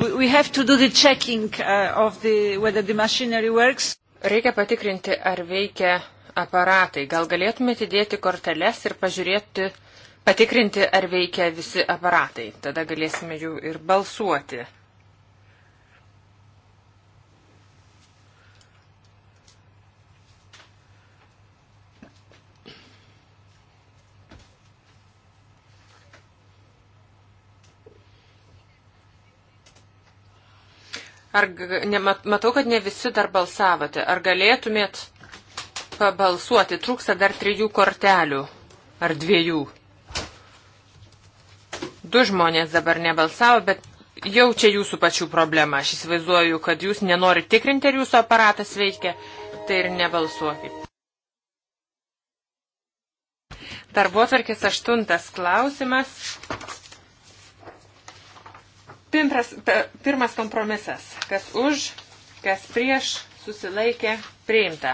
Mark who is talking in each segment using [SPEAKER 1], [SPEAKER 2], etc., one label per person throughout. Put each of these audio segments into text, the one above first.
[SPEAKER 1] We
[SPEAKER 2] have to do the checking uh, of the, whether the machinery works. Reikia patikrinti, ar veikia aparatai. Gal galėtumėte dėti korteles ir pažiūrėti, patikrinti, ar veikia visi aparatai. Tada galėsime jų ir balsuoti. Ar ne, matau, kad ne visi dar balsavote. Ar galėtumėt pabalsuoti? Trūksta dar trijų kortelių. Ar dviejų. Du žmonės dabar nebalsavo, bet jau čia jūsų pačių problema. Aš įsivaizduoju, kad jūs nenorit tikrinti, ar jūsų aparatas veikia. Tai ir nebalsuokit. Darbo atvarkės aštuntas klausimas. Pirmas, pirmas kompromisas. Kas už, kas prieš, susilaikė, priimta.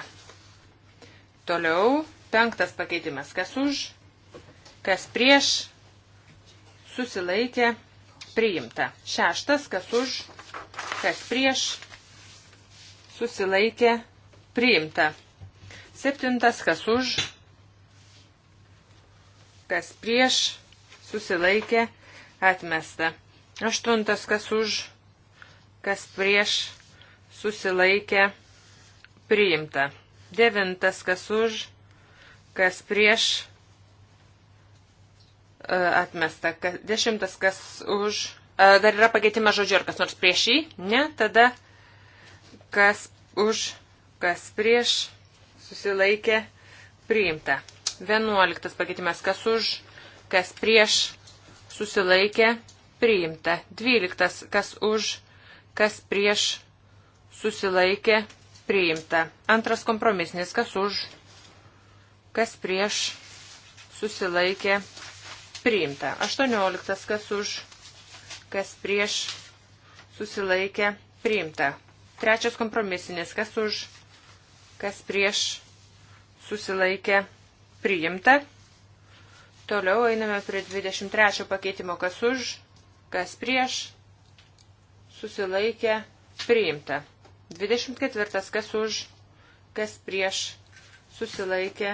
[SPEAKER 2] Toliau penktas pakeitimas. Kas už, kas prieš, susilaikė, priimta. Šeštas, kas už, kas prieš, susilaikė, priimta. Septintas, kas už, kas prieš, susilaikė, atmesta. Aštuntas, kas už, kas prieš, susilaikė, priimta. Devintas, kas už, kas prieš, e, atmesta. Dešimtas, kas už, e, dar yra pakeitimas žodžiu, ar kas nors prieš jį, ne, tada kas už, kas prieš, susilaikė, priimta. Vienuoliktas pakeitimas, kas už, kas prieš, susilaikė, priimta priimta. 12. Kas už, kas prieš susilaikė priimta. Antras kompromisnis. Kas už, kas prieš susilaikė priimta. 18. Kas už, kas prieš susilaikė priimta. Trečias kompromisinis. Kas už, kas prieš susilaikė priimta. Toliau einame prie 23 pakeitimo, kas už, kas prieš, susilaikė, priimta. 24. Kas už, kas prieš, susilaikė,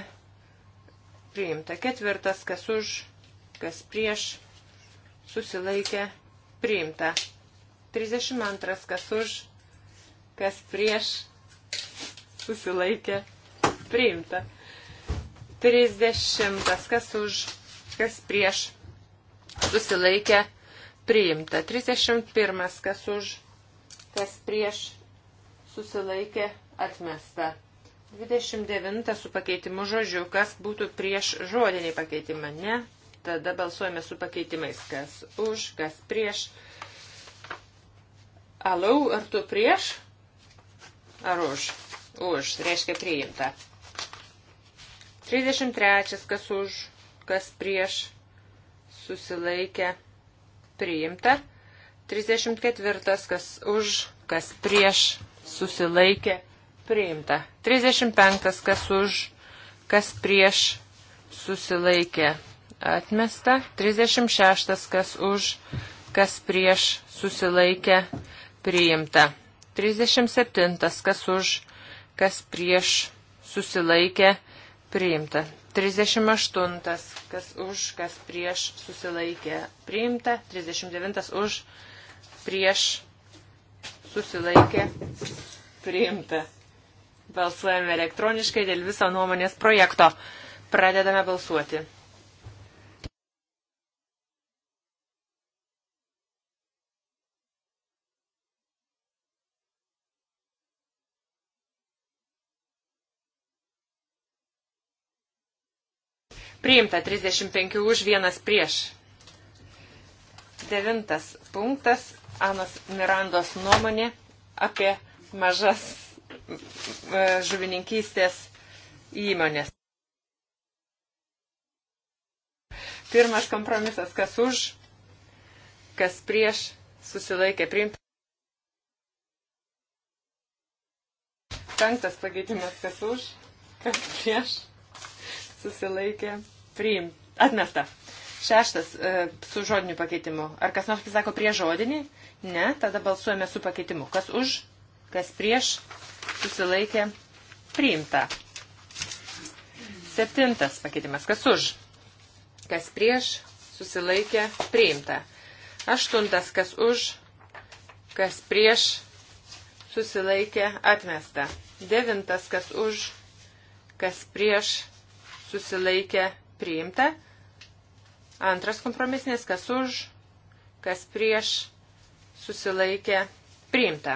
[SPEAKER 2] priimta. Ketvirtas, kas už, kas prieš, susilaikė, priimta. 32. Kas už, kas prieš, susilaikė, priimta. 30. Kas už, kas prieš, susilaikė, priimta priimta. 31. Kas už, kas prieš susilaikė atmesta. 29 su pakeitimu žodžiu, kas būtų prieš žodinį pakeitimą, ne? Tada balsuojame su pakeitimais, kas už, kas prieš. Alau, ar tu prieš? Ar už? Už, reiškia priimta. 33, kas už, kas prieš, susilaikė, priimta. 34. Kas už, kas prieš, susilaikė, priimta. 35. Kas už, kas prieš, susilaikė, atmesta. 36. Kas už, kas prieš, susilaikė, priimta. 37. Kas už, kas prieš, susilaikė, priimta. 38, kas už, kas prieš susilaikė priimta, 39 už, prieš susilaikė priimta. Balsuojame elektroniškai dėl viso nuomonės projekto. Pradedame balsuoti. Priimta 35 už vienas prieš. Devintas punktas Anos Mirandos nuomonė apie mažas žuvininkystės įmonės. Pirmas kompromisas, kas už, kas prieš, susilaikė priimti. Penktas pakeitimas, kas už, kas prieš, susilaikė, priimt, atmesta. Šeštas e, su žodiniu pakeitimu. Ar kas nors sako prie žodinį? Ne, tada balsuojame su pakeitimu. Kas už, kas prieš, susilaikė, priimta. Septintas pakeitimas. Kas už, kas prieš, susilaikė, priimta. Aštuntas, kas už, kas prieš, susilaikė, atmesta. Devintas, kas už, kas prieš, susilaikė priimta. Antras kompromisinės, kas už, kas prieš, susilaikė priimta.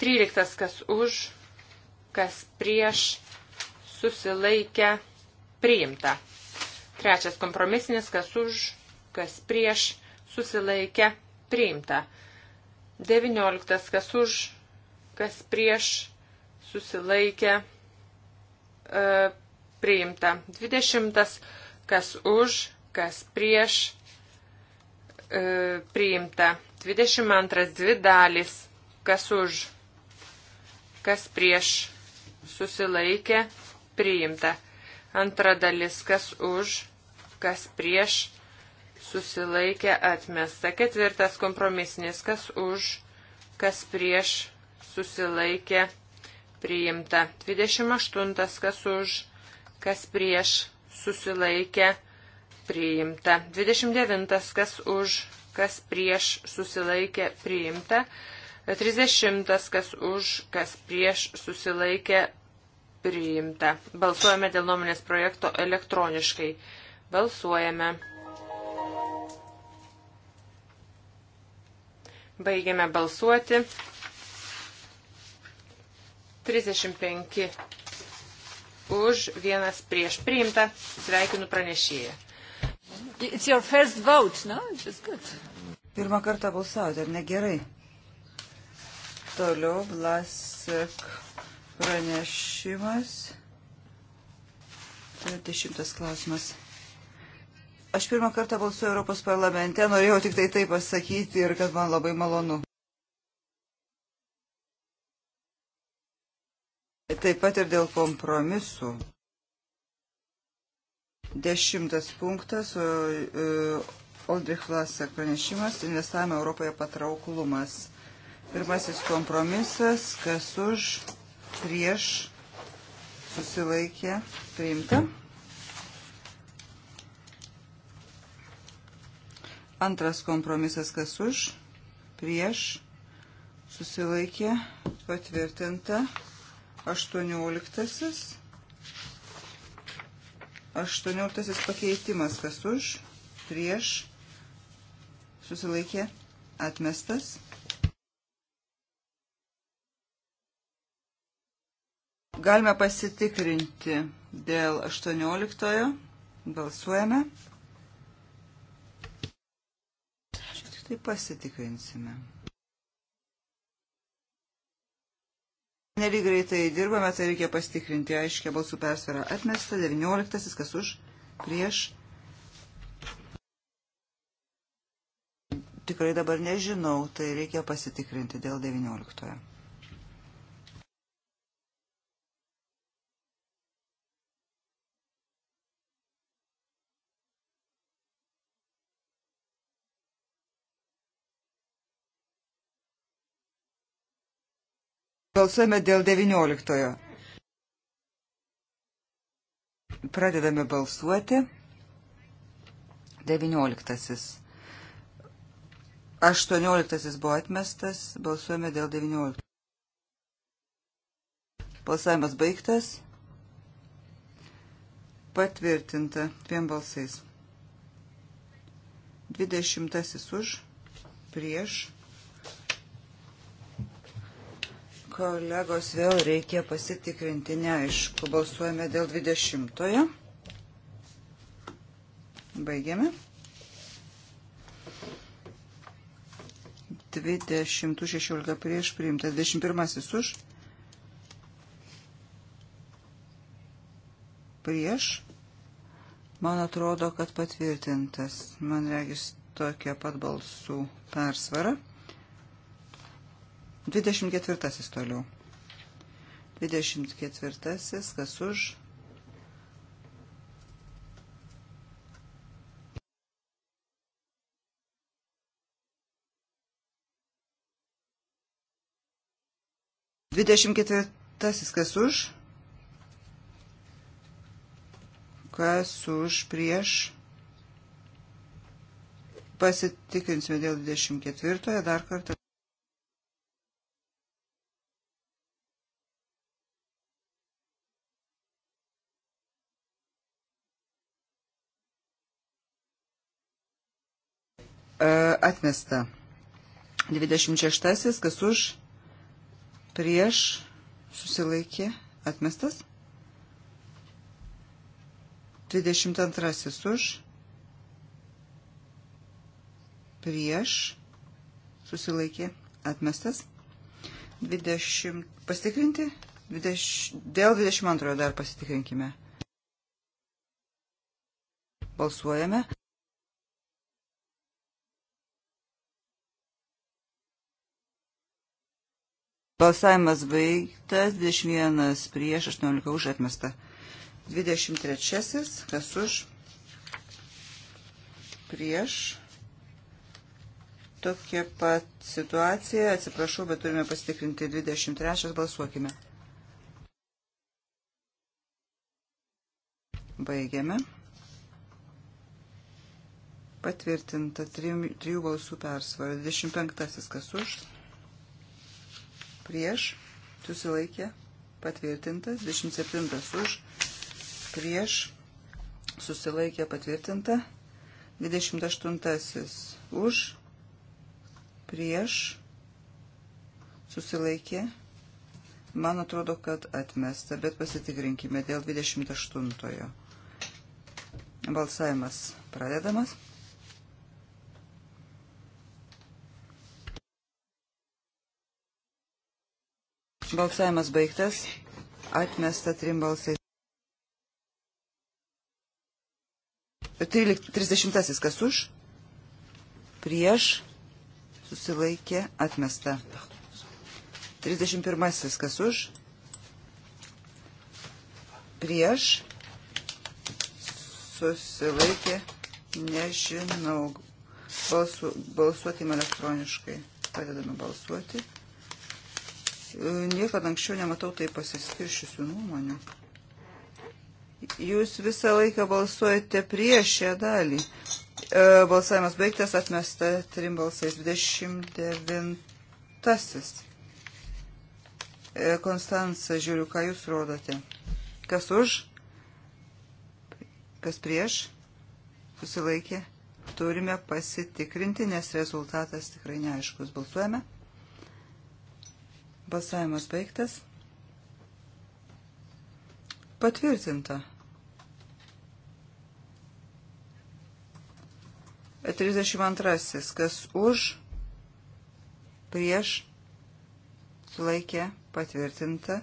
[SPEAKER 2] Tryliktas, kas už, kas prieš, susilaikė priimta. Trečias kompromisinis, kas už, kas prieš, susilaikė priimta. Devynioliktas, kas už, kas prieš, susilaikė priimta e, priimta. 20. Kas už, kas prieš e, priimta. 22. Dvi dalis. Kas už, kas prieš susilaikė priimta. Antra dalis. Kas už, kas prieš susilaikė atmesta. Ketvirtas kompromisinis. Kas už, kas prieš susilaikė priimta. 28. Kas už kas prieš susilaikė priimta. 29. kas už, kas prieš susilaikė priimta. 30. kas už, kas prieš susilaikė priimta. Balsuojame dėl nuomonės projekto elektroniškai. Balsuojame. Baigiame balsuoti. 35 už, vienas prieš priimta. Sveikinu pranešėją. It's your first vote, no? Just good.
[SPEAKER 1] Pirmą kartą balsavote, ar ne gerai? Toliau Vlasek pranešimas. Tai dešimtas klausimas. Aš pirmą kartą balsuoju Europos parlamente, norėjau tik tai tai pasakyti ir kad man labai malonu. taip pat ir dėl kompromisų. Dešimtas punktas, e, Oldrich Lasek pranešimas, investavimo Europoje patrauklumas. Pirmasis kompromisas, kas už, prieš, susilaikė, priimta. Antras kompromisas, kas už, prieš, susilaikė, patvirtinta. 18. 18 pakeitimas, kas už, prieš, susilaikė, atmestas. Galime pasitikrinti dėl 18. Balsuojame. Tai pasitikrinsime. Nelyg greitai dirbame, tai reikia pastikrinti aiškia balsų persvarą. Atmesta 19, kas už, prieš. Tikrai dabar nežinau, tai reikia pasitikrinti dėl 19. Balsuojame dėl 19. Pradedame balsuoti. 19. 18 buvo atmestas, balsuojame dėl 19. Balsavimas baigtas. Patvirtinta dviem balsais. 20 už, prieš, Kolegos, vėl reikia pasitikrinti, neaišku, balsuojame dėl 20-ojo. Baigiame. 20-16 prieš priimtas, 21-asis už. Prieš. Man atrodo, kad patvirtintas. Man regis tokia pat balsų persvara. 24 toliau. 24 kas už. Dvidešimt ketvirtasis, kas už? Kas už prieš? Pasitikrinsime dėl dvidešimt ketvirtojo dar kartą. E, atmesta. 26. Kas už prieš susilaikė atmestas. 22. Už prieš susilaikė atmestas. 20. Pasitikrinti? 20, dėl 22 dar pasitikrinkime. Balsuojame. Balsavimas baigtas, 21 prieš, 18 už atmesta. 23. Kas už? Prieš. Tokia pat situacija. Atsiprašau, bet turime pasitikrinti 23. Balsuokime. Baigiame. Patvirtinta trijų balsų persvara. 25. Kas už? prieš, susilaikė, patvirtintas, 27 už, prieš, susilaikė, patvirtinta, 28 už, prieš, susilaikė, man atrodo, kad atmesta, bet pasitikrinkime dėl 28. -ojo. Balsavimas pradedamas. Balsavimas baigtas. Atmesta trim balsais. 30 kas už, prieš, susilaikė, atmesta. 31 kas už, prieš, susilaikė, nežinau, Balsu, balsuoti elektroniškai. Padedame balsuoti niekada anksčiau nematau taip pasiskiršusių nuomonių. Jūs visą laiką balsuojate prieš šią dalį. E, balsavimas baigtas, atmesta trim balsais 29. E, Konstanca, žiūriu, ką jūs rodote. Kas už? Kas prieš? Susilaikė. Turime pasitikrinti, nes rezultatas tikrai neaiškus. Balsuojame. Balsavimas baigtas. Patvirtinta. 32. Kas už, prieš, sulaikė, patvirtinta.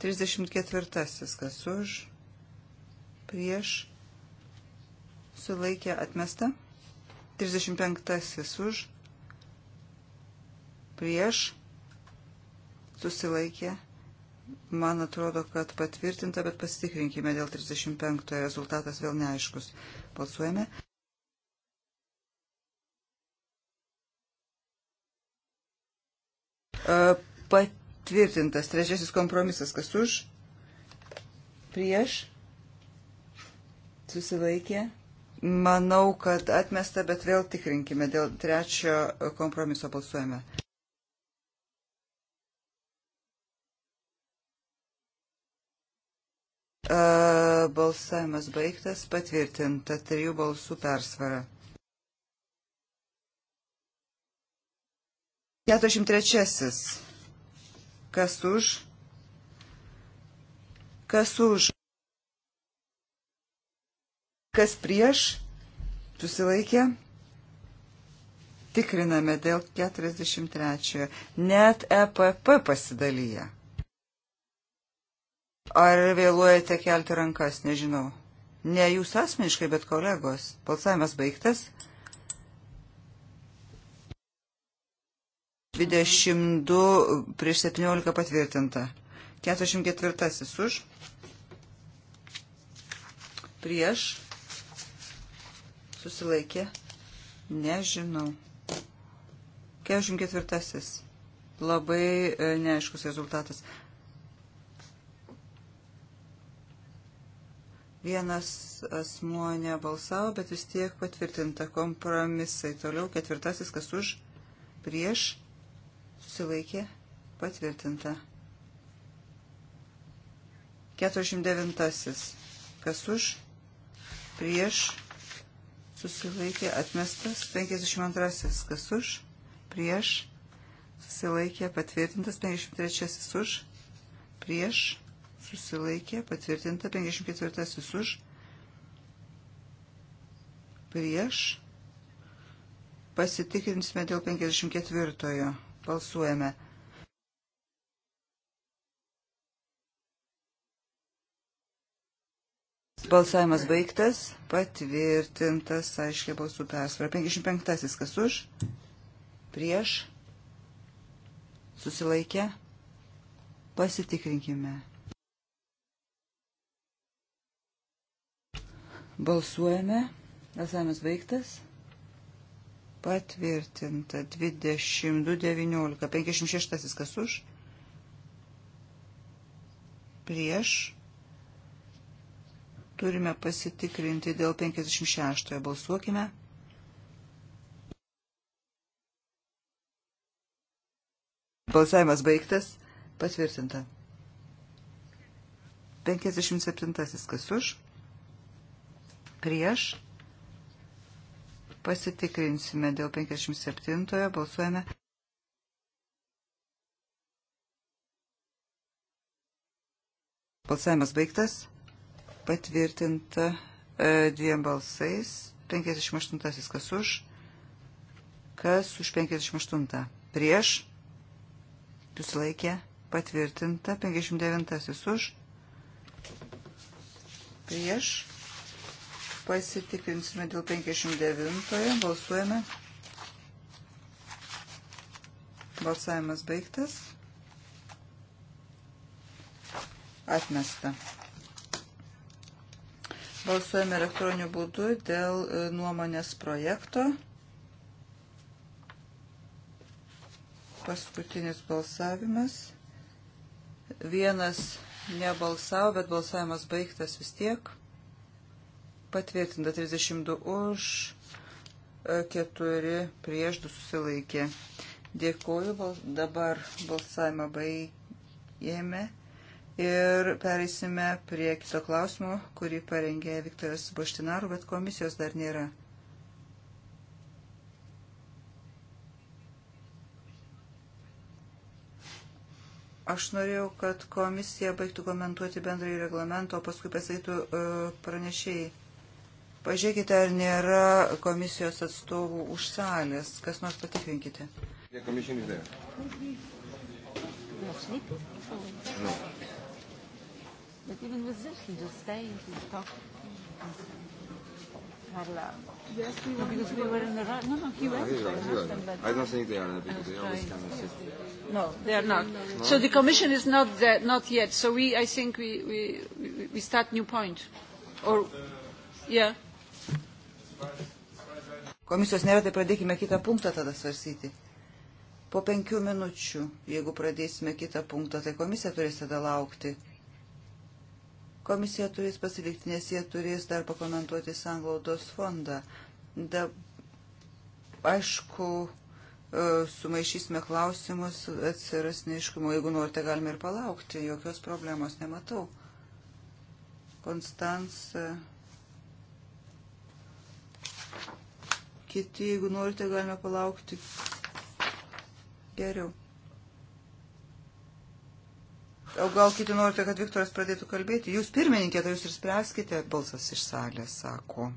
[SPEAKER 1] 34. Kas už, prieš, sulaikė, atmesta. 35. Už, prieš, susilaikė. Man atrodo, kad patvirtinta, bet pasitikrinkime dėl 35. Rezultatas vėl neaiškus. Balsuojame. E, patvirtintas trečiasis kompromisas. Kas už? Prieš? Susilaikė. Manau, kad atmesta, bet vėl tikrinkime. Dėl trečio kompromiso balsuojame. Balsavimas baigtas, patvirtinta trijų balsų persvara. 43. Kas už? Kas už? Kas prieš? Susilaikė? Tikriname dėl 43. Net EPP pasidalyja. Ar vėluojate kelti rankas, nežinau. Ne jūs asmeniškai, bet kolegos. Balsavimas baigtas. 22 prieš 17 patvirtinta. 44 už. Prieš. Susilaikė. Nežinau. 44. Labai e, neaiškus rezultatas. Vienas asmuo nebalsavo, bet vis tiek patvirtinta kompromisai. Toliau ketvirtasis, kas už, prieš, susilaikė, patvirtinta. 49. Kas už, prieš, susilaikė, atmestas. 52. Kas už, prieš, susilaikė, patvirtintas. 53. Už, prieš, susilaikė, patvirtinta 54 už, prieš, pasitikrinsime dėl 54, balsuojame. Balsavimas baigtas, patvirtintas, aiškiai balsų persvara. 55 kas už, prieš, susilaikė, pasitikrinkime. Balsuojame. Balsavimas baigtas. Patvirtinta 22.19. 56. Kas už? Prieš. Turime pasitikrinti dėl 56. Balsuokime. Balsavimas baigtas. Patvirtinta. 57. Kas už? prieš. Pasitikrinsime dėl 57. Balsuojame. Balsavimas baigtas. Patvirtinta e, dviem balsais. 58. Kas už? Kas už 58? Prieš. Susilaikė. Patvirtinta. 59. Už. Prieš Pasitikrinsime dėl 59-ojo. Balsuojame. Balsavimas baigtas. Atmesta. Balsuojame elektroniniu būdu dėl e, nuomonės projekto. Paskutinis balsavimas. Vienas nebalsavo, bet balsavimas baigtas vis tiek. Patvirtinta 32 už, 4 e, prieš 2 susilaikė. Dėkuoju, dabar balsavimą baigėme ir pereisime prie kito klausimo, kurį parengė Viktoras Boštinaru, bet komisijos dar nėra. Aš norėjau, kad komisija baigtų komentuoti bendrąjį reglamentą, o paskui pasakytų e, pranešėjai. Pažiūrėkite, ar nėra komisijos atstovų už salės. Kas nors patikrinkite.
[SPEAKER 3] No. But even with this, he just stay and he talk. Carla. Yes, we no, because we were in the right. No, no, he no, went. Right, right. Them, I don't think they are because they always come and sit.
[SPEAKER 2] No, they are not. No? So the
[SPEAKER 3] Commission is not there, not yet. So we, I think we, we, we start new point. Or, yeah.
[SPEAKER 1] Komisijos nėra, tai pradėkime kitą punktą tada svarsyti. Po penkių minučių, jeigu pradėsime kitą punktą, tai komisija turės tada laukti. Komisija turės pasilikti, nes jie turės dar pakomentuoti sanglaudos fondą. Da, aišku, e, sumaišysime klausimus, atsiras neiškumo. Jeigu norite, galime ir palaukti, jokios problemos nematau. Konstantas kiti, jeigu norite, galime palaukti geriau. O gal kiti norite, kad Viktoras pradėtų kalbėti? Jūs pirmininkė, tai jūs ir spręskite, balsas iš salės sako.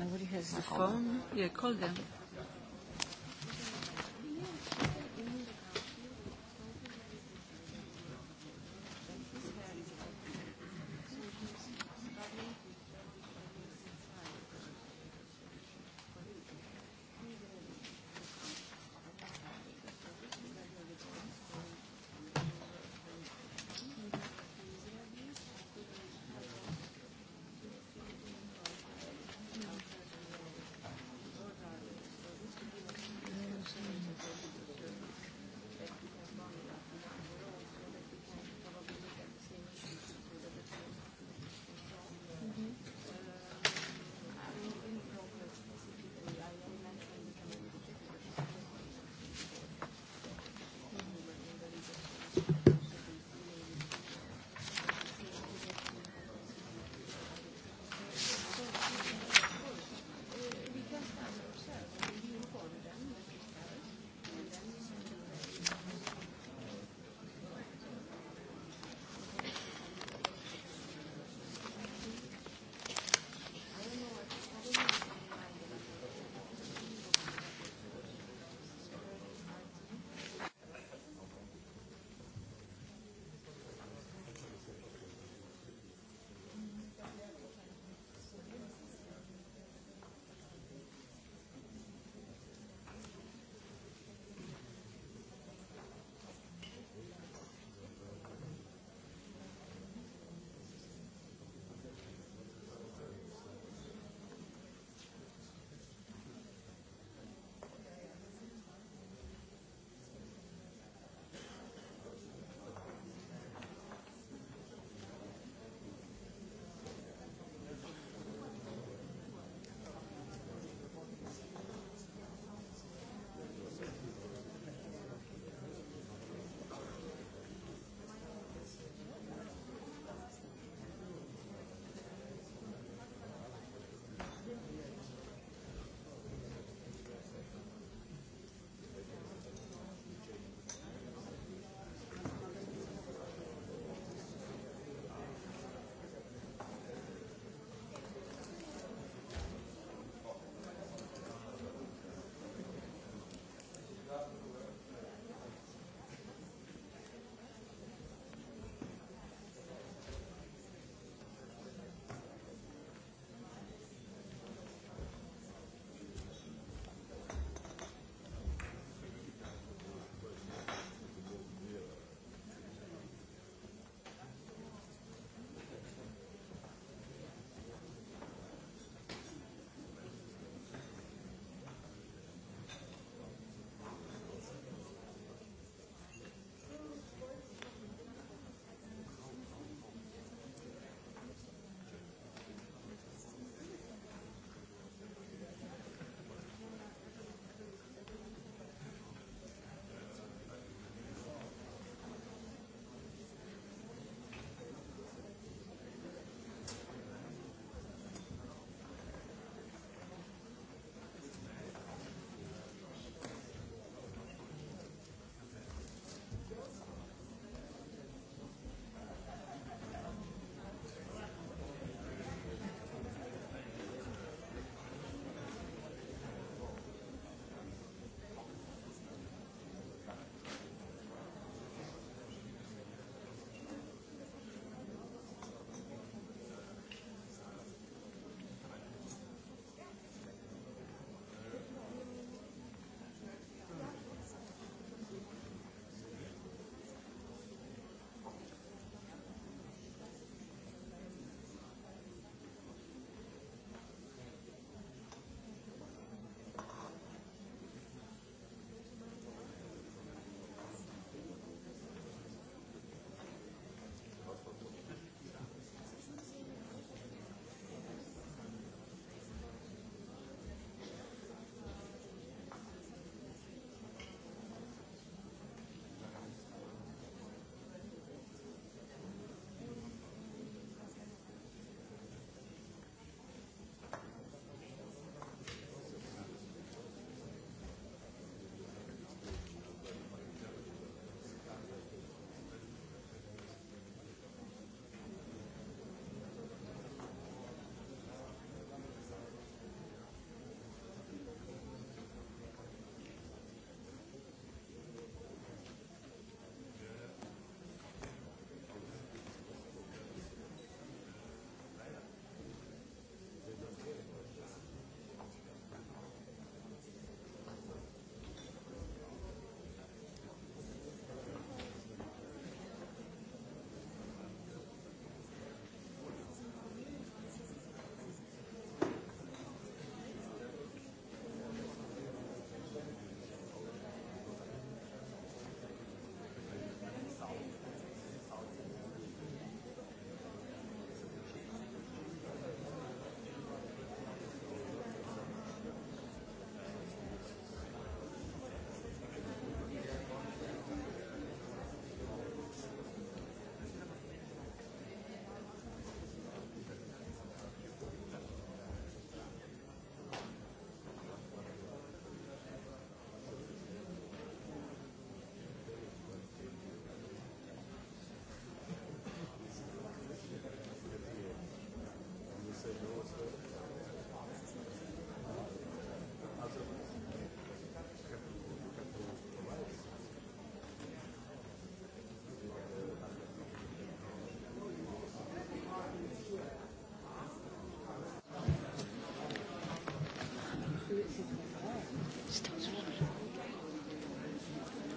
[SPEAKER 1] Nobody has the phone. Yeah, call them.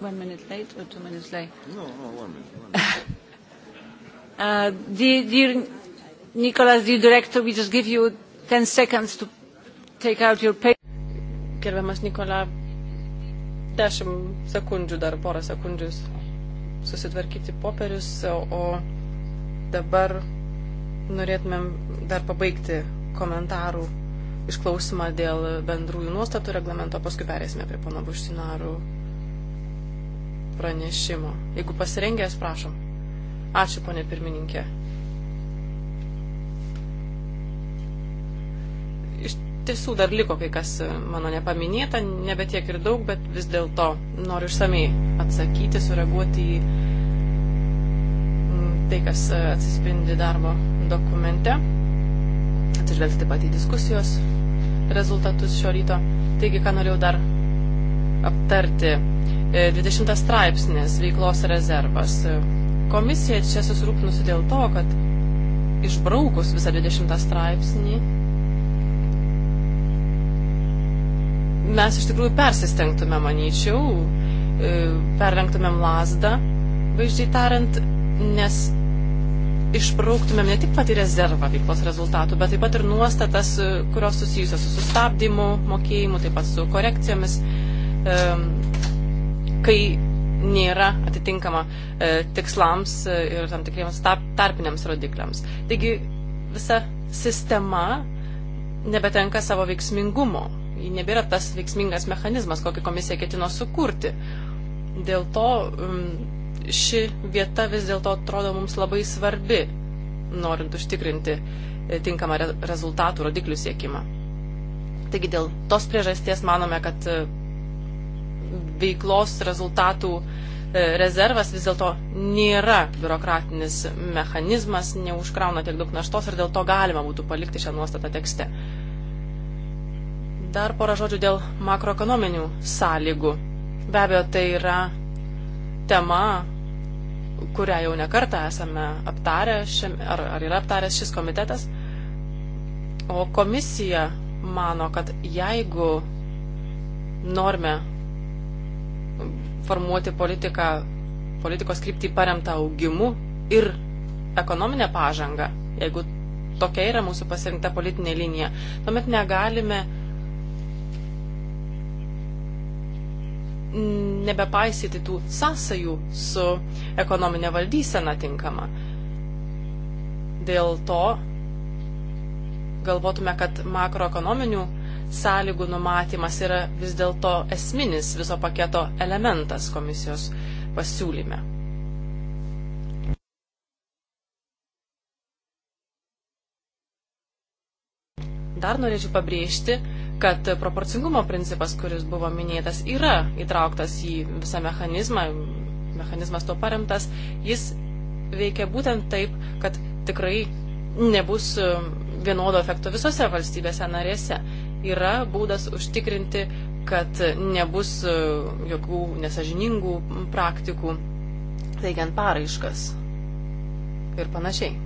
[SPEAKER 1] one minute late or two minutes late?
[SPEAKER 3] No, no, one minute. One minute. uh, dear, dear Nicolas, dear director, we just give you 10 seconds to take out your paper. Gerbiamas Nikola, 10 sekundžių, dar porą sekundžių susitvarkyti popierius, o dabar norėtumėm dar pabaigti komentarų išklausimą dėl bendrųjų nuostatų reglamento, paskui perėsime prie pono Buštinarų pranešimo. Jeigu pasirengęs, prašom. Ačiū, ponė pirmininkė. Iš tiesų dar liko kai kas e, mano nepaminėta, nebe tiek ir daug, bet vis dėlto noriu išsamei atsakyti, sureaguoti į mm, tai, kas e, atsispindi darbo dokumente, atsižvelgti taip pat į diskusijos rezultatus šio ryto. Taigi, ką norėjau dar aptarti. 20 e, straipsnis veiklos rezervas. E, komisija čia susirūpinusi dėl to, kad išbraukus visą 20 straipsnį mes iš tikrųjų persistengtume, manyčiau, e, perlenktumėm lasdą, vaizdžiai tariant, nes išbrauktumėm ne tik patį rezervą veiklos rezultatų, bet taip pat ir nuostatas, kurios susijusios su sustabdymu, mokėjimu, taip pat su korekcijomis. Um, kai nėra atitinkama e, tikslams e, ir tam tikriems tarpiniams rodikliams. Taigi visa sistema nebetenka savo veiksmingumo. Ji nebėra tas veiksmingas mechanizmas, kokį komisija ketino sukurti. Dėl to ši vieta vis dėlto atrodo mums labai svarbi, norint užtikrinti e, tinkamą rezultatų rodiklių siekimą. Taigi dėl tos priežasties manome, kad e, veiklos rezultatų e, rezervas vis dėlto nėra biurokratinis mechanizmas, neužkrauna tiek daug naštos ir dėl to galima būtų palikti šią nuostatą tekste. Dar porą žodžių dėl makroekonominių sąlygų. Be abejo, tai yra tema, kurią jau nekartą esame aptarę, šiame, ar, ar yra aptaręs šis komitetas. O komisija mano, kad jeigu norime formuoti politiką, politikos kryptį paremtą augimu ir ekonominę pažangą, jeigu tokia yra mūsų pasirinkta politinė linija, tuomet negalime nebepaisyti tų sąsajų su ekonominė valdysena tinkama. Dėl to galvotume, kad makroekonominių sąlygų numatymas yra vis dėlto esminis viso paketo elementas komisijos pasiūlyme. Dar norėčiau pabrėžti, kad proporcingumo principas, kuris buvo minėtas, yra įtrauktas į visą mechanizmą, mechanizmas to paremtas, jis veikia būtent taip, kad tikrai nebus um, vienodo efekto visose valstybėse narėse yra būdas užtikrinti, kad nebus e, jokių nesažiningų praktikų teikiant paraiškas ir panašiai.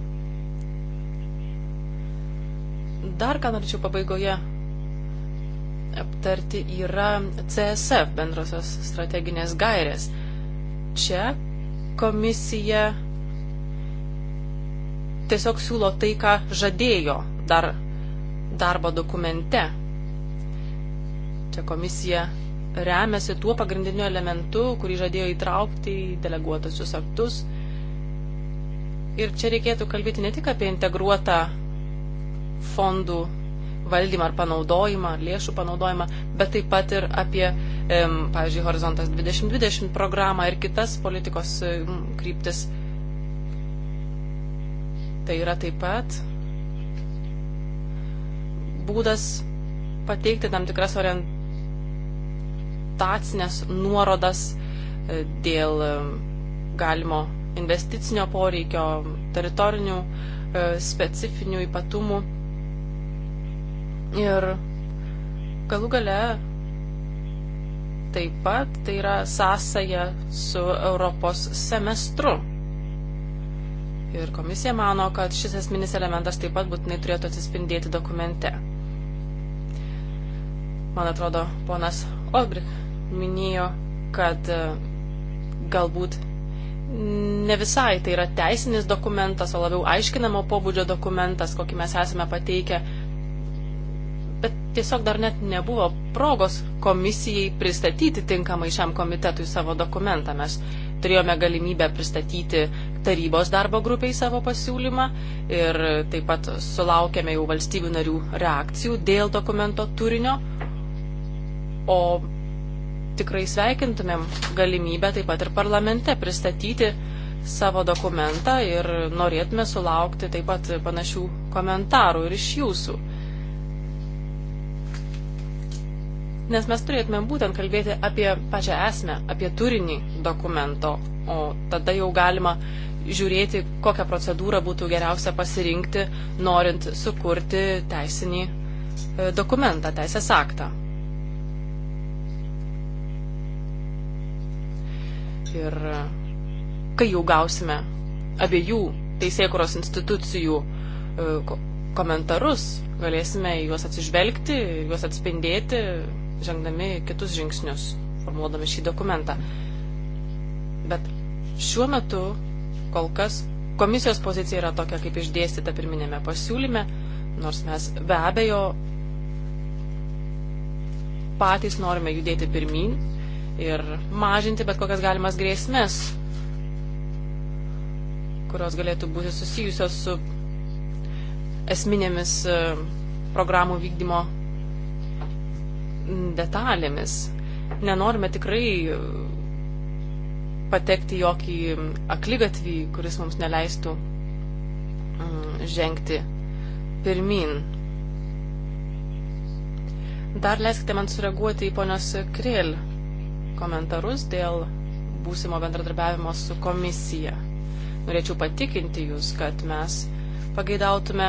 [SPEAKER 3] Dar ką norėčiau pabaigoje aptarti yra CSF bendrosios strateginės gairės. Čia komisija tiesiog siūlo tai, ką žadėjo dar darbo dokumente Čia komisija remiasi tuo pagrindiniu elementu, kurį žadėjo įtraukti į deleguotusius aktus. Ir čia reikėtų kalbėti ne tik apie integruotą fondų valdymą ar panaudojimą, ar lėšų panaudojimą, bet taip pat ir apie, pavyzdžiui, Horizontas 2020 programą ir kitas politikos kryptis. Tai yra taip pat būdas pateikti tam tikras orientacijas orientacinės nuorodas e, dėl e, galimo investicinio poreikio, teritorinių e, specifinių ypatumų. Ir galų gale taip pat tai yra sąsaja su Europos semestru. Ir komisija mano, kad šis esminis elementas taip pat būtinai turėtų atsispindėti dokumente. Man atrodo, ponas Olbrich minėjo, kad e, galbūt ne visai tai yra teisinis dokumentas, o labiau aiškinamo pobūdžio dokumentas, kokį mes esame pateikę. Bet tiesiog dar net nebuvo progos komisijai pristatyti tinkamai šiam komitetui savo dokumentą. Mes turėjome galimybę pristatyti tarybos darbo grupiai savo pasiūlymą ir taip pat sulaukėme jau valstybių narių reakcijų dėl dokumento turinio. O tikrai sveikintumėm galimybę taip pat ir parlamente pristatyti savo dokumentą ir norėtume sulaukti taip pat panašių komentarų ir iš jūsų. Nes mes turėtume būtent kalbėti apie pačią esmę, apie turinį dokumento, o tada jau galima žiūrėti, kokią procedūrą būtų geriausia pasirinkti, norint sukurti teisinį e, dokumentą, teisės aktą. Ir kai jau gausime abiejų teisėkuros institucijų e, komentarus, galėsime juos atsižvelgti, juos atspindėti, žengdami kitus žingsnius, formuodami šį dokumentą. Bet šiuo metu kol kas komisijos pozicija yra tokia, kaip išdėstyta pirminėme pasiūlyme, nors mes be abejo patys norime judėti pirmin ir mažinti bet kokias galimas grėsmės, kurios galėtų būti susijusios su esminėmis e, programų vykdymo detalėmis. Nenorime tikrai patekti jokį aklygatvį, kuris mums neleistų mm, žengti pirmin. Dar leiskite man sureaguoti į ponios Krėl komentarus dėl būsimo bendradarbiavimo su komisija. Norėčiau patikinti Jūs, kad mes pageidautume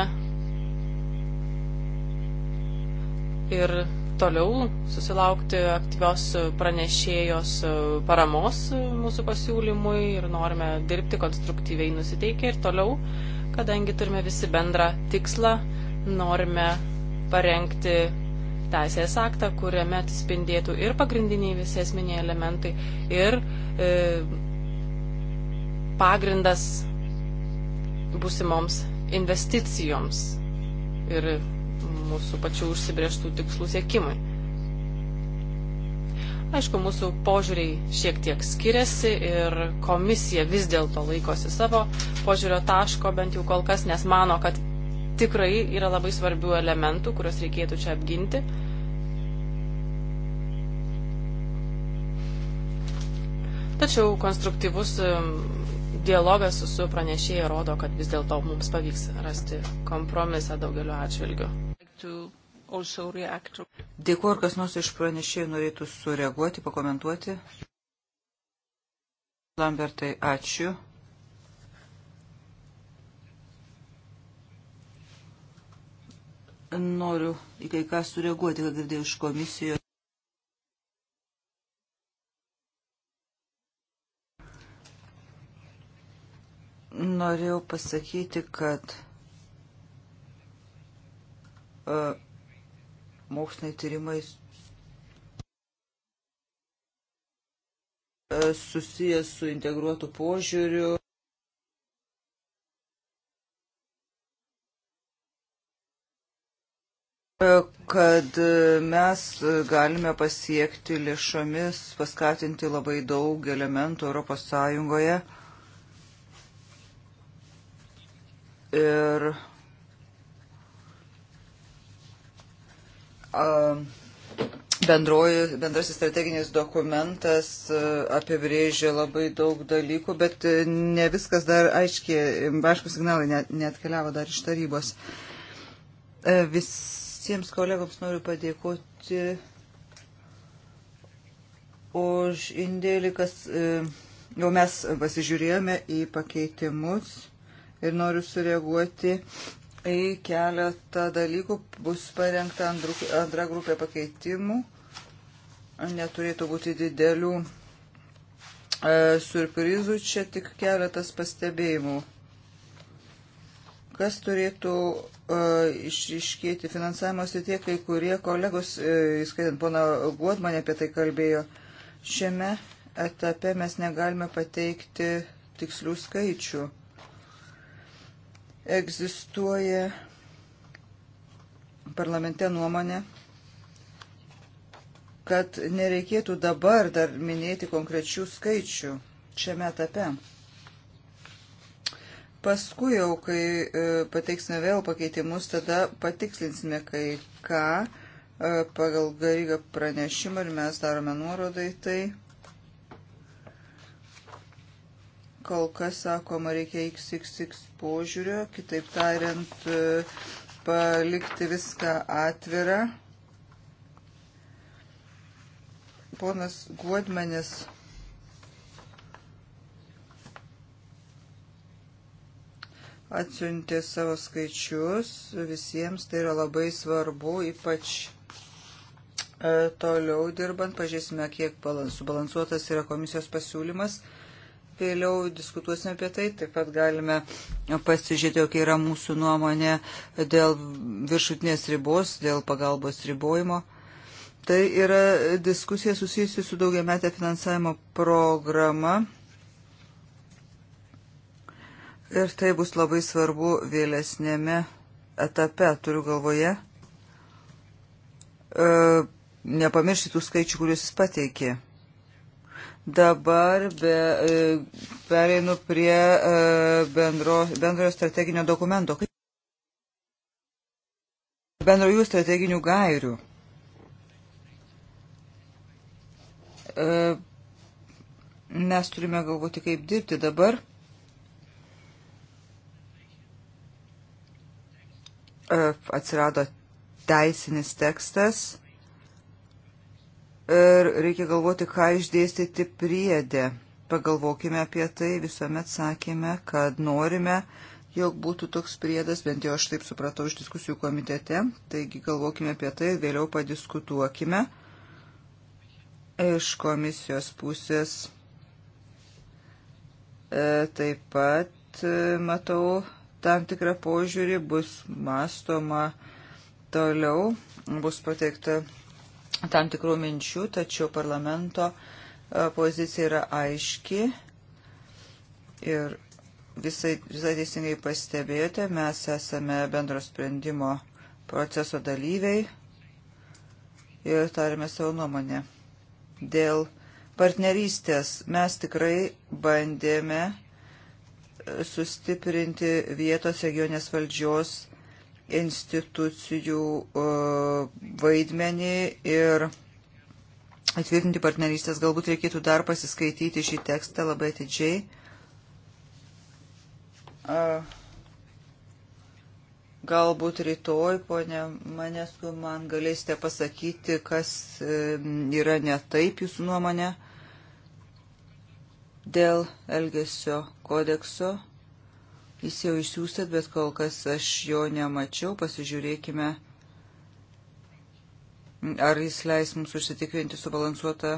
[SPEAKER 3] ir toliau susilaukti aktyvios pranešėjos paramos mūsų pasiūlymui ir norime dirbti konstruktyviai nusiteikę ir toliau, kadangi turime visi bendrą tikslą, norime parengti teisės aktą, kuriame atspindėtų ir pagrindiniai visi esminiai elementai, ir e, pagrindas būsimoms investicijoms ir mūsų pačių užsibrieštų tikslų siekimui. Aišku, mūsų požiūriai šiek tiek skiriasi ir komisija vis dėlto laikosi savo požiūrio taško, bent jau kol kas, nes mano, kad tikrai yra labai svarbių elementų, kuriuos reikėtų čia apginti. Tačiau konstruktyvus um, dialogas su pranešėja rodo, kad vis dėlto mums pavyks rasti kompromisą daugeliu atžvilgiu. Dėkuoju,
[SPEAKER 1] ar kas nors iš pranešėjų norėtų sureaguoti, pakomentuoti. Lambertai, ačiū. Noriu į kai ką sureaguoti, ką girdėjau iš komisijos. Norėjau pasakyti, kad uh, moksliniai tyrimai e, susijęs su integruotu požiūriu kad mes galime pasiekti lėšomis, paskatinti labai daug elementų Europos Sąjungoje. Ir bendroji, bendrasis strateginis dokumentas apibrėžia labai daug dalykų, bet ne viskas dar aiškiai, aišku, signalai net, net keliavo dar iš tarybos. E, vis Visiems kolegoms noriu padėkoti už indėlį, kas e, jau mes pasižiūrėjome į pakeitimus ir noriu sureaguoti į keletą dalykų. Bus parengta antra grupė pakeitimų. Neturėtų būti didelių e, surprizų, čia tik keletas pastebėjimų. Kas turėtų E, išriškėti finansavimo srityje, kai kurie kolegos, e, įskaitant pono Guodmanė, apie tai kalbėjo. Šiame etape mes negalime pateikti tikslių skaičių. Egzistuoja parlamente nuomonė, kad nereikėtų dabar dar minėti konkrečių skaičių šiame etape. Paskui jau, kai e, pateiksime vėl pakeitimus, tada patikslinsime kai ką e, pagal garygą pranešimą ir mes darome nuorodai tai. Kol kas, sakoma, reikia XXX požiūrio, kitaip tariant, e, palikti viską atvirą. Ponas Guodmenis atsiuntė savo skaičius visiems, tai yra labai svarbu, ypač e, toliau dirbant, pažiūrėsime, kiek subalansuotas yra komisijos pasiūlymas, vėliau diskutuosime apie tai, taip pat galime pasižiūrėti, kokia yra mūsų nuomonė dėl viršutinės ribos, dėl pagalbos ribojimo. Tai yra diskusija susijusi su daugiametė finansavimo programa Ir tai bus labai svarbu vėlesnėme etape, turiu galvoje. E, nepamiršti tų skaičių, kuriuos jis pateikė. Dabar be, e, pereinu prie e, bendro, bendrojo strateginio dokumento. Bendrojų strateginių gairių. E, mes turime galvoti, kaip dirbti dabar. E, atsirado teisinis tekstas ir reikia galvoti, ką išdėstyti priedė. Pagalvokime apie tai, visuomet sakėme, kad norime, jog būtų toks priedas, bent jau aš taip supratau iš diskusijų komitete, taigi galvokime apie tai, vėliau padiskutuokime iš komisijos pusės. E, taip pat e, matau tam tikrą požiūrį, bus mastoma toliau, bus pateikta tam tikrų minčių, tačiau parlamento e, pozicija yra aiški ir visai, visai teisingai pastebėjote, mes esame bendro sprendimo proceso dalyviai ir tarėme savo nuomonę. Dėl partnerystės mes tikrai bandėme sustiprinti vietos regionės valdžios institucijų e, vaidmenį ir atvirtinti partnerystės. Galbūt reikėtų dar pasiskaityti šį tekstą labai atidžiai. Galbūt rytoj, ponė Manesku, man galėsite pasakyti, kas e, yra ne taip jūsų nuomonė. Dėl Elgesio kodekso jis jau išsiųstat, bet kol kas aš jo nemačiau. Pasižiūrėkime, ar jis leis mums užsitikrinti subalansuotą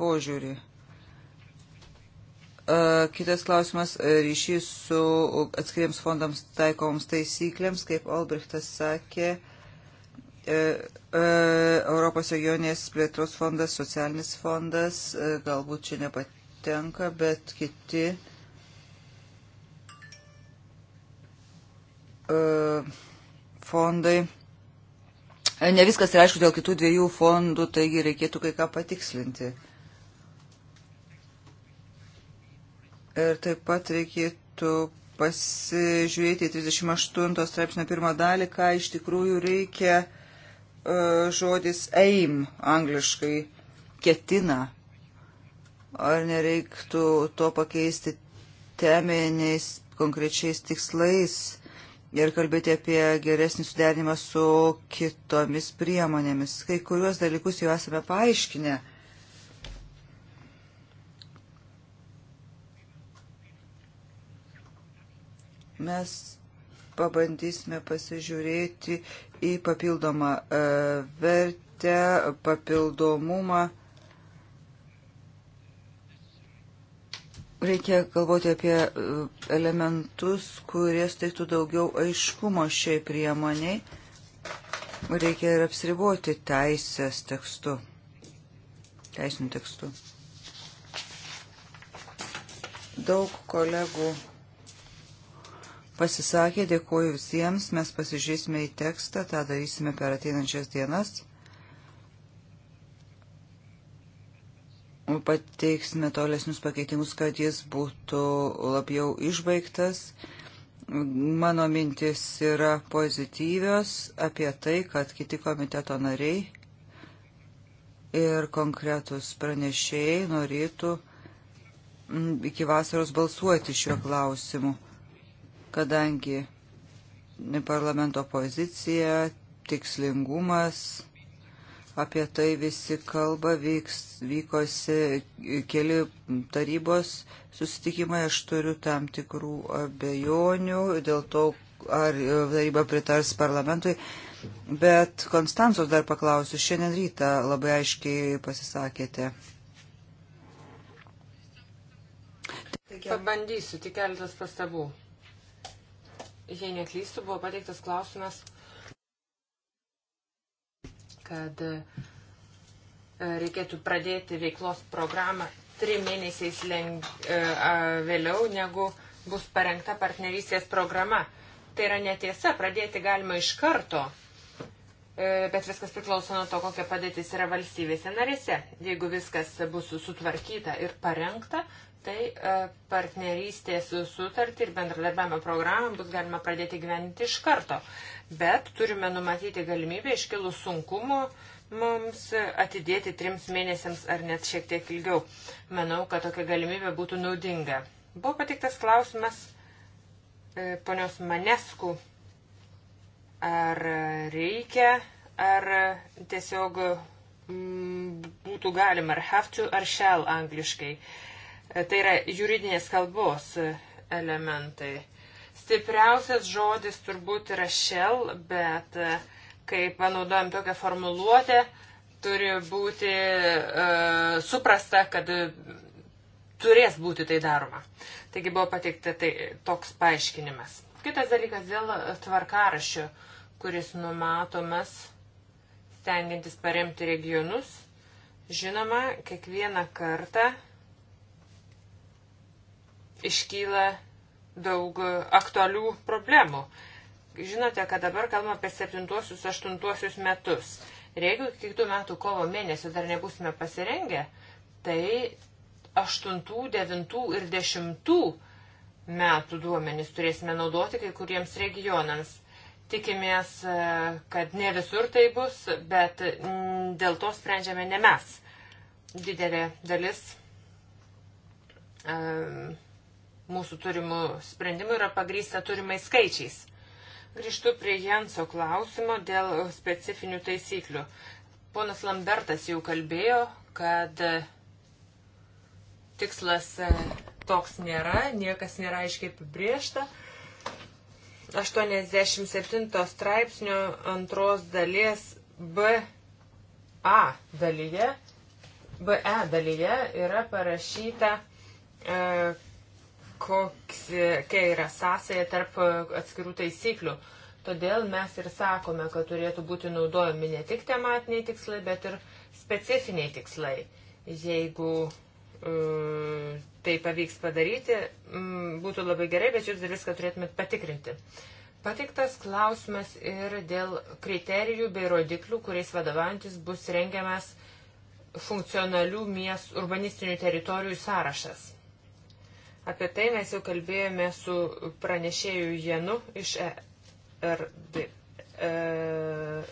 [SPEAKER 1] požiūrį. Kitas klausimas - ryšys su atskiriams fondams taikomoms taisyklėms, kaip Albrechtas sakė, e, e, Europos regionės plėtros fondas, socialinis fondas, e, galbūt čia nepat tenka, bet kiti e, fondai. E, ne viskas yra aišku dėl kitų dviejų fondų, taigi reikėtų kai ką patikslinti. Ir taip pat reikėtų pasižiūrėti 38 straipsnio pirmą dalį, ką iš tikrųjų reikia e, žodis aim angliškai ketina Ar nereiktų to pakeisti teminiais konkrečiais tikslais ir kalbėti apie geresnį suderinimą su kitomis priemonėmis? Kai kuriuos dalykus jau esame paaiškinę. mes pabandysime pasižiūrėti į papildomą e, vertę, papildomumą. Reikia galvoti apie e, elementus, kurie steigtų daugiau aiškumo šiai priemoniai. Reikia ir apsiriboti teisės tekstu, teisinių tekstų. Daug kolegų pasisakė, dėkuoju visiems, mes pasižiūrėsime į tekstą, tą darysime per ateinančias dienas. pateiksime tolesnius pakeitimus, kad jis būtų labiau išbaigtas. Mano mintis yra pozityvios apie tai, kad kiti komiteto nariai ir konkretus pranešėjai norėtų iki vasaros balsuoti šiuo klausimu, kadangi parlamento pozicija, tikslingumas, apie tai visi kalba, vyks, vykosi keli tarybos susitikimai, aš turiu tam tikrų abejonių dėl to, ar taryba pritars parlamentui. Bet Konstantos dar paklausiu, šiandien rytą labai aiškiai pasisakėte.
[SPEAKER 2] Pabandysiu, tik keletas pastabų. Jei neklystu, buvo pateiktas klausimas kad e, reikėtų pradėti veiklos programą trim mėnesiais leng, e, vėliau, negu bus parengta partnerystės programa. Tai yra netiesa, pradėti galima iš karto, e, bet viskas priklauso nuo to, kokia padėtis yra valstybėse narėse. Jeigu viskas bus sutvarkyta ir parengta, tai e, partnerystės sutartį ir bendradarbiavimo programą bus galima pradėti gyventi iš karto. Bet turime numatyti galimybę iškilus sunkumu mums atidėti trims mėnesiams ar net šiek tiek ilgiau. Manau, kad tokia galimybė būtų naudinga. Buvo patiktas klausimas e, ponios Manesku, ar reikia, ar tiesiog m, būtų galima, ar have to, ar shall angliškai. E, E, tai yra juridinės kalbos e, elementai. Stipriausias žodis turbūt yra shell, bet e, kai panaudojam tokią formuluotę, turi būti uh, suprasta, kad turės būti tai daroma. Taigi buvo pateikta tai, toks paaiškinimas. Kitas dalykas dėl tvarkarašio, kuris numatomas stengiantis paremti regionus. Žinoma, kiekvieną kartą iškyla daug e, aktualių problemų. Žinote, kad dabar kalbame apie 7-8 metus. Ir jeigu kitų metų kovo mėnesio dar nebusime pasirengę, tai 8, 9 ir 10 metų duomenys turėsime naudoti kai kuriems regionams. Tikimės, e, kad ne visur tai bus, bet mm, dėl to sprendžiame ne mes. Didelė dalis. Um, mūsų turimų sprendimų yra pagrįsta turimais skaičiais. Grįžtu prie Janso klausimo dėl specifinių taisyklių. Ponas Lambertas jau kalbėjo, kad e, tikslas e, toks nėra, niekas nėra aiškiai apibriešta. 87 straipsnio antros dalies BA dalyje, BE dalyje yra parašyta, e, kokia yra sąsaja tarp e, atskirų taisyklių. Todėl mes ir sakome, kad turėtų būti naudojami ne tik tematiniai tikslai, bet ir specifiniai tikslai. Jeigu uh, tai pavyks padaryti, um, būtų labai gerai, bet jūs dar viską turėtumėt patikrinti. Patiktas klausimas ir dėl kriterijų bei rodiklių, kuriais vadovantis bus rengiamas funkcionalių miestų urbanistinių teritorijų sąrašas. Apie tai mes jau kalbėjome su pranešėju Janu iš ERDF, e-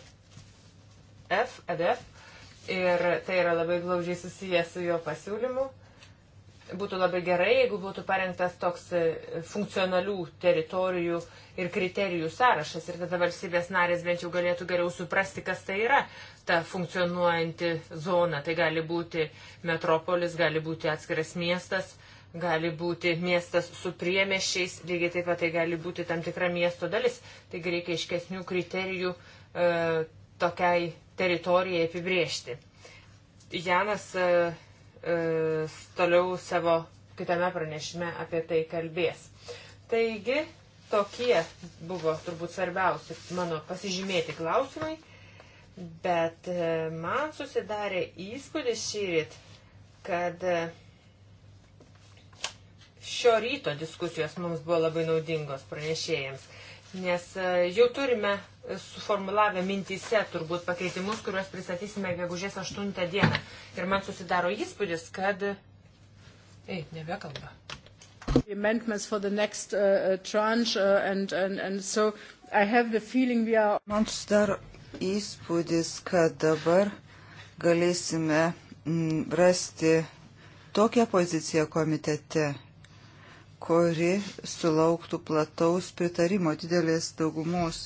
[SPEAKER 2] EDF, ir tai yra labai glaudžiai susiję su jo pasiūlymu. Būtų labai gerai, jeigu būtų parengtas toks e, funkcionalių teritorijų ir kriterijų sąrašas ir tada valstybės narės bent jau galėtų geriau suprasti, kas tai yra ta funkcionuojanti zona. Tai gali būti metropolis, gali būti atskiras miestas gali būti miestas su priemešiais, lygiai taip pat tai gali būti tam tikra miesto dalis. Taigi reikia iškesnių kriterijų e, tokiai teritorijai apibriežti. Janas e, e, toliau savo kitame pranešime apie tai kalbės. Taigi tokie buvo turbūt svarbiausi mano pasižymėti klausimai, bet e, man susidarė įspūdis šyrit, kad e, šio ryto diskusijos mums buvo labai naudingos pranešėjams, nes e, jau turime suformulavę mintyse turbūt pakeitimus, kuriuos pristatysime gegužės 8 dieną. Ir man susidaro įspūdis, kad. Ei, nebekalba.
[SPEAKER 3] Amendments for the next uh, uh, tranche, uh, and, and, and so I have the feeling we are. Man susidaro
[SPEAKER 1] įspūdis, kad dabar galėsime mm, rasti tokią poziciją komitete kuri sulauktų plataus pritarimo didelės daugumos.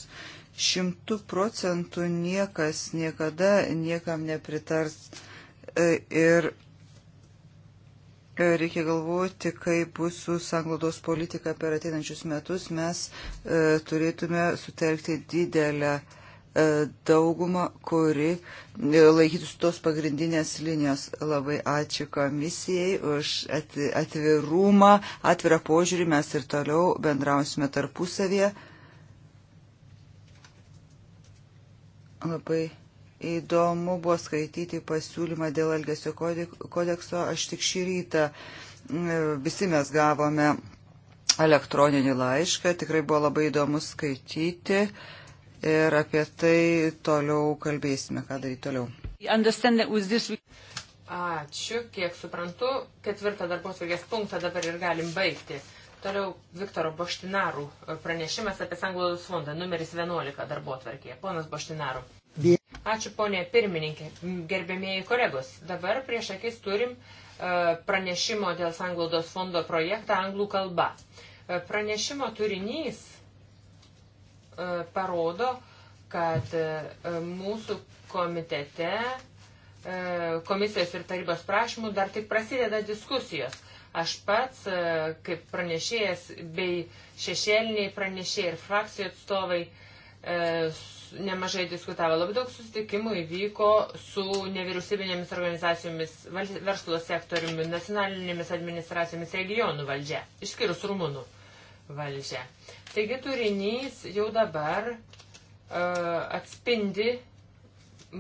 [SPEAKER 1] Šimtų procentų niekas niekada niekam nepritars. E, ir e, reikia galvoti, kaip bus su sanglaudos politika per ateinančius metus. Mes e, turėtume sutelkti didelę uh, E, daugumą, kuri e, laikytųsi tos pagrindinės linijos. Labai ačiū komisijai už atvirumą, atvirą požiūrį. Mes ir toliau bendrausime tarpusavėje. Labai įdomu buvo skaityti pasiūlymą dėl Elgesio kodekso. Aš tik šį rytą e, visi mes gavome elektroninį laišką. Tikrai buvo labai įdomu skaityti. Uh, ir apie tai toliau kalbėsime, ką daryti toliau.
[SPEAKER 2] Ačiū, kiek suprantu, ketvirtą darbo atvarkės punktą dabar ir galim baigti. Toliau Viktoro Boštinarų pranešimas apie Sanglaudos fondą, numeris 11 darbo atvarkėje. Ponas Boštinarų. Ačiū, ponė pirmininkė, gerbėmėjai kolegos. Dabar prieš akis turim e, pranešimo dėl Sanglaudos fondo projektą anglų kalba. E, pranešimo turinys E, parodo, kad e, mūsų komitete e, komisijos ir tarybos prašymų dar tik prasideda diskusijos. Aš pats, kaip pranešėjas bei šešėliniai pranešėjai ir frakcijų atstovai, nemažai diskutavo. Labai daug susitikimų įvyko su nevyriausybinėmis organizacijomis, verslo sektoriumi, nacionalinėmis administracijomis, regionų valdžia, išskyrus rumunų valdžia. Uh, Taigi turinys jau dabar uh, atspindi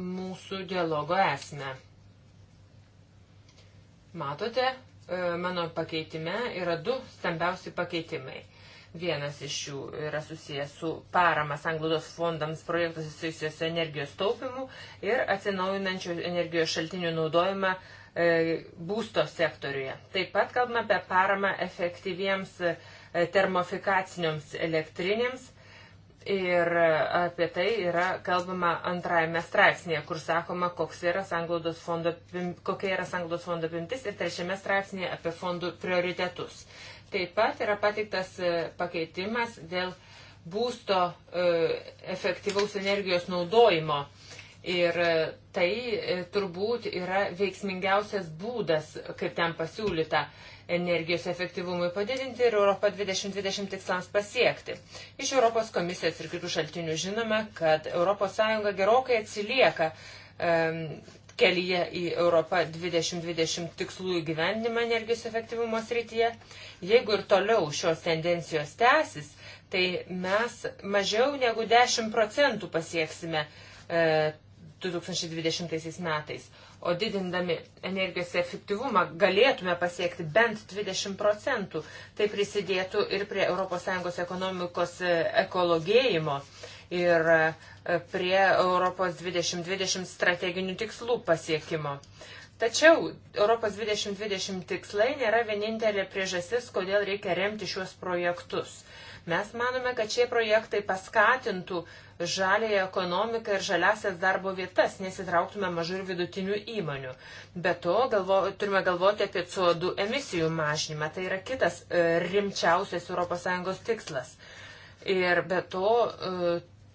[SPEAKER 2] mūsų dialogo esmę. Matote, uh, mano pakeitime yra du stambiausi pakeitimai. Vienas iš jų yra susijęs su paramas anglodos fondams projektus susijusios energijos taupimu ir atsinaujinančių energijos šaltinių naudojimą e, būsto sektoriuje. Taip pat kalbame apie paramą efektyviems e, termofikacinėms elektrinėms. Ir apie tai yra kalbama antrajame straipsnėje, kur sakoma, yra fondo, kokia yra sanglaudos fondo apimtis ir trečiame straipsnėje apie fondų prioritetus. Taip pat yra pateiktas e, pakeitimas dėl būsto e, efektyvaus energijos naudojimo. Ir e, tai turbūt yra veiksmingiausias būdas, kaip ten pasiūlyta energijos efektyvumui padidinti ir Europą 2020 tikslams pasiekti. Iš Europos komisijos ir kitų šaltinių žinome, kad ES gerokai atsilieka um, kelyje į Europą 2020 tikslų įgyvendimą energijos efektyvumo srityje. Jeigu ir toliau šios tendencijos tęsis, tai mes mažiau negu 10 procentų pasieksime e, 2020 metais o didindami energijos efektyvumą galėtume pasiekti bent 20 procentų. Tai prisidėtų ir prie ES ekonomikos e, ekologėjimo ir e, prie Europos 2020 strateginių tikslų pasiekimo. Tačiau Europos 2020 tikslai nėra vienintelė priežastis, kodėl reikia remti šiuos projektus. Mes manome, kad šie projektai paskatintų žalėją ekonomiką ir žaliasias darbo vietas, nes įtrauktume mažų ir vidutinių įmonių. Be to, galvo, turime galvoti apie CO2 emisijų mažinimą. Tai yra kitas e, rimčiausias ES tikslas. Ir be to e,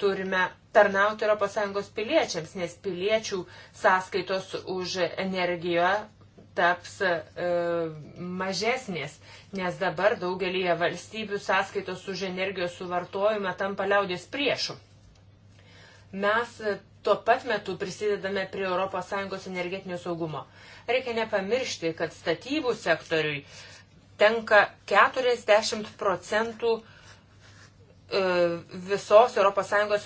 [SPEAKER 2] turime tarnauti ES piliečiams, nes piliečių sąskaitos už energiją taps e, mažesnės, nes dabar daugelįje valstybių sąskaitos už energijos suvartojimą tampa liaudės priešų. Mes tuo pat metu prisidedame prie ES energetinio saugumo. Reikia nepamiršti, kad statybų sektoriui tenka 40 procentų e, visos ES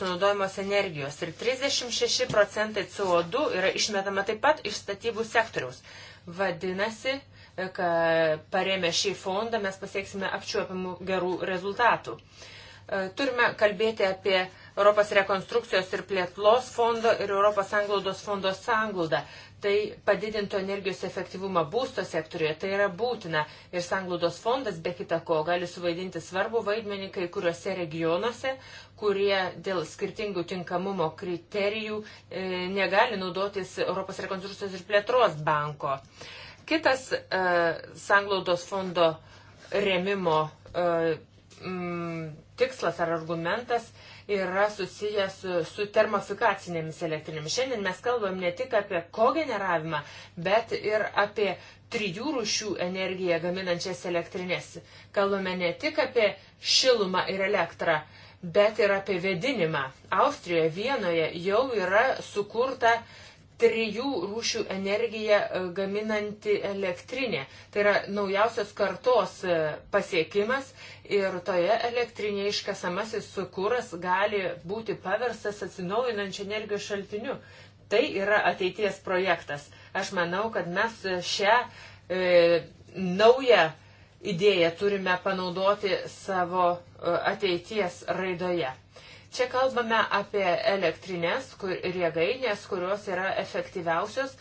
[SPEAKER 2] sunaudojamos energijos ir 36 procentai CO2 yra išmetama taip pat iš statybų sektoriaus. Vadinasi, e, kad paremę šį fondą mes pasieksime apčiuopimų gerų rezultatų. E, turime kalbėti apie Europos rekonstrukcijos ir plėtlos fondo ir Europos sanglaudos fondo sanglaudą. Tai padidintų energijos efektyvumą būsto sektoriuje, tai yra būtina. Ir sanglaudos fondas be kita ko gali suvaidinti svarbu vaidmenį kai kuriuose regionuose, kurie dėl skirtingų tinkamumo kriterijų e, negali naudotis Europos rekonstrukcijos ir plėtros banko. Kitas e, sanglaudos fondo remimo e, m, tikslas ar argumentas yra susijęs su, su termofikacinėmis elektrinėmis. Šiandien mes kalbam ne tik apie kogeneravimą, bet ir apie trijų rūšių energiją gaminančias elektrinės. Kalbame ne tik apie šilumą ir elektrą, bet ir apie vedinimą. Austrijoje, Vienoje jau yra sukurta trijų rūšių energiją e, gaminanti elektrinė. Tai yra naujausios kartos e, pasiekimas ir toje elektrinėje iškasamasis kuras gali būti paverstas atsinaujinančių energijos šaltiniu. Tai yra ateities projektas. Aš manau, kad mes e, šią e, naują idėją turime panaudoti savo e, ateities raidoje. Čia kalbame apie elektrinės kur, ir jėgainės, kurios yra efektyviausios e,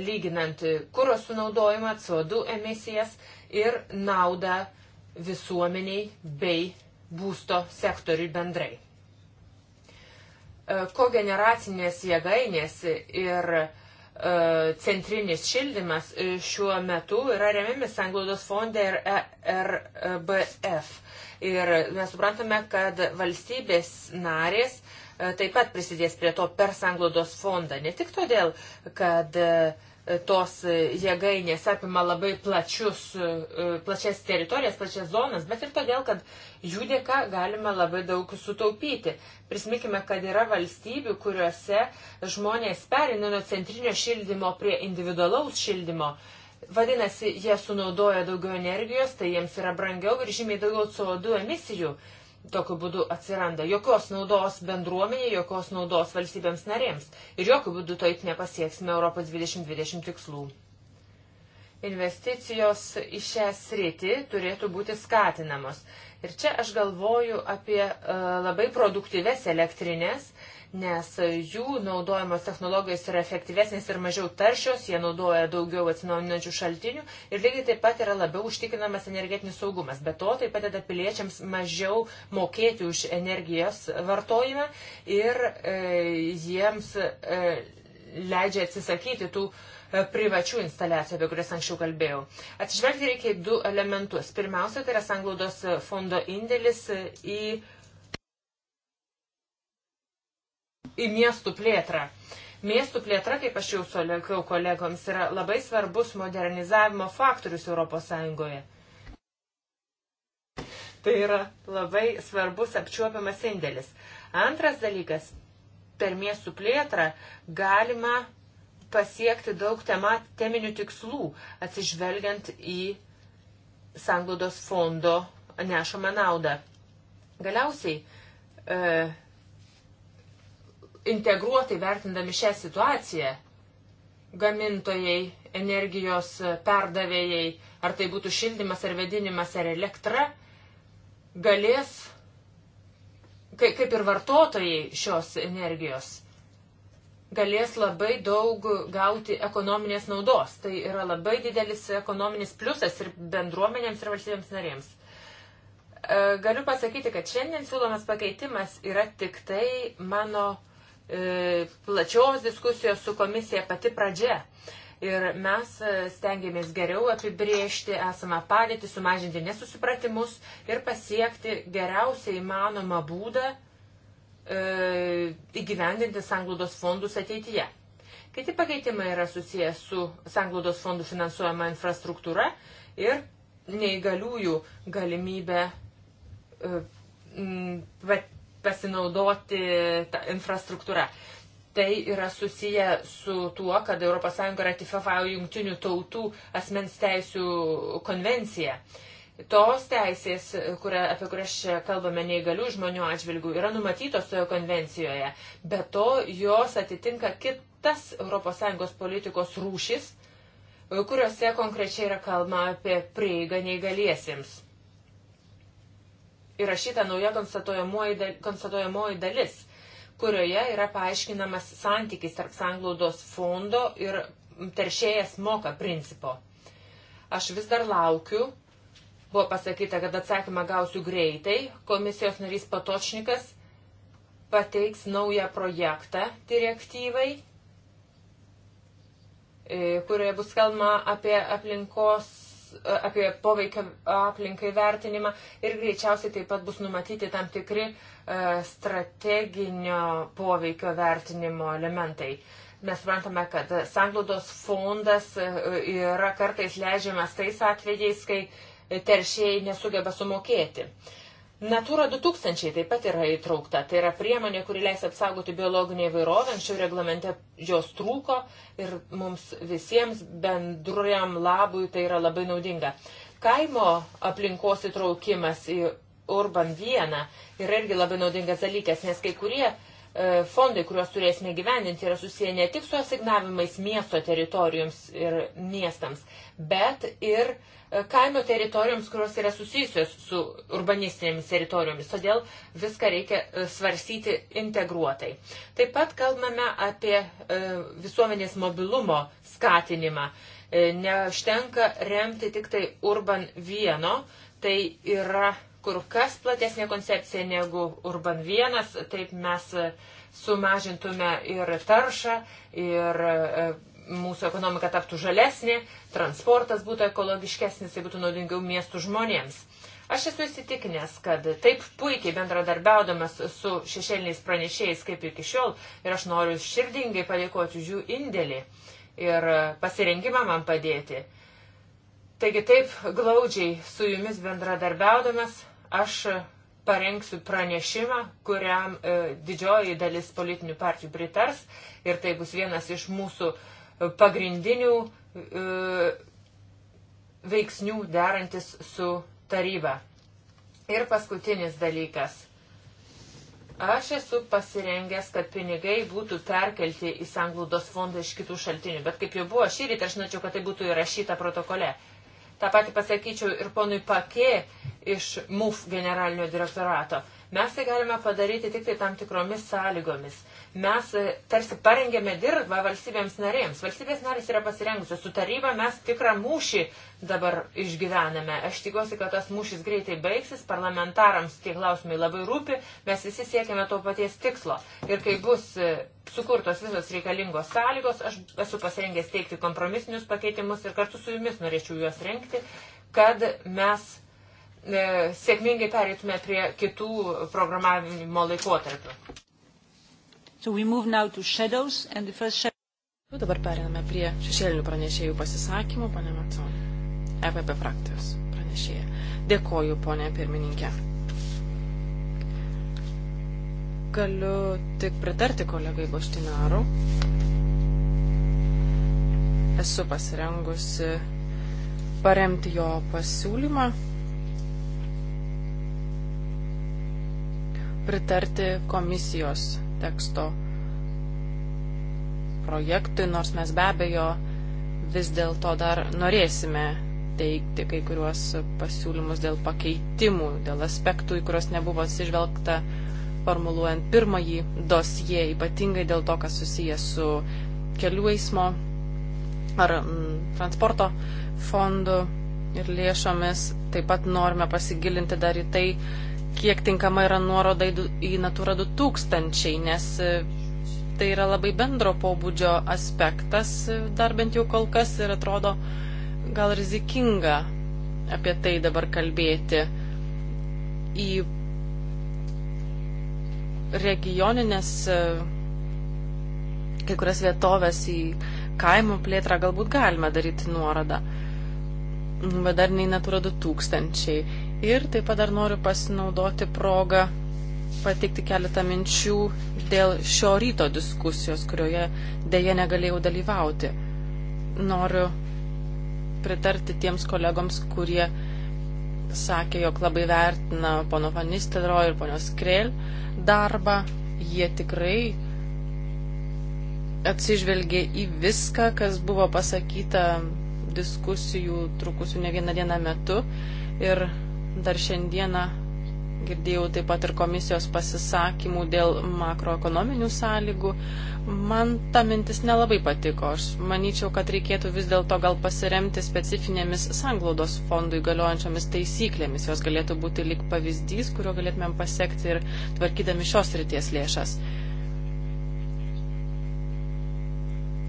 [SPEAKER 2] lyginant kūro sunaudojimą, CO2 emisijas ir naudą visuomeniai bei būsto sektoriui bendrai. E, kogeneracinės jėgainės ir e, E, centrinis šildymas e, šiuo metu yra remiami Sanglaudos fonde ir ERBF. E, ir mes suprantame, kad valstybės narės taip pat prisidės prie to per Sanglaudos fondą. Ne tik todėl, kad uh, tos e, jėgainės apima labai plačius, e, plačias teritorijas, plačias zonas, bet ir todėl, kad jų dėka galime labai daug sutaupyti. Prisiminkime, kad yra valstybių, kuriuose žmonės perina nuo centrinio šildymo prie individualaus šildymo. Vadinasi, jie sunaudoja daugiau energijos, tai jiems yra brangiau ir žymiai daugiau CO2 emisijų. Uh, tokiu būdu atsiranda. Jokios naudos bendruomenė, jokios naudos valstybėms narėms. Ir jokių būdų taip nepasieksime Europos 2020 tikslų. Investicijos į šią sritį turėtų būti skatinamos. Ir čia aš galvoju apie uh, labai produktyves elektrinės, nes jų naudojamos technologijos yra efektyvesnės ir mažiau taršios, jie naudoja daugiau atsinaujinančių šaltinių ir lygiai taip pat yra labiau užtikrinamas energetinis saugumas. Be to, tai padeda piliečiams mažiau mokėti už energijos vartojimą ir e, jiems e, leidžia atsisakyti tų e, privačių instaliacijų, apie kurias anksčiau kalbėjau. Atsižvelgti reikia į du elementus. Pirmiausia, tai yra sanglaudos fondo indėlis į į miestų plėtrą. Miestų plėtra, kaip aš jau solekiau kolegoms, yra labai svarbus modernizavimo faktorius ES. Tai yra labai svarbus apčiuopiamas indėlis. Antras dalykas, per miestų plėtrą galima pasiekti daug temat, teminių tikslų, atsižvelgiant į sanglaudos fondo nešamą naudą. Galiausiai, e, integruotai vertindami šią situaciją, gamintojai, energijos perdavėjai, ar tai būtų šildymas, ar vedinimas, ar elektra, galės, kaip ir vartotojai šios energijos, galės labai daug gauti ekonominės naudos. Tai yra labai didelis ekonominis pliusas ir bendruomenėms, ir valstybėms narėms. E, galiu pasakyti, kad šiandien siūlomas pakeitimas yra tik tai mano uh, E, plačios diskusijos su komisija pati pradžia. Ir mes e, stengiamės geriau apibriežti esamą padėtį, sumažinti nesusipratimus ir pasiekti geriausią įmanomą būdą e, įgyvendinti sanglaudos fondus ateityje. Kiti pakeitimai yra susijęs su sanglaudos fondų finansuojama infrastruktūra ir neįgaliųjų galimybė e, m, pasinaudoti tą infrastruktūrą. Tai yra susiję su tuo, kad ES ratifikavo Junktinių tautų asmens teisų konvenciją. Tos teisės, kuria, apie kurias kalbame neįgalių žmonių atžvilgių, yra numatytos toje konvencijoje. Be to, jos atitinka kitas ES politikos rūšis, kuriuose konkrečiai yra kalbama apie prieigą neįgaliesiems įrašyta nauja konstatuojamoji, konstatuojamoji dalis, kurioje yra paaiškinamas santykis tarp sanglaudos fondo ir teršėjas moka principo. Aš vis dar laukiu. Buvo pasakyta, kad atsakymą gausiu greitai. Komisijos narys Patočnikas pateiks naują projektą direktyvai, e, kurioje bus kalbama apie aplinkos apie poveikio aplinkai vertinimą ir greičiausiai taip pat bus numatyti tam tikri strateginio poveikio vertinimo elementai. Mes suprantame, kad sanglaudos fondas yra kartais leidžiamas tais atvejais, kai teršėjai nesugeba sumokėti. Uh, Natūra 2000 taip pat yra įtraukta. Tai yra priemonė, kuri leis apsaugoti biologinį įvairovę. Anksčiau reglamente jos trūko ir mums visiems bendrujam labui tai yra labai naudinga. Kaimo aplinkos įtraukimas į Urban 1 yra irgi labai naudingas dalykas, nes kai kurie e, fondai, kuriuos turėsime gyveninti, yra susiję ne tik su asignavimais miesto teritorijoms ir miestams, bet ir kaimo teritorijoms, kurios yra susijusios su urbanistinėmis teritorijomis. Todėl viską reikia e, svarsyti integruotai. Taip pat kalbame apie e, visuomenės mobilumo skatinimą. E, neužtenka remti tik tai urban vieno, tai yra kur kas platesnė koncepcija negu urban vienas, taip mes sumažintume ir taršą, ir mūsų ekonomika taptų žalesnė, transportas būtų ekologiškesnis, tai būtų naudingiau miestų žmonėms. Aš esu įsitikinęs, kad taip puikiai bendradarbiaudamas su šešėliniais pranešėjais kaip iki šiol ir aš noriu širdingai padėkoti už jų indėlį ir pasirengimą man padėti. Taigi taip glaudžiai su jumis bendradarbiaudamas aš parengsiu pranešimą, kuriam e, didžioji dalis politinių partijų pritars ir tai bus vienas iš mūsų e, pagrindinių e, veiksnių derantis su taryba. Ir paskutinis dalykas. Aš esu pasirengęs, kad pinigai būtų perkelti į sanglaudos fondą iš kitų šaltinių, bet kaip jau buvo šį rytą, aš norėčiau, kad tai būtų įrašyta protokole. Ta pati pasakyčiau ir ponui Pakė iš MUF generalinio direktorato. Mes tai galime padaryti tik tai tam tikromis sąlygomis mes e, tarsi parengėme dirbą valstybėms narėms. Valstybės narės yra pasirengusios. Su taryba mes tikrą mūšį dabar išgyvename. Aš tikiuosi, kad tas mūšis greitai baigsis. Parlamentarams tie klausimai labai rūpi. Mes visi siekiame to paties tikslo. Ir kai bus e, sukurtos visos reikalingos sąlygos, aš esu pasirengęs teikti kompromisinius pakeitimus ir kartu su jumis norėčiau juos renkti, kad mes e, sėkmingai pereitume prie kitų programavimo laikotarpių.
[SPEAKER 3] So we move now to shadows and the first shadow. Nu, dabar perėmame prie šešėlinių pranešėjų pasisakymų, ponė Maconė, EPP frakcijos pranešėja. Dėkoju, ponė pirmininkė. Galiu tik pritarti kolegai Goštinaru. Esu pasirengusi paremti jo pasiūlymą, pritarti komisijos teksto projektui, nors mes be abejo vis dėlto dar norėsime teikti kai kuriuos pasiūlymus dėl pakeitimų, dėl aspektų, į kuriuos nebuvo atsižvelgta formuluojant pirmąjį dosiją, ypatingai dėl to, kas susijęs su kelių eismo ar m, mm, transporto fondu ir lėšomis. Taip pat norime pasigilinti dar į tai, kiek tinkama yra nuoroda į Natura 2000, nes e, tai yra labai bendro pobūdžio aspektas, e, dar bent jau kol kas ir atrodo gal rizikinga apie tai dabar kalbėti. Į regioninės e, kai kurias vietovės į kaimo plėtrą galbūt galime daryti nuorodą, nu, bet dar nei Natura 2000. Ir taip pat dar noriu pasinaudoti progą pateikti keletą minčių dėl šio ryto diskusijos, kurioje dėje negalėjau dalyvauti. Noriu pritarti tiems kolegoms, kurie sakė, jog labai vertina pono Vanistero ir ponios Krėl darbą. Jie tikrai atsižvelgė į viską, kas buvo pasakyta diskusijų trukusių ne vieną dieną metu. Ir Dar šiandieną girdėjau taip pat ir komisijos pasisakymų dėl makroekonominių sąlygų. Man ta mintis nelabai patiko. Aš manyčiau, kad reikėtų vis dėlto gal pasiremti specifinėmis sanglaudos fondui galiojančiomis taisyklėmis. Jos galėtų būti lik pavyzdys, kuriuo galėtumėm pasiekti ir tvarkydami šios ryties lėšas.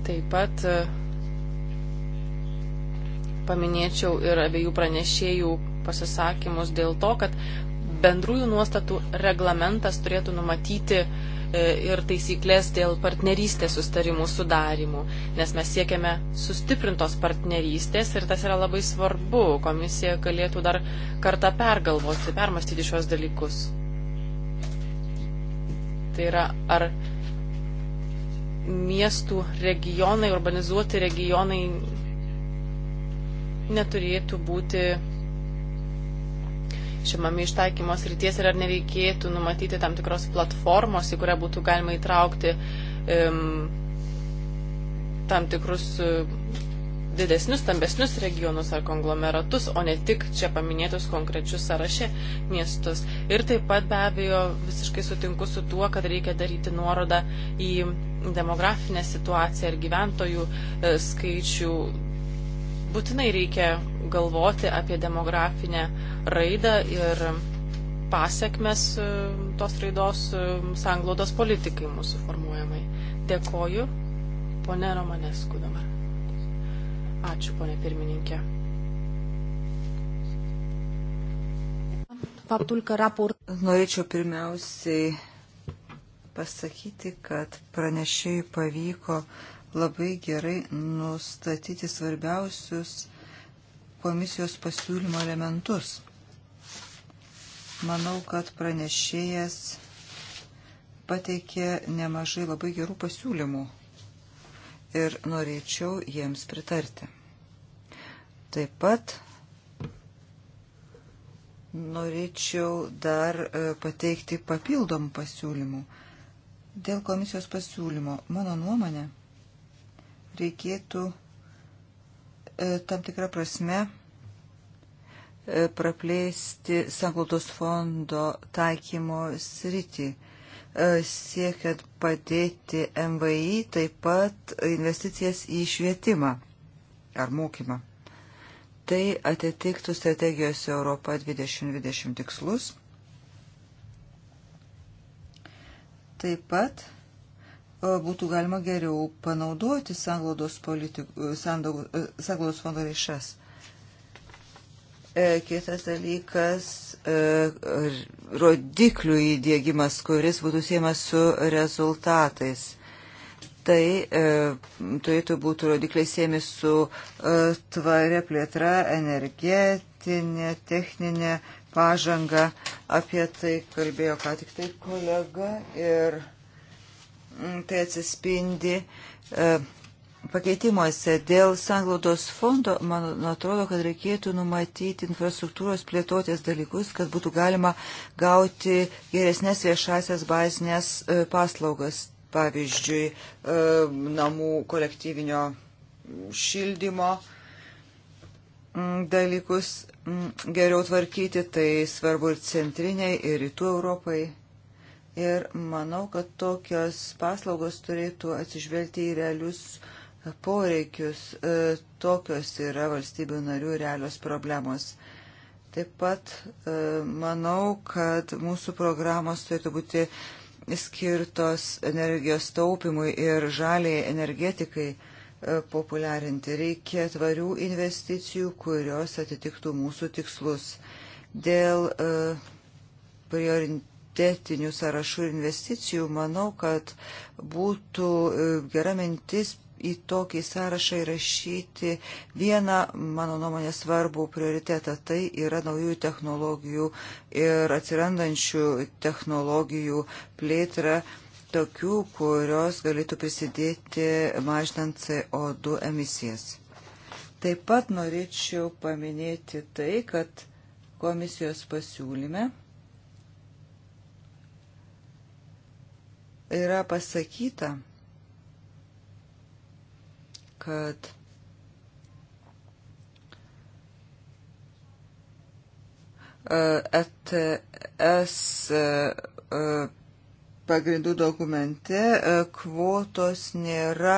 [SPEAKER 3] Taip pat e, paminėčiau ir abiejų pranešėjų pasisakymus dėl to, kad bendrųjų nuostatų reglamentas turėtų numatyti e, ir taisyklės dėl partnerystės sustarimų sudarimų, nes mes siekiame sustiprintos partnerystės ir tas yra labai svarbu. Komisija galėtų dar kartą pergalvoti, permastyti šios dalykus. Tai yra, ar miestų regionai, urbanizuoti regionai neturėtų būti šimami ištaikymo srities ir ar nereikėtų numatyti tam tikros platformos, į kurią būtų galima įtraukti um, tam tikrus e, didesnius, stambesnius regionus ar konglomeratus, o ne tik čia paminėtus konkrečius sąraše miestus. Ir taip pat be abejo visiškai sutinku su tuo, kad reikia daryti nuorodą į demografinę situaciją ir gyventojų e, skaičių būtinai reikia galvoti apie demografinę raidą ir pasiekmes e, tos raidos e, sanglaudos politikai mūsų formuojamai. Dėkoju, ponė Romanesku dabar. Ačiū, ponė pirmininkė. Norėčiau
[SPEAKER 1] pirmiausiai pasakyti, kad pranešėjai pavyko uh, labai gerai nustatyti svarbiausius komisijos pasiūlymo elementus. Manau, kad pranešėjas pateikė nemažai labai gerų pasiūlymų ir norėčiau jiems pritarti. Taip pat norėčiau dar e, pateikti papildomų pasiūlymų. Dėl komisijos pasiūlymo, mano nuomonė, reikėtų e, tam tikrą prasme e, praplėsti sanglaudos fondo taikymo sritį e, siekiant padėti MVI taip pat investicijas į švietimą ar mokymą. Tai atitiktų strategijos Europa 2020 tikslus. Taip pat E, būtų galima geriau panaudoti sanglaudos, e, e, sanglaudos fondo lėšas. Kitas dalykas - rodiklių įdėgymas, kuris būtų siemas su rezultatais. Tai turėtų būti rodikliai siemi su tvaria plėtra, energetinė, techninė pažanga. Apie tai kalbėjo ką tik tai kolega ir Mm, tai atsispindi e, pakeitimuose. Dėl sanglaudos fondo, man atrodo, kad reikėtų numatyti infrastruktūros plėtotės dalykus, kad būtų galima gauti geresnės viešasias bazinės e, paslaugas, pavyzdžiui, e, namų kolektyvinio šildymo mm, dalykus mm, geriau tvarkyti, tai svarbu ir centriniai, ir rytų Europai. Ir manau, kad tokios paslaugos turėtų atsižvelgti į realius poreikius. E, tokios yra valstybių narių realios problemos. Taip pat e, manau, kad mūsų programos turėtų būti skirtos energijos taupimui ir žaliai energetikai e, populiarinti. Reikia tvarių investicijų, kurios atitiktų mūsų tikslus. Dėl prioritetų prioritetinių sąrašų investicijų, manau, kad būtų e, gera mintis į tokį sąrašą įrašyti vieną, mano nuomonė, svarbų prioritetą. Tai yra naujų technologijų ir atsirandančių technologijų plėtra tokių, kurios galėtų prisidėti mažinant CO2 emisijas. Taip pat norėčiau paminėti tai, kad komisijos pasiūlyme yra pasakyta, kad ETS e e, e, pagrindų dokumente kvotos nėra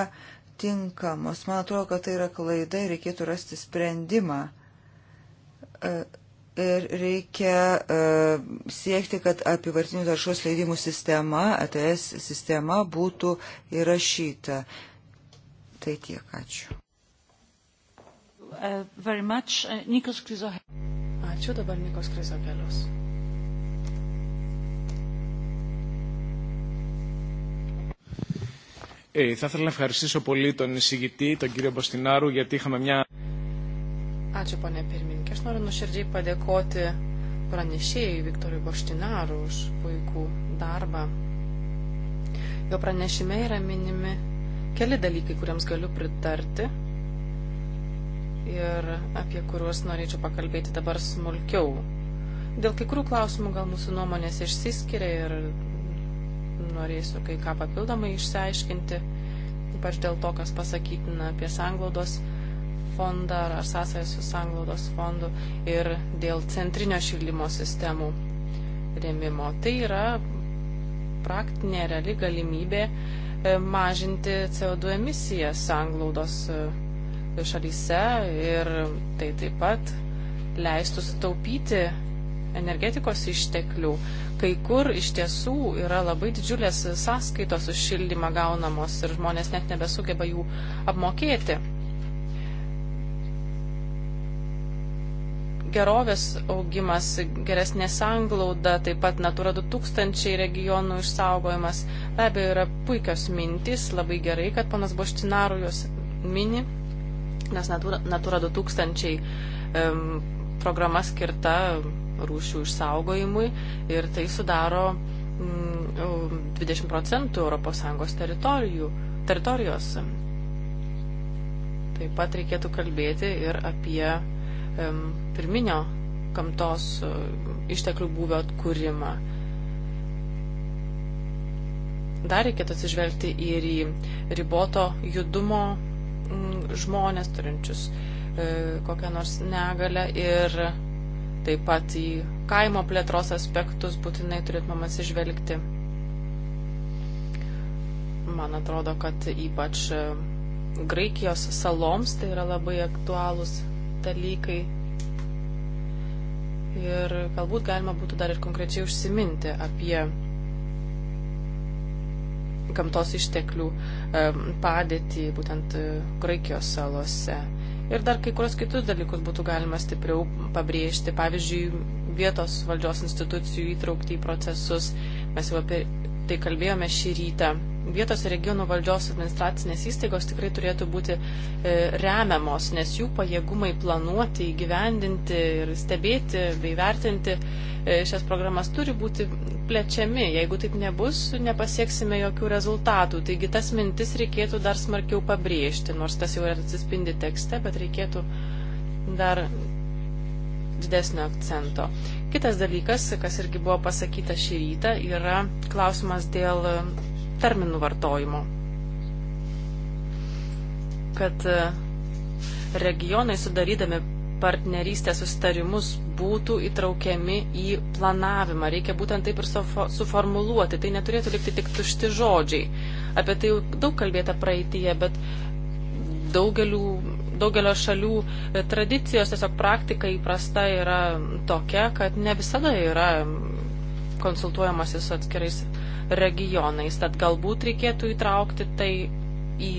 [SPEAKER 1] tinkamos. Man atrodo, kad tai yra klaida ir reikėtų rasti sprendimą. Ir reikia uh, siekti, kad apivartinių taršos leidimų sistema, ATS e sistema būtų įrašyta. Tai tiek, ačiū.
[SPEAKER 3] Uh, uh, ačiū dabar Nikos Krizopelius.
[SPEAKER 1] Ε, θα ήθελα να ευχαριστήσω πολύ τον εισηγητή, τον κύριο Μποστινάρου, γιατί είχαμε μια
[SPEAKER 3] Ačiū, ponė pirmininkė. Aš noriu nuširdžiai padėkoti pranešėjai Viktorui Boštinaru už puikų darbą. Jo pranešime yra minimi keli dalykai, kuriems galiu pritarti ir apie kuriuos norėčiau pakalbėti dabar smulkiau. Dėl kai kurių klausimų gal mūsų nuomonės išsiskiria ir norėsiu kai ką papildomai išsiaiškinti, ypač dėl to, kas pasakytina apie sanglaudos fondą ar, ar sąsajas su sanglaudos fondu ir dėl centrinio šildymo sistemų rėmimo. Tai yra praktinė reali galimybė e, mažinti CO2 emisijas sanglaudos e, šalyse ir tai taip pat leistų sutaupyti energetikos išteklių. Kai kur iš tiesų yra labai didžiulės sąskaitos už šildymą gaunamos ir žmonės net nebesugeba jų apmokėti. gerovės augimas, geresnė sanglauda, taip pat Natura 2000 regionų išsaugojimas. Be abejo, yra puikios mintys, labai gerai, kad panas Boštinaru juos mini, nes Natura, Natura 2000 um, programa skirta rūšių išsaugojimui ir tai sudaro um, mm, 20 procentų ES teritorijų, teritorijos. Taip pat reikėtų kalbėti ir apie pirminio gamtos e, išteklių būvio atkūrimą. Dar reikėtų atsižvelgti ir į riboto judumo žmonės turinčius e, kokią nors negalę ir taip pat į kaimo plėtros aspektus būtinai turėtumėm atsižvelgti. Man atrodo, kad ypač e, Graikijos saloms tai yra labai aktualūs dalykai. Ir galbūt galima būtų dar ir konkrečiai užsiminti apie gamtos išteklių padėtį būtent e, Graikijos salose. Ir dar kai kurios kitus dalykus būtų galima stipriau pabrėžti. Pavyzdžiui, vietos valdžios institucijų įtraukti į procesus. Mes jau apie tai kalbėjome šį rytą vietos ir regionų valdžios administracinės įstaigos tikrai turėtų būti e, remiamos, nes jų pajėgumai planuoti, įgyvendinti ir stebėti bei vertinti e, šias programas turi būti plečiami. Jeigu taip nebus, nepasieksime jokių rezultatų. Taigi tas mintis reikėtų dar smarkiau pabrėžti, nors tas jau ir atsispindi tekste, bet reikėtų dar didesnio akcento. Kitas dalykas, kas irgi buvo pasakyta šį rytą, yra klausimas dėl terminų vartojimo. Kad e, regionai sudarydami partnerystės sustarimus būtų įtraukiami į planavimą. Reikia būtent taip ir suformuluoti. Tai neturėtų likti tik tušti žodžiai. Apie tai jau daug kalbėta praeitie, bet daugelių, daugelio šalių e, tradicijos tiesiog praktika įprasta yra tokia, kad ne visada yra konsultuojamasi su atskirais regionais. Tad galbūt reikėtų įtraukti tai į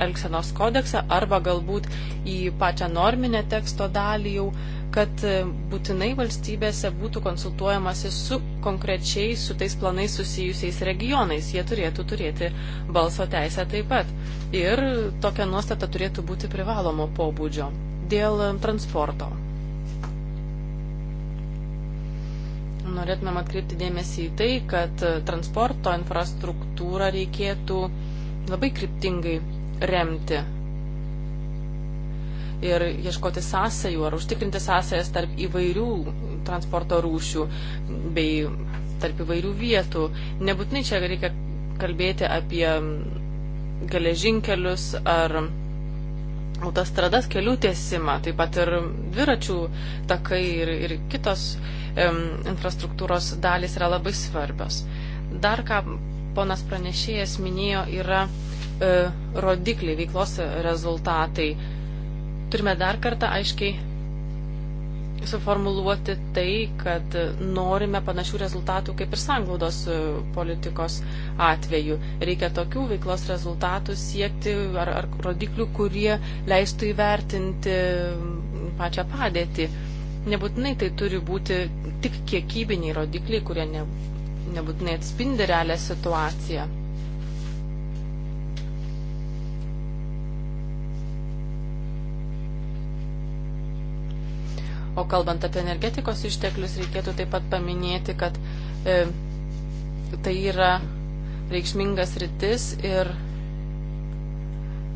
[SPEAKER 3] Elksenos kodeksą arba galbūt į pačią norminę teksto dalį jau, kad e, būtinai valstybėse būtų konsultuojamasi su konkrečiai su tais planais susijusiais regionais. Jie turėtų turėti balso teisę taip pat. Ir tokia nuostata turėtų būti privalomo pobūdžio dėl transporto. norėtumėm atkreipti dėmesį į tai, kad e, transporto infrastruktūrą reikėtų labai kryptingai remti ir ieškoti sąsajų ar užtikrinti sąsajas tarp įvairių transporto rūšių bei tarp įvairių vietų. Nebūtinai čia reikia kalbėti apie geležinkelius ar autostradas kelių tiesimą, taip pat ir dviračių takai ir, ir kitos infrastruktūros dalis yra labai svarbios. Dar ką ponas pranešėjas minėjo, yra e, rodikliai, veiklos rezultatai. Turime dar kartą aiškiai suformuluoti tai, kad norime panašių rezultatų kaip ir sanglaudos e, politikos atveju. Reikia tokių veiklos rezultatų siekti ar, ar rodiklių, kurie leistų įvertinti pačią padėtį. Nebūtinai tai turi būti tik kiekybiniai rodikliai, kurie ne, nebūtinai atspindi realią situaciją. O kalbant apie energetikos išteklius, reikėtų taip pat paminėti, kad e, tai yra reikšmingas rytis ir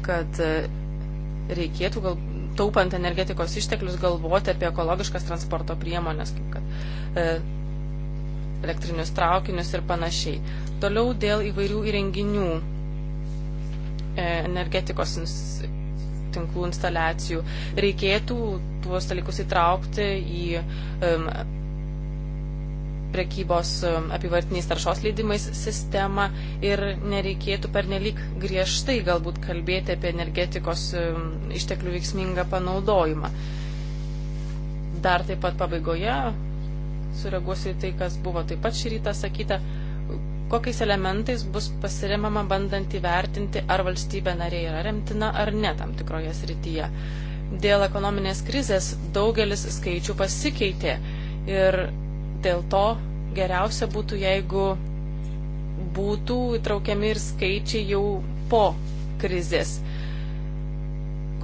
[SPEAKER 3] kad e, reikėtų gal taupant energetikos išteklius, galvoti apie ekologiškas transporto priemonės, kaip kad e, elektrinius traukinius ir panašiai. Toliau dėl įvairių įrenginių e, energetikos ins, tinklų instaliacijų reikėtų tuos dalykus įtraukti į e, prekybos um, apivartiniais taršos leidimais sistemą ir nereikėtų pernelyg griežtai galbūt kalbėti apie energetikos um, išteklių veiksmingą panaudojimą. Dar taip pat pabaigoje sureaguosiu į tai, kas buvo taip pat šį rytą sakyta, kokiais elementais bus pasiremama bandant įvertinti, ar valstybė narė yra remtina ar ne tam tikroje srityje. Dėl ekonominės krizės daugelis skaičių pasikeitė ir Dėl to geriausia būtų, jeigu būtų įtraukiami ir skaičiai jau po krizės,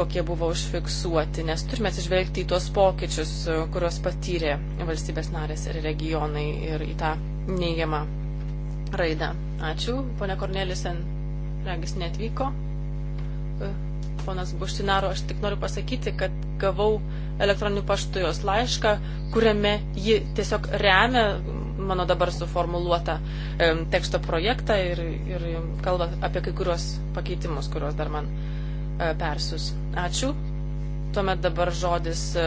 [SPEAKER 3] kokie buvo užfiksuoti, nes turime atsižvelgti į tuos pokyčius, kuriuos patyrė valstybės narės ir regionai ir į tą neigiamą raidą. Ačiū. Pone Kornelisen, regis netvyko. Ponas Buštinaro, aš tik noriu pasakyti, kad gavau elektroniniu paštu jos laišką, kuriame ji tiesiog remia mano dabar suformuluotą e, teksto projektą ir, ir kalba apie kai kuriuos pakeitimus, kuriuos dar man e, persius. Ačiū. Tuomet dabar žodis e,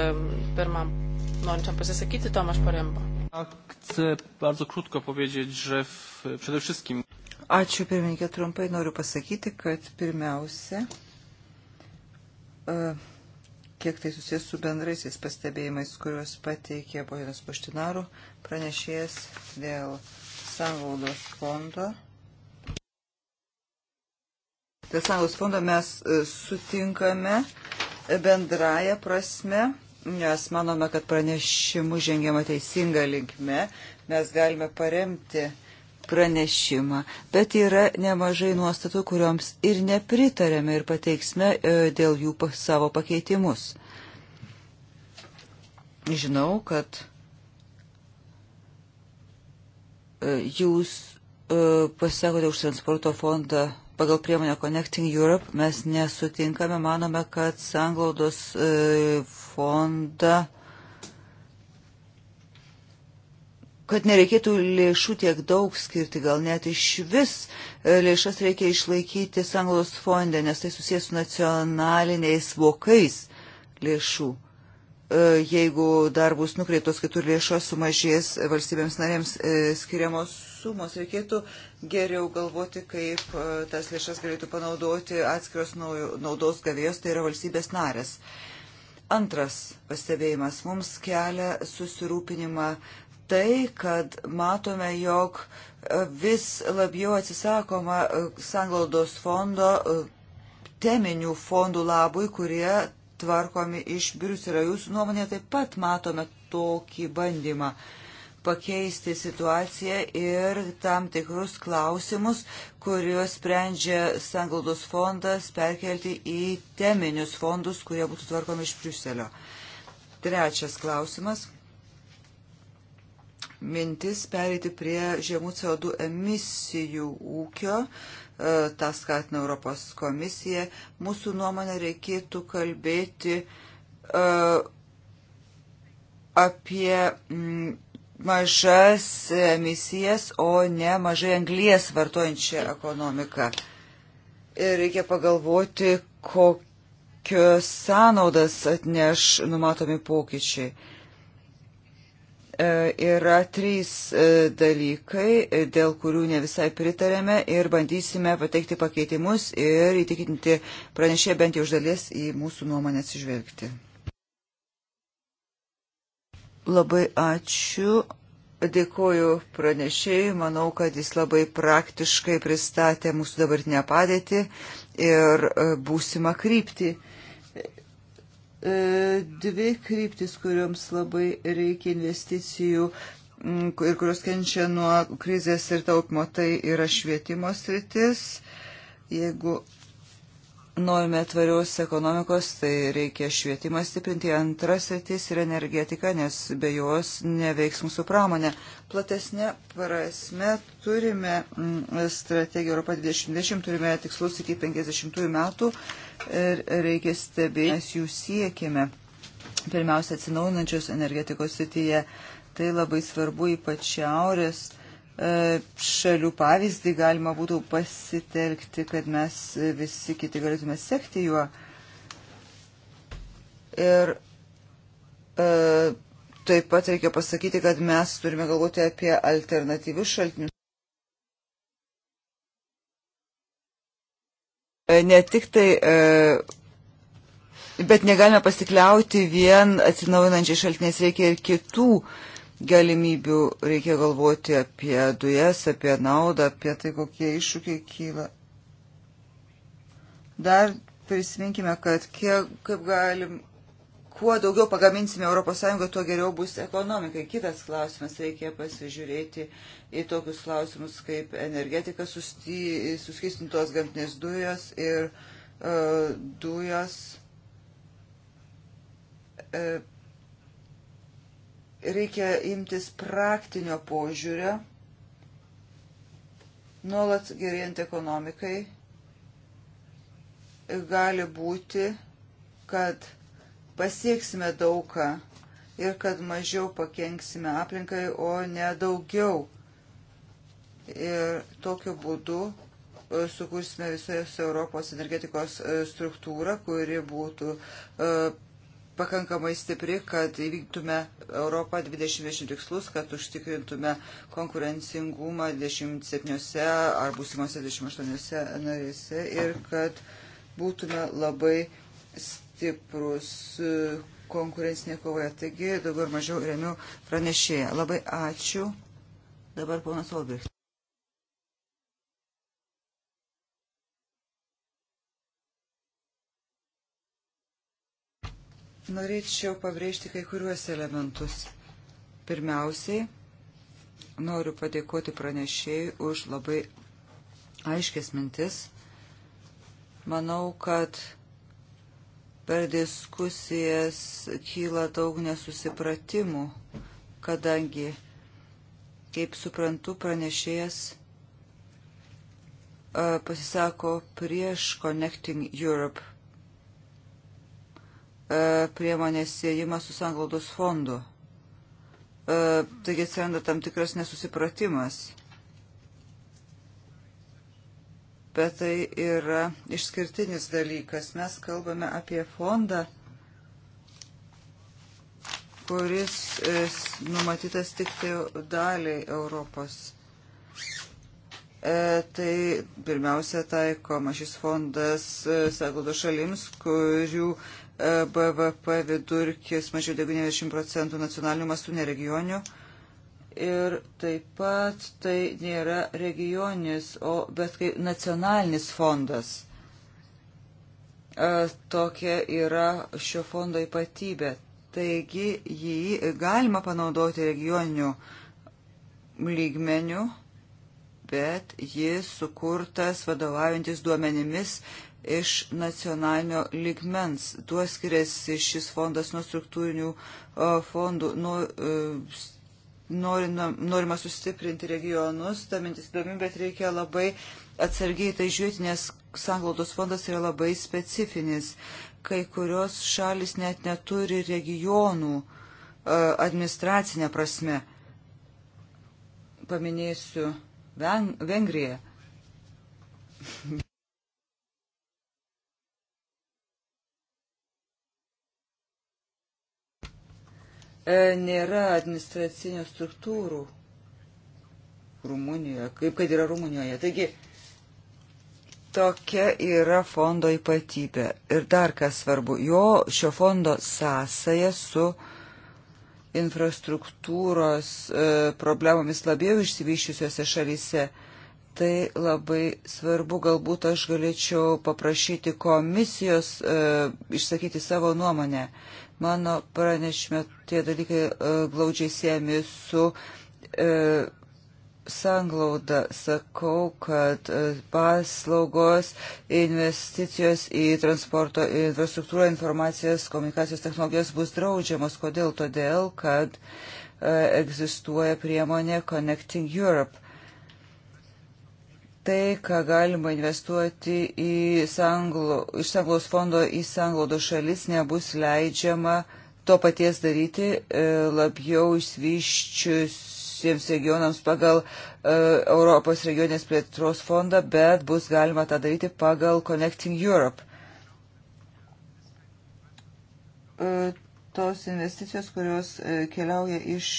[SPEAKER 3] pirmam norinčiam pasisakyti, Tomaš Paremba.
[SPEAKER 2] Chcę bardzo krótko
[SPEAKER 1] powiedzieć, że w, przede wszystkim. Ačiū pirmininkė, trumpai noriu pasakyti, kad pirmiausia, uh, kiek tai susijęs su bendraisiais pastebėjimais, kuriuos pateikė Bojanas Paštinarų pranešėjas dėl sangaudos fondo. Dėl sangaudos fondo mes e, sutinkame bendrają prasme, nes manome, kad pranešimu žengiama teisinga linkme. Mes galime paremti pranešimą, bet yra nemažai nuostatų, kurioms ir nepritarėme ir pateiksime e, dėl jų savo pakeitimus. Žinau, kad e, jūs e, pasisakote už transporto fondą pagal priemonę Connecting Europe. Mes nesutinkame, manome, kad sanglaudos fondą kad nereikėtų lėšų tiek daug skirti, gal net iš vis e, lėšas reikia išlaikyti Sanglos fonde, nes tai susijęs su nacionaliniais vokais lėšų. E, jeigu dar bus nukreiptos kitur lėšos, sumažės valstybėms narėms e, skiriamos sumos. Reikėtų geriau galvoti, kaip tas lėšas galėtų panaudoti atskiros naudos gavėjos, tai yra valstybės narės. Antras pastebėjimas mums kelia susirūpinimą tai, kad matome, jog e, vis labiau atsisakoma e, sanglaudos fondo e, teminių fondų labui, kurie tvarkomi iš Briuselio. Jūsų nuomonė taip pat matome tokį bandymą pakeisti situaciją ir tam tikrus klausimus, kuriuos sprendžia Sanglaudos fondas, perkelti į teminius fondus, kurie būtų tvarkomi iš Briuselio. Trečias klausimas mintis pereiti prie žemų CO2 emisijų ūkio, e, tą skatina Europos komisija. Mūsų nuomonė reikėtų kalbėti e, apie mm, mažas emisijas, o ne mažai anglies vartojančią ekonomiką. Ir reikia pagalvoti, kokios sąnaudas atneš numatomi pokyčiai. E, yra trys e, dalykai, e, dėl kurių ne visai pritarėme ir bandysime pateikti pakeitimus ir įtikinti pranešė bent jau žalies į mūsų nuomonę atsižvelgti. Labai ačiū. Dėkuoju pranešėjui, manau, kad jis labai praktiškai pristatė mūsų dabartinę padėtį ir būsimą kryptį. E, dvi kryptis, kuriuoms labai reikia investicijų ir kurios kenčia nuo krizės ir taupimo, tai yra švietimo sritis. Jeigu norime tvarios ekonomikos, tai reikia švietimą stiprinti. Antras sritis yra energetika, nes be jos neveiks mūsų pramonė. Platesnė prasme turime strategiją Europą 2020, turime tikslus iki 50 metų ir reikia stebėti, mes jų siekime. Pirmiausia, atsinaujinančios energetikos srityje tai labai svarbu ypač šiaurės e, šalių pavyzdį galima būtų pasitelkti, kad mes visi kiti galėtume sekti juo. Ir e, taip pat reikia pasakyti, kad mes turime galvoti apie alternatyvius šaltinius. E, ne tik tai, e, bet negalime pasikliauti vien atsinaujinančiai šaltiniais, reikia ir kitų galimybių, reikia galvoti apie dujas, apie naudą, apie tai, kokie iššūkiai kyla. Dar prisiminkime, kad kiek, kaip galim kuo daugiau pagaminsime ES, tuo geriau bus ekonomikai. Kitas klausimas, reikia pasižiūrėti į tokius klausimus kaip energetika, suskistintos gamtinės dujos ir uh, dujos. Uh, reikia imtis praktinio požiūrio, nuolat gerėjant ekonomikai, gali būti, kad uh, pasieksime daugą ir kad mažiau pakenksime aplinkai, o ne daugiau. Ir tokiu būdu e, sukursime visos Europos energetikos e, struktūrą, kuri būtų e, pakankamai stipri, kad įvyktume Europą 2020 tikslus, kad užtikrintume konkurencingumą 27 ar būsimose 28 narėse ir kad būtume labai stipri stiprus e, konkurencinė kovoje. Taigi dabar mažiau remiu pranešėją. Labai ačiū. Dabar ponas Olbricht. Norėčiau pabrėžti kai kuriuos elementus. Pirmiausiai, noriu padėkoti pranešėjai už labai aiškės mintis. Manau, kad Per diskusijas kyla daug nesusipratimų, kadangi, kaip suprantu, pranešėjas pasisako prieš Connecting Europe priemonės siejimą su sanglaudos fondu. Taigi atsiranda tam tikras nesusipratimas. bet tai yra išskirtinis dalykas. Mes kalbame apie fondą, kuris e, numatytas tik tai daliai Europos. E, tai pirmiausia taikoma šis fondas, e, sakodo, šalims, kurių e, BVP vidurkis mažiau 90 procentų nacionalinių mastų neregionių. regionių ir taip pat tai nėra regioninis, o bet kaip nacionalinis fondas. E, tokia yra šio fondo ypatybė. Taigi jį galima panaudoti regioninių lygmenių, bet jis sukurtas vadovaujantis duomenimis iš nacionalinio ligmens. Tuo skiriasi šis fondas nuo struktūrinių e, fondų, nuo e, norima sustiprinti regionus, ta mintis įdomi, bet reikia labai atsargiai tai žiūrėti, nes sanglaudos fondas yra labai specifinis. Kai kurios šalis net neturi regionų e, administracinę prasme. Paminėsiu Vengriją. E, nėra administracinių struktūrų Rumunijoje, kaip kad yra Rumunijoje. Taigi, tokia yra fondo ypatybė. Ir dar kas svarbu, jo šio fondo sąsaja su infrastruktūros e, problemomis labiau išsivyščiusiuose šalyse. Tai labai svarbu, galbūt aš galėčiau paprašyti komisijos e, išsakyti savo nuomonę. E, Mano pranešime tie dalykai e, glaudžiai siejami su e, sanglauda. Sakau, kad e, paslaugos, investicijos į transporto infrastruktūrą, informacijos, komunikacijos technologijos bus draudžiamos. Kodėl? Todėl, kad e, egzistuoja priemonė Connecting Europe tai, ką galima investuoti į sanglo, iš sanglos fondo į sanglodo šalis, nebus leidžiama to paties daryti e, labiau išvyščiusiems regionams pagal e, Europos regionės plėtros fondą, bet bus galima tą daryti pagal Connecting Europe. E, tos investicijos, kurios keliauja iš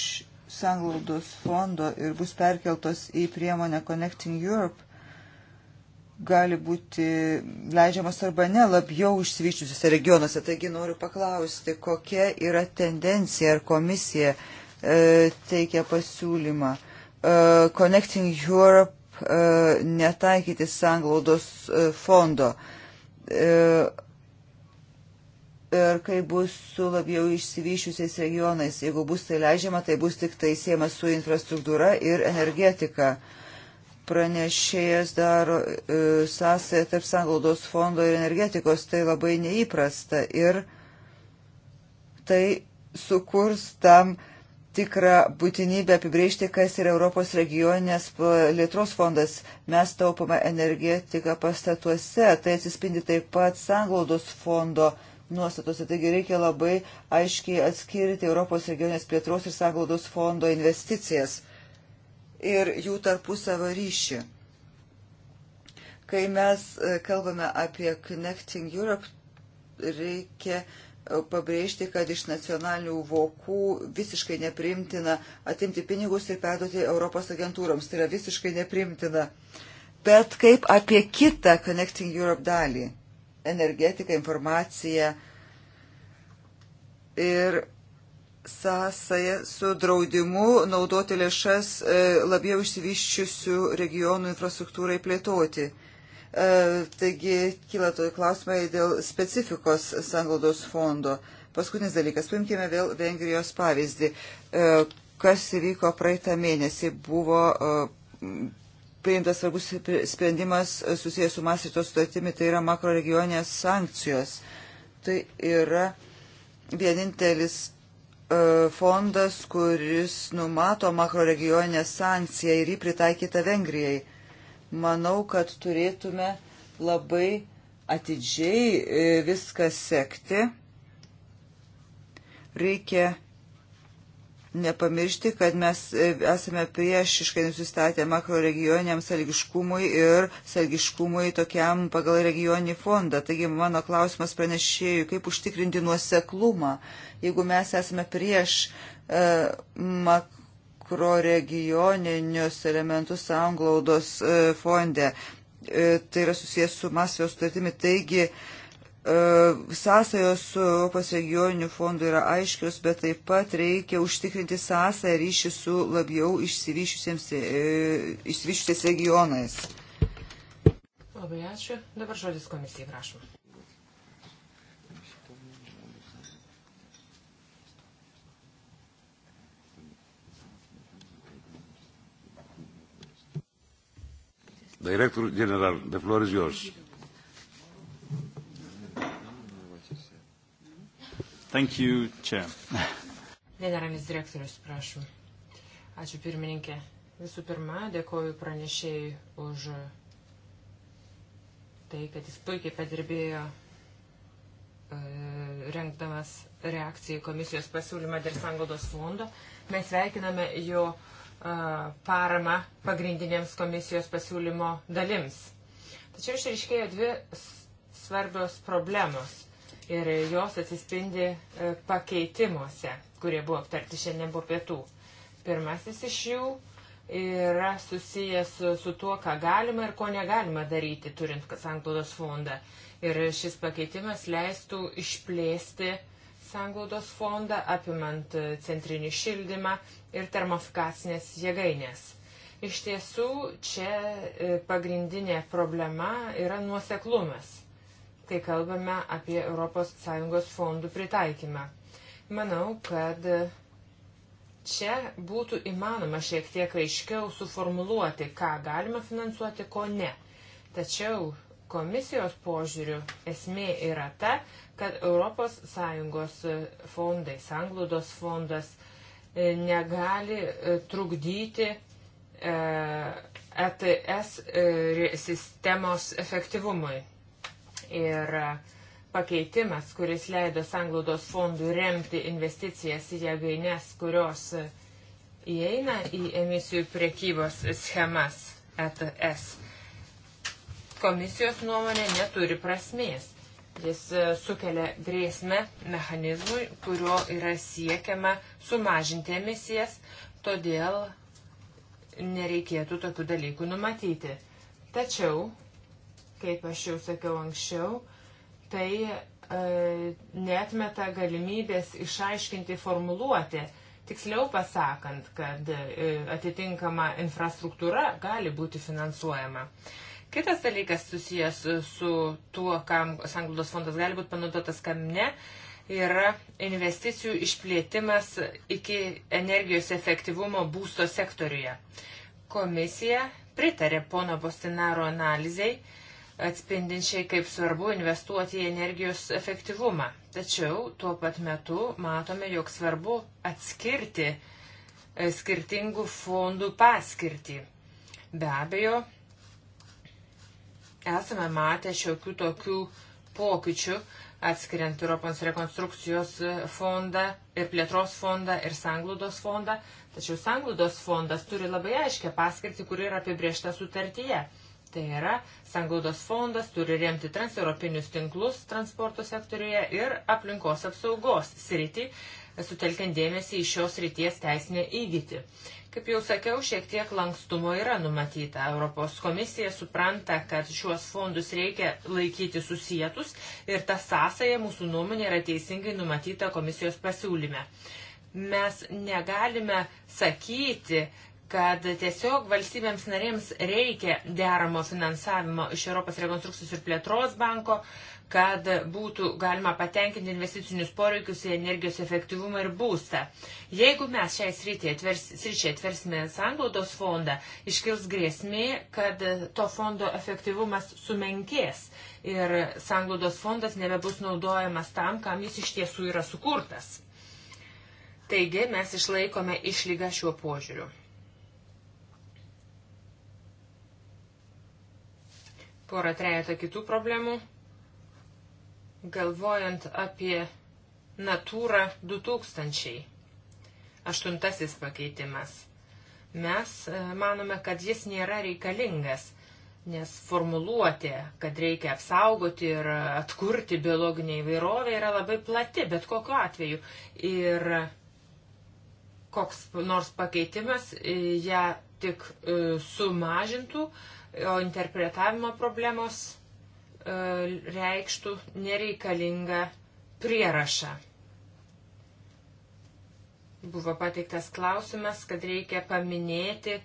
[SPEAKER 1] sanglaudos fondo ir bus perkeltos į priemonę Connecting Europe, gali būti leidžiamas arba ne labiau išsivyščiusiuose regionuose. Taigi noriu paklausti, kokia yra tendencija ar komisija e, teikia pasiūlymą e, Connecting Europe e, netaikyti sanglaudos e, fondo. E, ir kai bus su labiau išsivyščiusiais regionais, jeigu bus tai leidžiama, tai bus tik tai siema su infrastruktūra ir energetika. E, pranešėjas daro e, sąsąją tarp sanglaudos fondo ir energetikos, tai labai neįprasta ir tai sukurs tam tikrą būtinybę apibrėžti, kas yra Europos regioninės plėtros fondas. Mes taupome energetiką pastatuose, tai atsispindi taip pat sanglaudos fondo nuostatose. Taigi reikia labai aiškiai atskirti Europos regioninės plėtros ir sanglaudos fondo investicijas ir jų tarpusavo ryšį. Kai mes e, kalbame apie Connecting Europe, reikia e, pabrėžti, kad iš nacionalinių vokų visiškai neprimtina atimti pinigus ir perduoti Europos agentūroms. Tai yra visiškai neprimtina. Bet kaip apie kitą Connecting Europe dalį? Energetika, informacija ir sąsaja su draudimu naudoti lėšas e, labiau išsivyščiusių regionų infrastruktūrai plėtoti. E, taigi kyla toj klausimai dėl specifikos sanglaudos fondo. Paskutinis dalykas, paimkime vėl Vengrijos pavyzdį. E, kas įvyko praeitą mėnesį, buvo priimtas svarbus sprendimas susijęs su Masrito sutartimi, tai yra makroregioninės sankcijos. Tai yra vienintelis E, fondas, kuris numato makroregioninę sankciją ir jį pritaikytą Vengrijai. Manau, kad turėtume labai atidžiai e, viską sekti. Reikia nepamiršti, kad mes e, esame priešiškai nusistatę makroregioniniam salgiškumui ir salgiškumui tokiam pagal regioninį fondą. Taigi mano klausimas pranešėjų, kaip užtikrinti nuoseklumą, jeigu mes esame prieš e, makroregioninius elementus anglaudos e, fonde. E, tai yra susijęs su masvės sutartimi. Taigi, e, E, sąsajos su Europos regioniniu fondu yra aiškios, bet taip pat reikia užtikrinti sąsąją ryšį su labiau išsivyščiusiais e, regionais.
[SPEAKER 2] Labai ačiū. Dabar žodis komisijai, prašom.
[SPEAKER 3] Director General, the floor is yours.
[SPEAKER 1] Thank you, Chair.
[SPEAKER 2] Generalinis direktorius, prašom. Ačiū pirmininkė. Visų pirma, dėkoju pranešėjai už tai, kad jis puikiai padirbėjo e, rengdamas reakciją į komisijos pasiūlymą dėl sangodos fondo. Mes veikiname jo e, paramą pagrindinėms komisijos pasiūlymo dalims. Tačiau išriškėjo dvi svarbios problemos ir jos atsispindi e, pakeitimuose, kurie buvo aptarti šiandien po pietų. Pirmasis iš jų yra susijęs su, su tuo, ką galima ir ko negalima daryti, turint sanglaudos fondą. Ir šis pakeitimas leistų išplėsti sanglaudos fondą, apimant e, centrinį šildymą ir termofikacinės jėgainės. Iš tiesų, čia e, pagrindinė problema yra nuoseklumas kai kalbame apie ES fondų pritaikymą. Manau, kad čia būtų įmanoma šiek tiek aiškiau suformuluoti, ką galima finansuoti, ko ne. Tačiau komisijos požiūrių esmė yra ta, kad ES fondai, sanglaudos fondas e, negali e, trukdyti ETS e sistemos efektyvumui ir pakeitimas, kuris leido sanglaudos fondui remti investicijas į jėgaines, kurios įeina į emisijų priekybos schemas ETS. Komisijos nuomonė neturi prasmės. Jis e, sukelia grėsmę mechanizmui, kurio yra siekiama sumažinti emisijas, todėl nereikėtų tokių dalykų numatyti. Tačiau kaip aš jau sakiau anksčiau, tai e, netmeta galimybės išaiškinti formuluotę. Tiksliau pasakant, kad e, atitinkama infrastruktūra gali būti finansuojama. Kitas dalykas susijęs su, su tuo, kam Sanglaudos fondas gali būti panaudotas, kam ne yra investicijų išplėtimas iki energijos efektyvumo būsto sektoriuje. Komisija pritarė pono Bostinaro analizai atspindinčiai, kaip svarbu investuoti į energijos efektyvumą. Tačiau tuo pat metu matome, jog svarbu atskirti e, skirtingų fondų paskirtį. Be abejo, esame matę šiokių tokių pokyčių, atskiriant Europos rekonstrukcijos fondą ir plėtros fondą ir sanglūdos fondą. Tačiau sanglūdos fondas turi labai aiškę paskirtį, kuri yra apibriešta sutartyje. Tai yra, sanglaudos fondas turi remti transeuropinius tinklus transporto sektoriuje ir aplinkos apsaugos sritį, sutelkiant dėmesį į šios ryties teisinę įgyti. Kaip jau sakiau, šiek tiek lankstumo yra numatyta. Europos komisija supranta, kad šiuos fondus reikia laikyti susijętus ir ta sąsaja mūsų nuomonė yra teisingai numatyta komisijos pasiūlyme mes negalime sakyti, kad tiesiog valstybėms narėms reikia deramo finansavimo iš Europos rekonstrukcijos ir plėtros banko, kad būtų galima patenkinti investicinius poreikius į energijos efektyvumą ir būstą. Jeigu mes šiai sričiai atvers, atversime sanglaudos fondą, iškils grėsmė, kad to fondo efektyvumas sumenkės ir sanglaudos fondas nebebus naudojamas tam, kam jis iš tiesų yra sukurtas. Taigi mes išlaikome išlygą šiuo požiūriu. porą trejata kitų problemų. Galvojant apie Natūrą 2000. Aštuntasis pakeitimas. Mes e, manome, kad jis nėra reikalingas, nes formuluotė, kad reikia apsaugoti ir atkurti biologinę įvairovę yra labai plati, bet kokiu atveju. Ir koks nors pakeitimas e, ją tik e, sumažintų, o interpretavimo problemos e, reikštų nereikalingą prierašą. Buvo pateiktas klausimas, kad reikia paminėti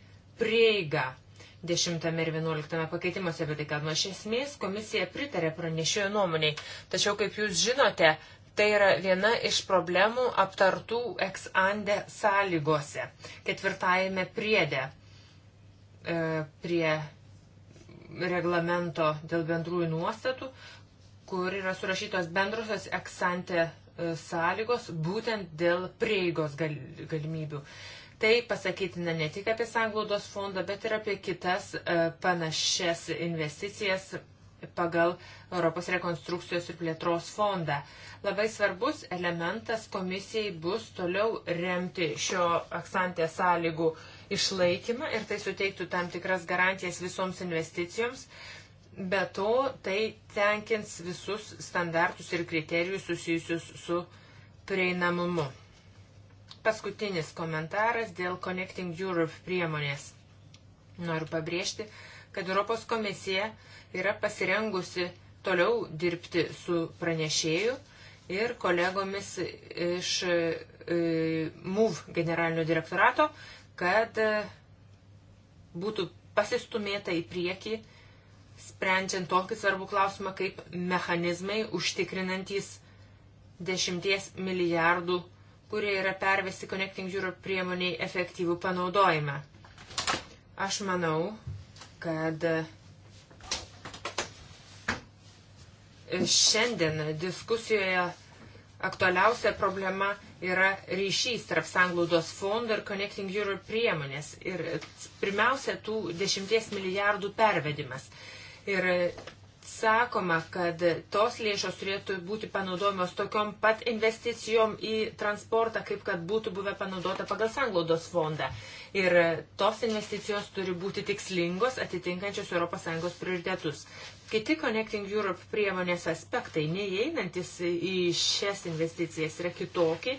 [SPEAKER 2] prieigą. 10 ir 11 pakeitimuose apie tai, kad nuo esmės komisija pritarė pranešėjo nuomoniai. Tačiau, kaip jūs žinote, tai yra viena iš problemų aptartų ex ante sąlygose, ketvirtajame priede e, prie reglamento dėl bendrųjų nuostatų, kur yra surašytos bendrosios eksante e, sąlygos būtent dėl prieigos gal, galimybių. Tai pasakytina ne tik apie sanglaudos fondą, bet ir apie kitas e, panašias investicijas pagal Europos rekonstrukcijos ir plėtros fondą. Labai svarbus elementas komisijai bus toliau remti šio aksantės sąlygų uh, išlaikymą ir tai suteiktų tam tikras garantijas visoms investicijoms. Be to, tai tenkins visus standartus ir kriterijus susijusius su prieinamumu. Paskutinis komentaras dėl Connecting Europe priemonės. Noriu pabrėžti, kad Europos komisija yra pasirengusi toliau dirbti su pranešėju ir kolegomis iš e, MUV generalinio direktorato, kad e, būtų pasistumėta į priekį, sprendžiant tokį svarbų klausimą kaip mechanizmai užtikrinantys 10 milijardų, kurie yra pervesti Connecting Europe priemoniai efektyvų panaudojimą. Aš manau, kad e, šiandien diskusijoje aktualiausia problema yra ryšys tarp sanglaudos fondo ir Connecting Europe priemonės. Ir pirmiausia, tų 10 milijardų pervedimas. Ir sakoma, kad tos lėšos turėtų būti panaudojamos tokiom pat investicijom į transportą, kaip kad būtų buvę panaudota pagal sanglaudos fondą. Ir tos investicijos turi būti tikslingos, atitinkančios ES prioritetus. Kiti Connecting Europe priemonės aspektai, neįeinantis į šias investicijas, yra kitokie,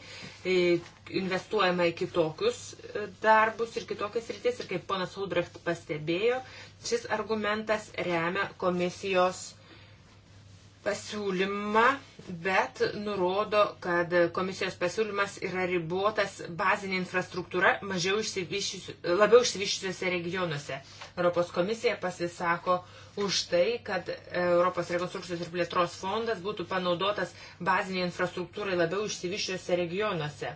[SPEAKER 2] investuojama į kitokius e, darbus ir kitokias rytis. Ir kaip ponas Ulbrecht pastebėjo, Šis argumentas remia komisijos pasiūlymą, bet nurodo, kad komisijos pasiūlymas yra ribotas bazinė infrastruktūra mažiau išsivyščius, labiau išsivyščiusiuose regionuose. Europos komisija pasisako už tai, kad Europos rekonstrukcijos ir plėtros fondas būtų panaudotas bazinė infrastruktūrai labiau išsivyščiusiuose regionuose.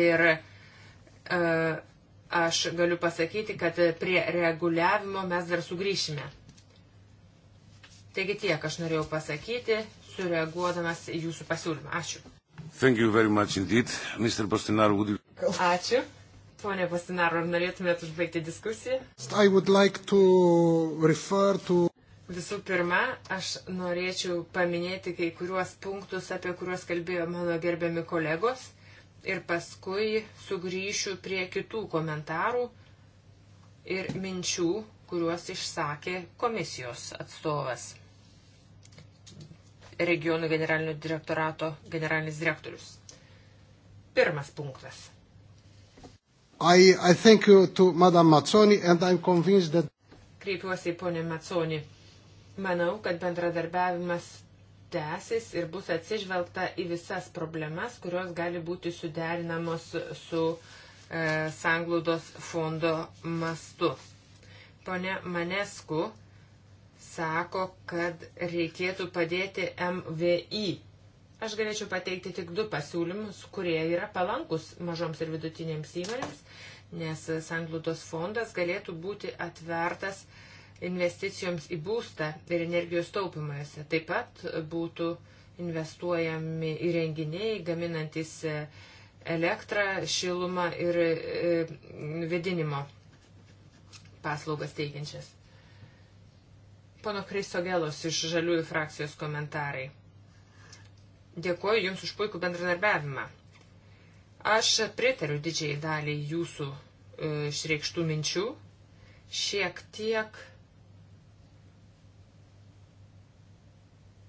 [SPEAKER 2] Ir uh, Aš galiu pasakyti, kad prie reguliavimo mes dar sugrįšime. Taigi tiek aš norėjau pasakyti, sureaguodamas į jūsų pasiūlymą. Ačiū.
[SPEAKER 1] Indeed, Bostinaru, you...
[SPEAKER 2] Ačiū. Pone Pastinaru, ar norėtumėt užbaigti diskusiją?
[SPEAKER 1] Like to to...
[SPEAKER 2] Visų pirma, aš norėčiau paminėti kai kuriuos punktus, apie kuriuos kalbėjo mano gerbiami kolegos ir paskui sugrįšiu prie kitų komentarų ir minčių, kuriuos išsakė komisijos atstovas, regionų generalinio direktorato generalinis direktorius. Pirmas punktas.
[SPEAKER 3] I, I thank you to Madam Mazzoni and I'm convinced that.
[SPEAKER 2] Kreipiuosi į ponę Mazzoni. Manau, kad bendradarbiavimas tęsis ir bus atsižvelgta į visas problemas, kurios gali būti suderinamos su e, sanglaudos fondo mastu. Pone Manesku sako, kad reikėtų padėti MVI. Aš galėčiau pateikti tik du pasiūlymus, kurie yra palankus mažoms ir vidutinėms įmonėms, nes sanglaudos fondas galėtų būti atvertas e, investicijoms į būstą ir energijos taupimuose. Taip pat būtų investuojami įrenginiai, gaminantis e, elektrą, šilumą ir e, vedinimo paslaugas teikiančias. Pono Kristogelos iš Žaliųjų frakcijos komentarai. Dėkuoju Jums už puikų bendradarbiavimą. Aš pritariu didžiai daliai Jūsų e, išreikštų minčių. Šiek tiek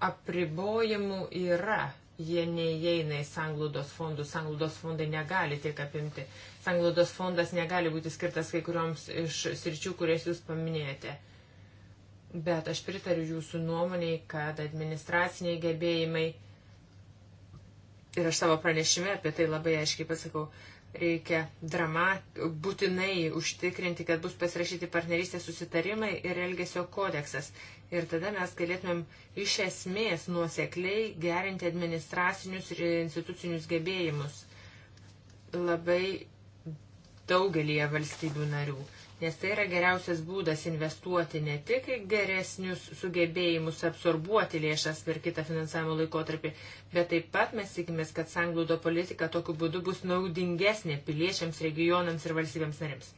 [SPEAKER 2] apribojimų yra. Jie neįeina į sanglaudos fondus, sanglaudos fondai negali tiek apimti. Sanglaudos fondas negali būti skirtas kai kurioms iš sričių, kurias jūs paminėjote. Bet aš pritariu jūsų nuomoniai, kad administraciniai gebėjimai, ir aš savo pranešime apie tai labai aiškiai pasakau, reikia drama, būtinai užtikrinti, kad bus pasirašyti partnerystės susitarimai ir elgesio kodeksas. Ir tada mes galėtumėm iš esmės nuosekliai gerinti administracinius ir institucinius gebėjimus labai daugelįje valstybių narių, nes tai yra geriausias būdas investuoti ne tik į geresnius sugebėjimus absorbuoti lėšas per kitą finansavimo laikotarpį, bet taip pat mes tikimės, kad sanglūdo politika tokiu būdu bus naudingesnė piliečiams, regionams ir valstybėms narėms.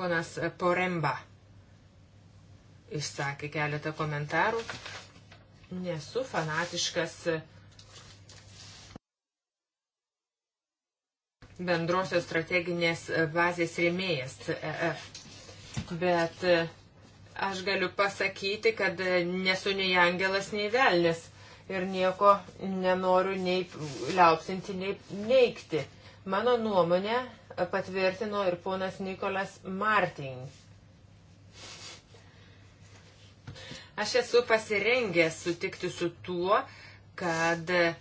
[SPEAKER 2] Ponas Poremba išsakė keletą komentarų. Nesu fanatiškas bendrosios strateginės bazės rėmėjas CEF, bet e, aš galiu pasakyti, kad e, nesu nei angelas, nei velnis ir nieko nenoriu nei liaupsinti, nei neikti. Mano nuomonę patvirtino ir ponas Nikolas Martin Aš esu pasirengęs sutikti su tuo, kad e,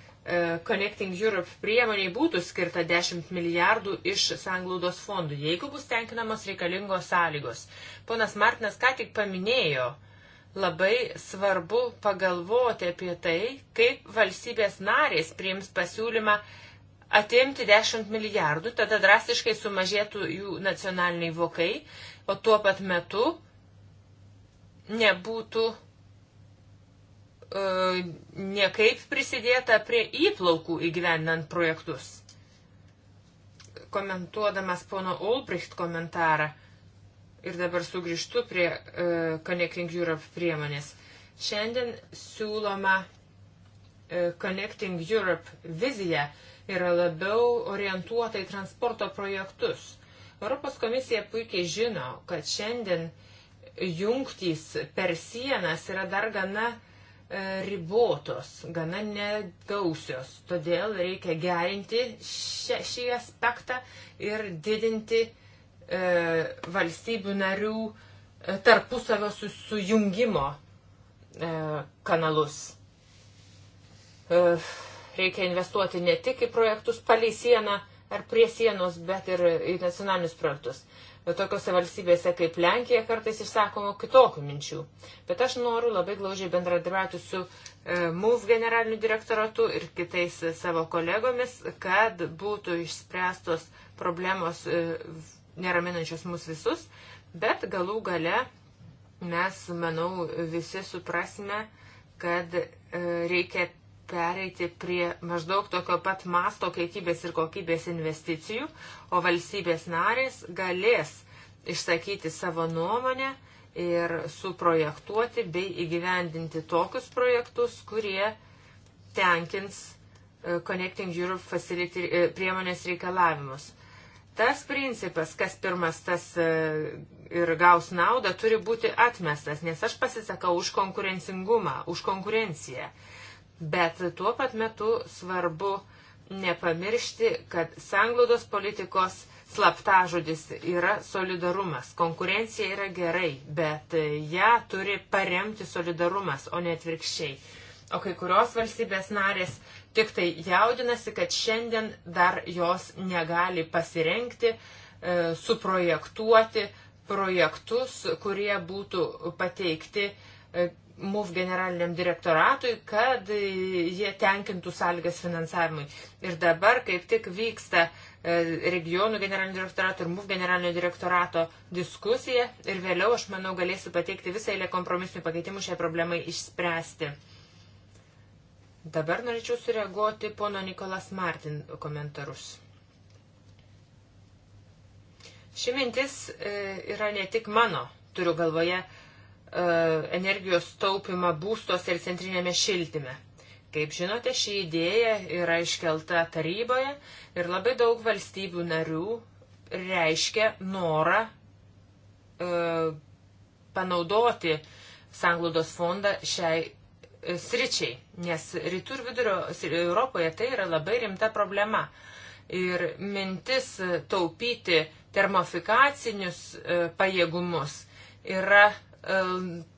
[SPEAKER 2] Connecting Europe priemoniai būtų skirta 10 milijardų iš sanglaudos fondų, jeigu bus tenkinamos reikalingos sąlygos. Ponas Martinas ką tik paminėjo, labai svarbu pagalvoti apie tai, kaip valstybės narės priims pasiūlymą atimti 10 milijardų, tada drastiškai sumažėtų jų nacionaliniai vokai, o tuo pat metu nebūtų E, niekaip prisidėta prie įplaukų įgyvendinant projektus. Komentuodamas pono Olbricht komentarą ir dabar sugrįžtu prie uh, Connecting Europe priemonės. Šiandien siūloma uh, Connecting Europe vizija yra labiau orientuota į transporto projektus. Europos komisija puikiai žino, kad šiandien jungtys per sienas yra dar gana uh, E, ribotos, gana negausios. Todėl reikia gerinti šią, šį aspektą ir didinti e, valstybių narių e, tarpusavio susijungimo e, kanalus. E, reikia investuoti ne tik į projektus palei sieną ar prie sienos, bet ir į nacionalinius projektus bet tokiuose valstybėse kaip Lenkija kartais išsakoma kitokių minčių. Bet aš noriu labai glaužiai bendradarbiauti su e, MUF generaliniu direktoratu ir kitais e, savo kolegomis, kad būtų išspręstos problemos e, neraminančios mus visus, bet galų gale mes, manau, visi suprasime, kad e, reikia pereiti prie maždaug tokio pat masto kiekybės ir kokybės investicijų, o valstybės narės galės išsakyti savo nuomonę ir suprojektuoti bei įgyvendinti tokius projektus, kurie tenkins e, Connecting Europe Facility e, priemonės reikalavimus. Tas principas, kas pirmas tas e, ir gaus naudą, turi būti atmestas, nes aš pasisakau už konkurencingumą, už konkurenciją. Bet tuo pat metu svarbu nepamiršti, kad sanglaudos politikos slaptažodis yra solidarumas. Konkurencija yra gerai, bet ją turi paremti solidarumas, o ne atvirkščiai. O kai kurios valstybės narės tik tai jaudinasi, kad šiandien dar jos negali pasirenkti, e, suprojektuoti projektus, kurie būtų pateikti e, MUF generaliniam direktoratui, kad jie tenkintų sąlygas finansavimui. Ir dabar kaip tik vyksta e, regionų generalinio direktorato ir MUF generalinio direktorato diskusija ir vėliau, aš manau, galėsiu pateikti visą eilę kompromisinių pakeitimų šiai problemai išspręsti. Dabar norėčiau sureaguoti pono Nikolas Martin komentarus. Ši mintis e, yra ne tik mano, turiu galvoje, E, energijos taupimą būstuose ir centrinėme šildyme. Kaip žinote, ši idėja yra iškelta taryboje ir labai daug valstybių narių reiškia norą e, panaudoti sanglaudos fondą šiai e, sričiai, nes rytų ir vidurio Europoje tai yra labai rimta problema. Ir mintis taupyti termofikacinius e, pajėgumus yra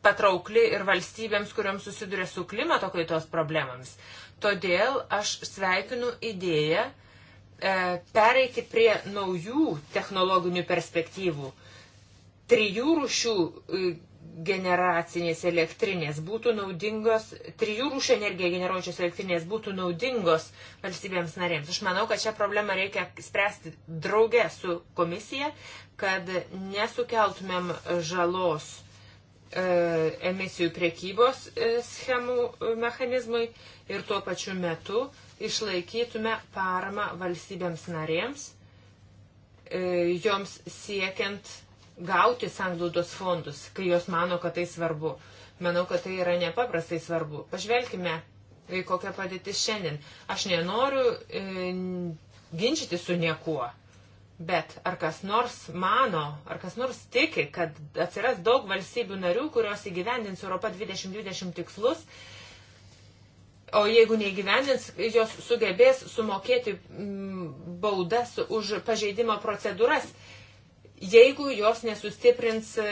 [SPEAKER 2] patraukli ir valstybėms, kuriuoms susiduria su klimato kaitos problemams. Todėl aš sveikinu idėją e, pereiti prie naujų technologinių perspektyvų. Trijų rušių e, generacinės elektrinės būtų naudingos, trijų rūšių energiją generuojančios elektrinės būtų naudingos valstybėms narėms. Aš manau, kad šią problemą reikia spręsti drauge su komisija, kad nesukeltumėm žalos E, emisijų priekybos e, schemų e, mechanizmui ir tuo pačiu metu išlaikytume paramą valstybėms narėms, joms siekiant gauti sanglaudos fondus, kai jos mano, kad tai svarbu. Manau, kad tai yra nepaprastai svarbu. Pažvelkime, kokia padėtis šiandien. Aš nenoriu e, ginčyti su niekuo. Bet ar kas nors mano, ar kas nors tiki, kad atsiras daug valstybių narių, kurios įgyvendins Europą 2020 tikslus, o jeigu neįgyvendins, jos sugebės sumokėti mm, baudas už pažeidimo procedūras, jeigu jos nesustiprins e,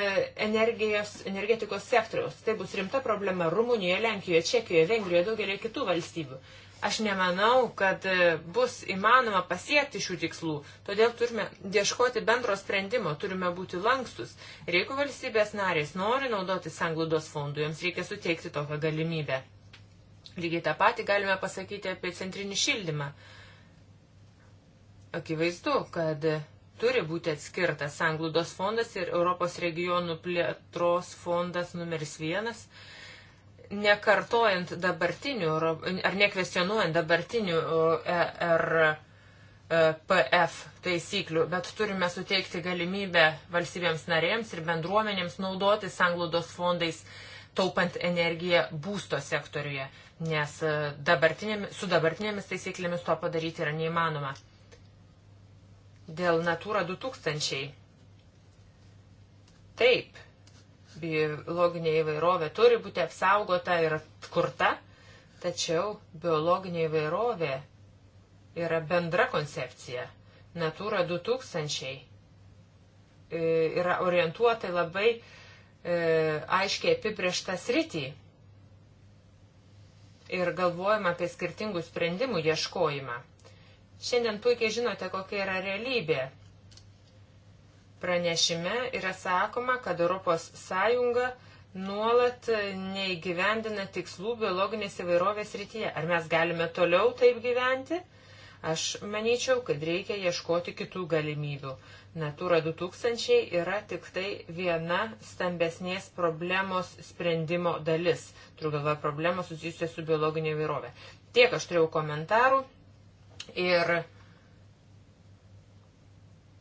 [SPEAKER 2] energijos, energetikos sektoriaus. Tai bus rimta problema Rumunijoje, Lenkijoje, Čekijoje, Vengrijoje, daugelį kitų valstybių. Aš nemanau, kad e, bus įmanoma pasiekti šių tikslų, todėl turime ieškoti bendro sprendimo, turime būti lankstus. Ir jeigu valstybės narės nori naudoti sanglaudos fondų, joms reikia suteikti tokią galimybę. Lygiai tą patį galime pasakyti apie centrinį šildymą. Akivaizdu, kad turi būti atskirtas sanglaudos fondas ir Europos regionų plėtros fondas numeris vienas nekartojant dabartinių ar nekvestionuojant dabartinių e, RPF er, e, taisyklių, bet turime suteikti galimybę valstybėms narėms ir bendruomenėms naudotis sanglaudos fondais, taupant energiją būsto sektoriuje, nes e, dabartinėmis, su dabartinėmis taisyklėmis to padaryti yra neįmanoma. Dėl Natūra 2000. Taip, biologinė įvairovė turi būti apsaugota ir atkurta, tačiau biologinė įvairovė yra bendra koncepcija. Natūra 2000 e, yra orientuota į labai e, aiškiai apibrieštą sritį ir galvojama apie skirtingų sprendimų ieškojimą. Šiandien puikiai žinote, kokia yra realybė. Pranešime yra sakoma, kad ES nuolat neįgyvendina tikslų biologinės įvairovės rytyje. Ar mes galime toliau taip gyventi? Aš manyčiau, kad reikia ieškoti kitų galimybių. Natura 2000 yra tik tai viena stambesnės problemos sprendimo dalis. Turiu galvoje problemos susijusios su biologinė įvairovė. Tiek aš turėjau komentarų ir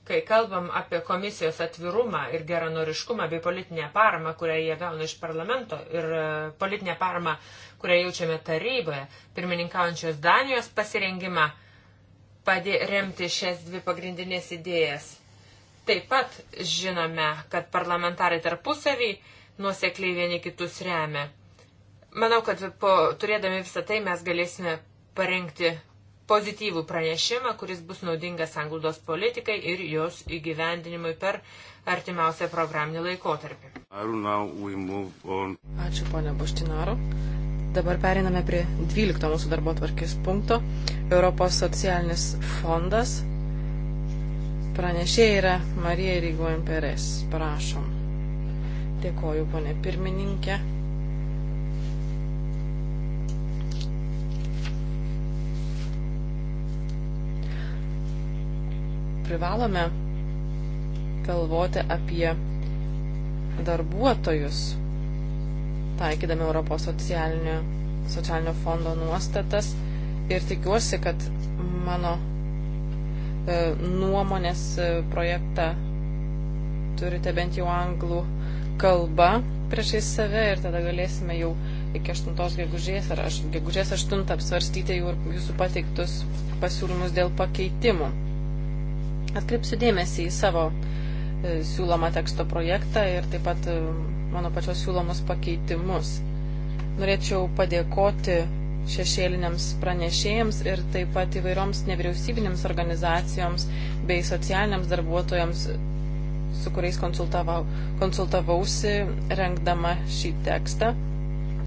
[SPEAKER 2] Kai kalbam apie komisijos atvirumą ir geranoriškumą bei politinę paramą, kurią jie gauna iš parlamento ir e, politinę paramą, kurią jaučiame taryboje, pirmininkaujančios Danijos pasirengimą padė remti šias dvi pagrindinės idėjas. Taip pat žinome, kad parlamentarai tarpusavį nuosekliai vieni kitus remia. Manau, kad po, turėdami visą tai mes galėsime parengti pozityvų pranešimą, kuris bus naudingas anglodos politikai ir jos įgyvendinimui per artimiausią programinį laikotarpį.
[SPEAKER 3] Ačiū, ponia Boštinaru. Dabar periname prie 12 mūsų darbo tvarkės punkto. Europos socialinis fondas. Pranešė yra Marija Rygojen Peres. Prašom. Dėkoju, ponė pirmininkė. privalome galvoti apie darbuotojus, taikydami Europos socialinio, socialinio fondo nuostatas. Ir tikiuosi, kad mano e, nuomonės e, projektą turite bent jau anglų kalba priešais save ir tada galėsime jau iki 8 gegužės ar aš, gegužės 8 apsvarstyti jūsų pateiktus pasiūlymus dėl pakeitimų. Atkreipsiu dėmesį į savo e, siūlomą teksto projektą ir taip pat e, mano pačios siūlomus pakeitimus. Norėčiau padėkoti šešėliniams pranešėjams ir taip pat įvairioms nevyriausybinėms organizacijoms bei socialiniams darbuotojams, su kuriais konsultavau, konsultavausi rengdama šį tekstą.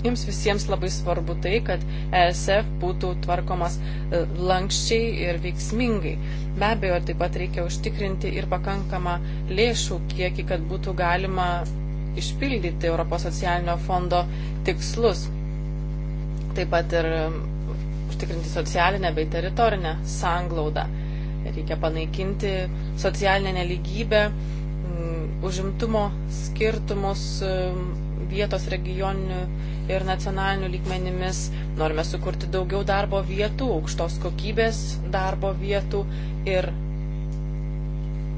[SPEAKER 3] Jums visiems labai svarbu tai, kad ESF būtų tvarkomas e, lankščiai ir veiksmingai. Be abejo, taip pat reikia užtikrinti ir pakankamą lėšų kiekį, kad būtų galima išpildyti Europos socialinio fondo tikslus. Taip pat ir e, užtikrinti socialinę bei teritorinę sanglaudą. Reikia panaikinti socialinę neligybę, užimtumo skirtumus vietos regioniniu ir nacionaliniu lygmenimis. Norime sukurti daugiau darbo vietų, aukštos kokybės darbo vietų ir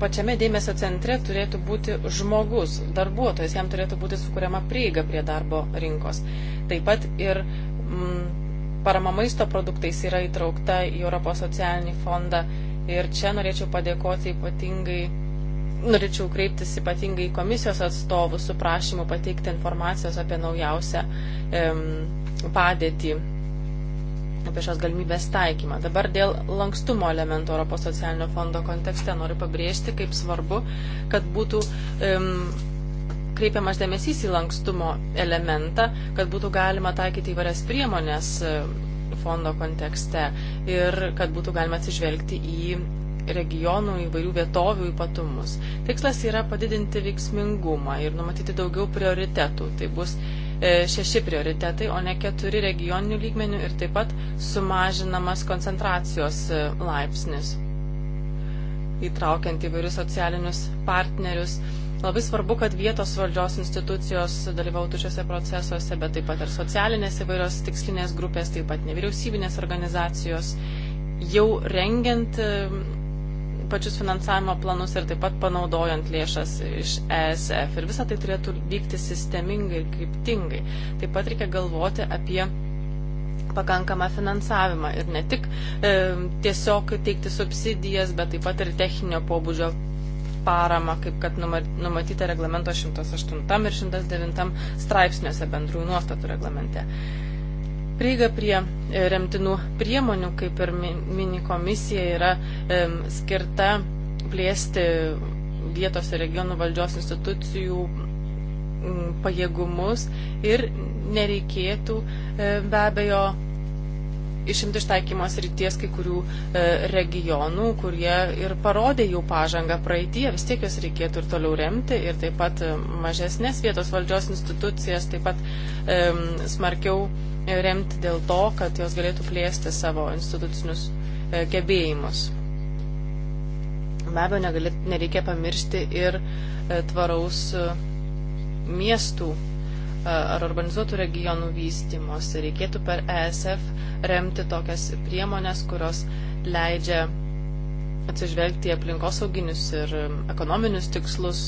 [SPEAKER 3] pačiame dėmesio centre turėtų būti žmogus, darbuotojas, jam turėtų būti sukūriama prieiga prie darbo rinkos. Taip pat ir mm, parama maisto produktais yra įtraukta į Europos socialinį fondą ir čia norėčiau padėkoti ypatingai norėčiau kreiptis ypatingai komisijos atstovų su prašymu pateikti informacijos apie naujausią e, padėtį, apie šios galimybės taikymą. Dabar dėl lankstumo elementų Europos socialinio fondo kontekste noriu pabrėžti, kaip svarbu, kad būtų e, kreipiamas dėmesys į lankstumo elementą, kad būtų galima taikyti įvairias priemonės. E, fondo kontekste ir kad būtų galima atsižvelgti į regionų įvairių vietovių ypatumus. Tikslas yra padidinti veiksmingumą ir numatyti daugiau prioritetų. Tai bus e, šeši prioritetai, o ne keturi regioninių lygmenių ir taip pat sumažinamas koncentracijos e, laipsnis, įtraukiant įvairius socialinius partnerius. Labai svarbu, kad vietos valdžios institucijos dalyvautų šiuose procesuose, bet taip pat ir socialinės įvairios tikslinės grupės, taip pat nevyriausybinės organizacijos, jau rengiant e, pačius finansavimo planus ir taip pat panaudojant lėšas iš ESF. Ir visą tai turėtų vykti sistemingai ir kryptingai. Taip pat reikia galvoti apie pakankamą finansavimą ir ne tik e, tiesiog teikti subsidijas, bet taip pat ir techninio pobūdžio paramą, kaip kad numatyta reglamento 108 ir 109 straipsniuose bendrųjų nuostatų reglamente. E, Prieiga prie e, remtinų priemonių, kaip ir mini komisija, yra e, skirta plėsti vietos ir regionų valdžios institucijų pajėgumus ir nereikėtų e, be abejo išimti ištaikymos ryties kai kurių e, regionų, kurie ir parodė jų pažangą praeitie, vis tiek jos reikėtų ir toliau remti ir taip pat e, mažesnės vietos valdžios institucijas taip pat e, smarkiau remti dėl to, kad jos galėtų plėsti savo institucinius e, gebėjimus. Be abejo, negali, nereikia pamiršti ir e, tvaraus e, miestų ar urbanizuotų regionų vystimos. Reikėtų per ESF remti tokias priemonės, kurios leidžia atsižvelgti į aplinkosauginius ir ekonominius tikslus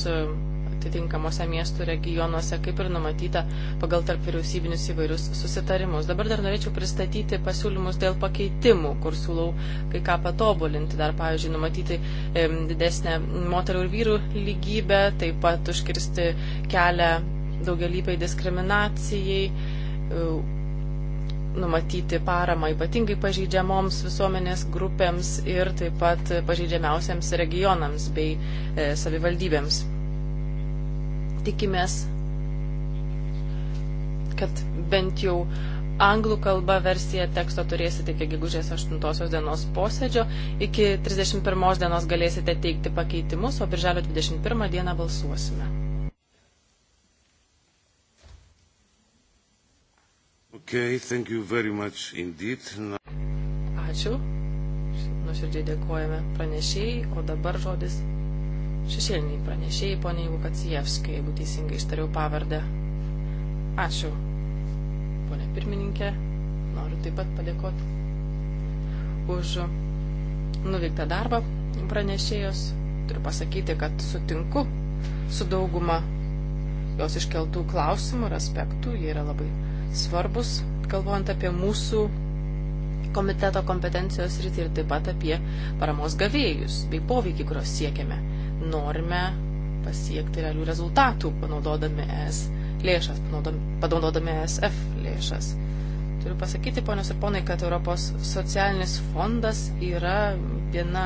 [SPEAKER 3] atitinkamuose miestų regionuose, kaip ir numatyta pagal tarp vyriausybinius įvairius susitarimus. Dabar dar norėčiau pristatyti pasiūlymus dėl pakeitimų, kur siūlau kai ką patobulinti. Dar, pavyzdžiui, numatyti e, didesnę moterų ir vyrų lygybę, taip pat užkirsti kelią daugelįpai diskriminacijai. E, numatyti paramą ypatingai pažeidžiamoms visuomenės grupėms ir taip pat pažeidžiamiausiams regionams bei e, savivaldybėms tikimės, kad bent jau anglų kalba versiją teksto turėsite iki gegužės 8 dienos posėdžio. Iki 31 dienos galėsite teikti pakeitimus, o birželio 21 dieną balsuosime.
[SPEAKER 1] Okay, thank you very much indeed. Now...
[SPEAKER 3] Ačiū. Nuširdžiai dėkojame pranešėjai, o dabar žodis šešėliniai pranešėjai, ponė Vukacijevskai, jeigu teisingai ištariau pavardę. Ačiū, ponė pirmininkė. Noriu taip pat padėkoti už nuveiktą darbą pranešėjos. Turiu pasakyti, kad sutinku su dauguma jos iškeltų klausimų ir aspektų. Jie yra labai svarbus, galvojant apie mūsų komiteto kompetencijos rytį ir taip pat apie paramos gavėjus bei poveikį, kurios siekiame norime pasiekti realių rezultatų, panaudodami ES lėšas, panaudodami ESF lėšas. Turiu pasakyti, ponios ir ponai, kad Europos socialinis fondas yra viena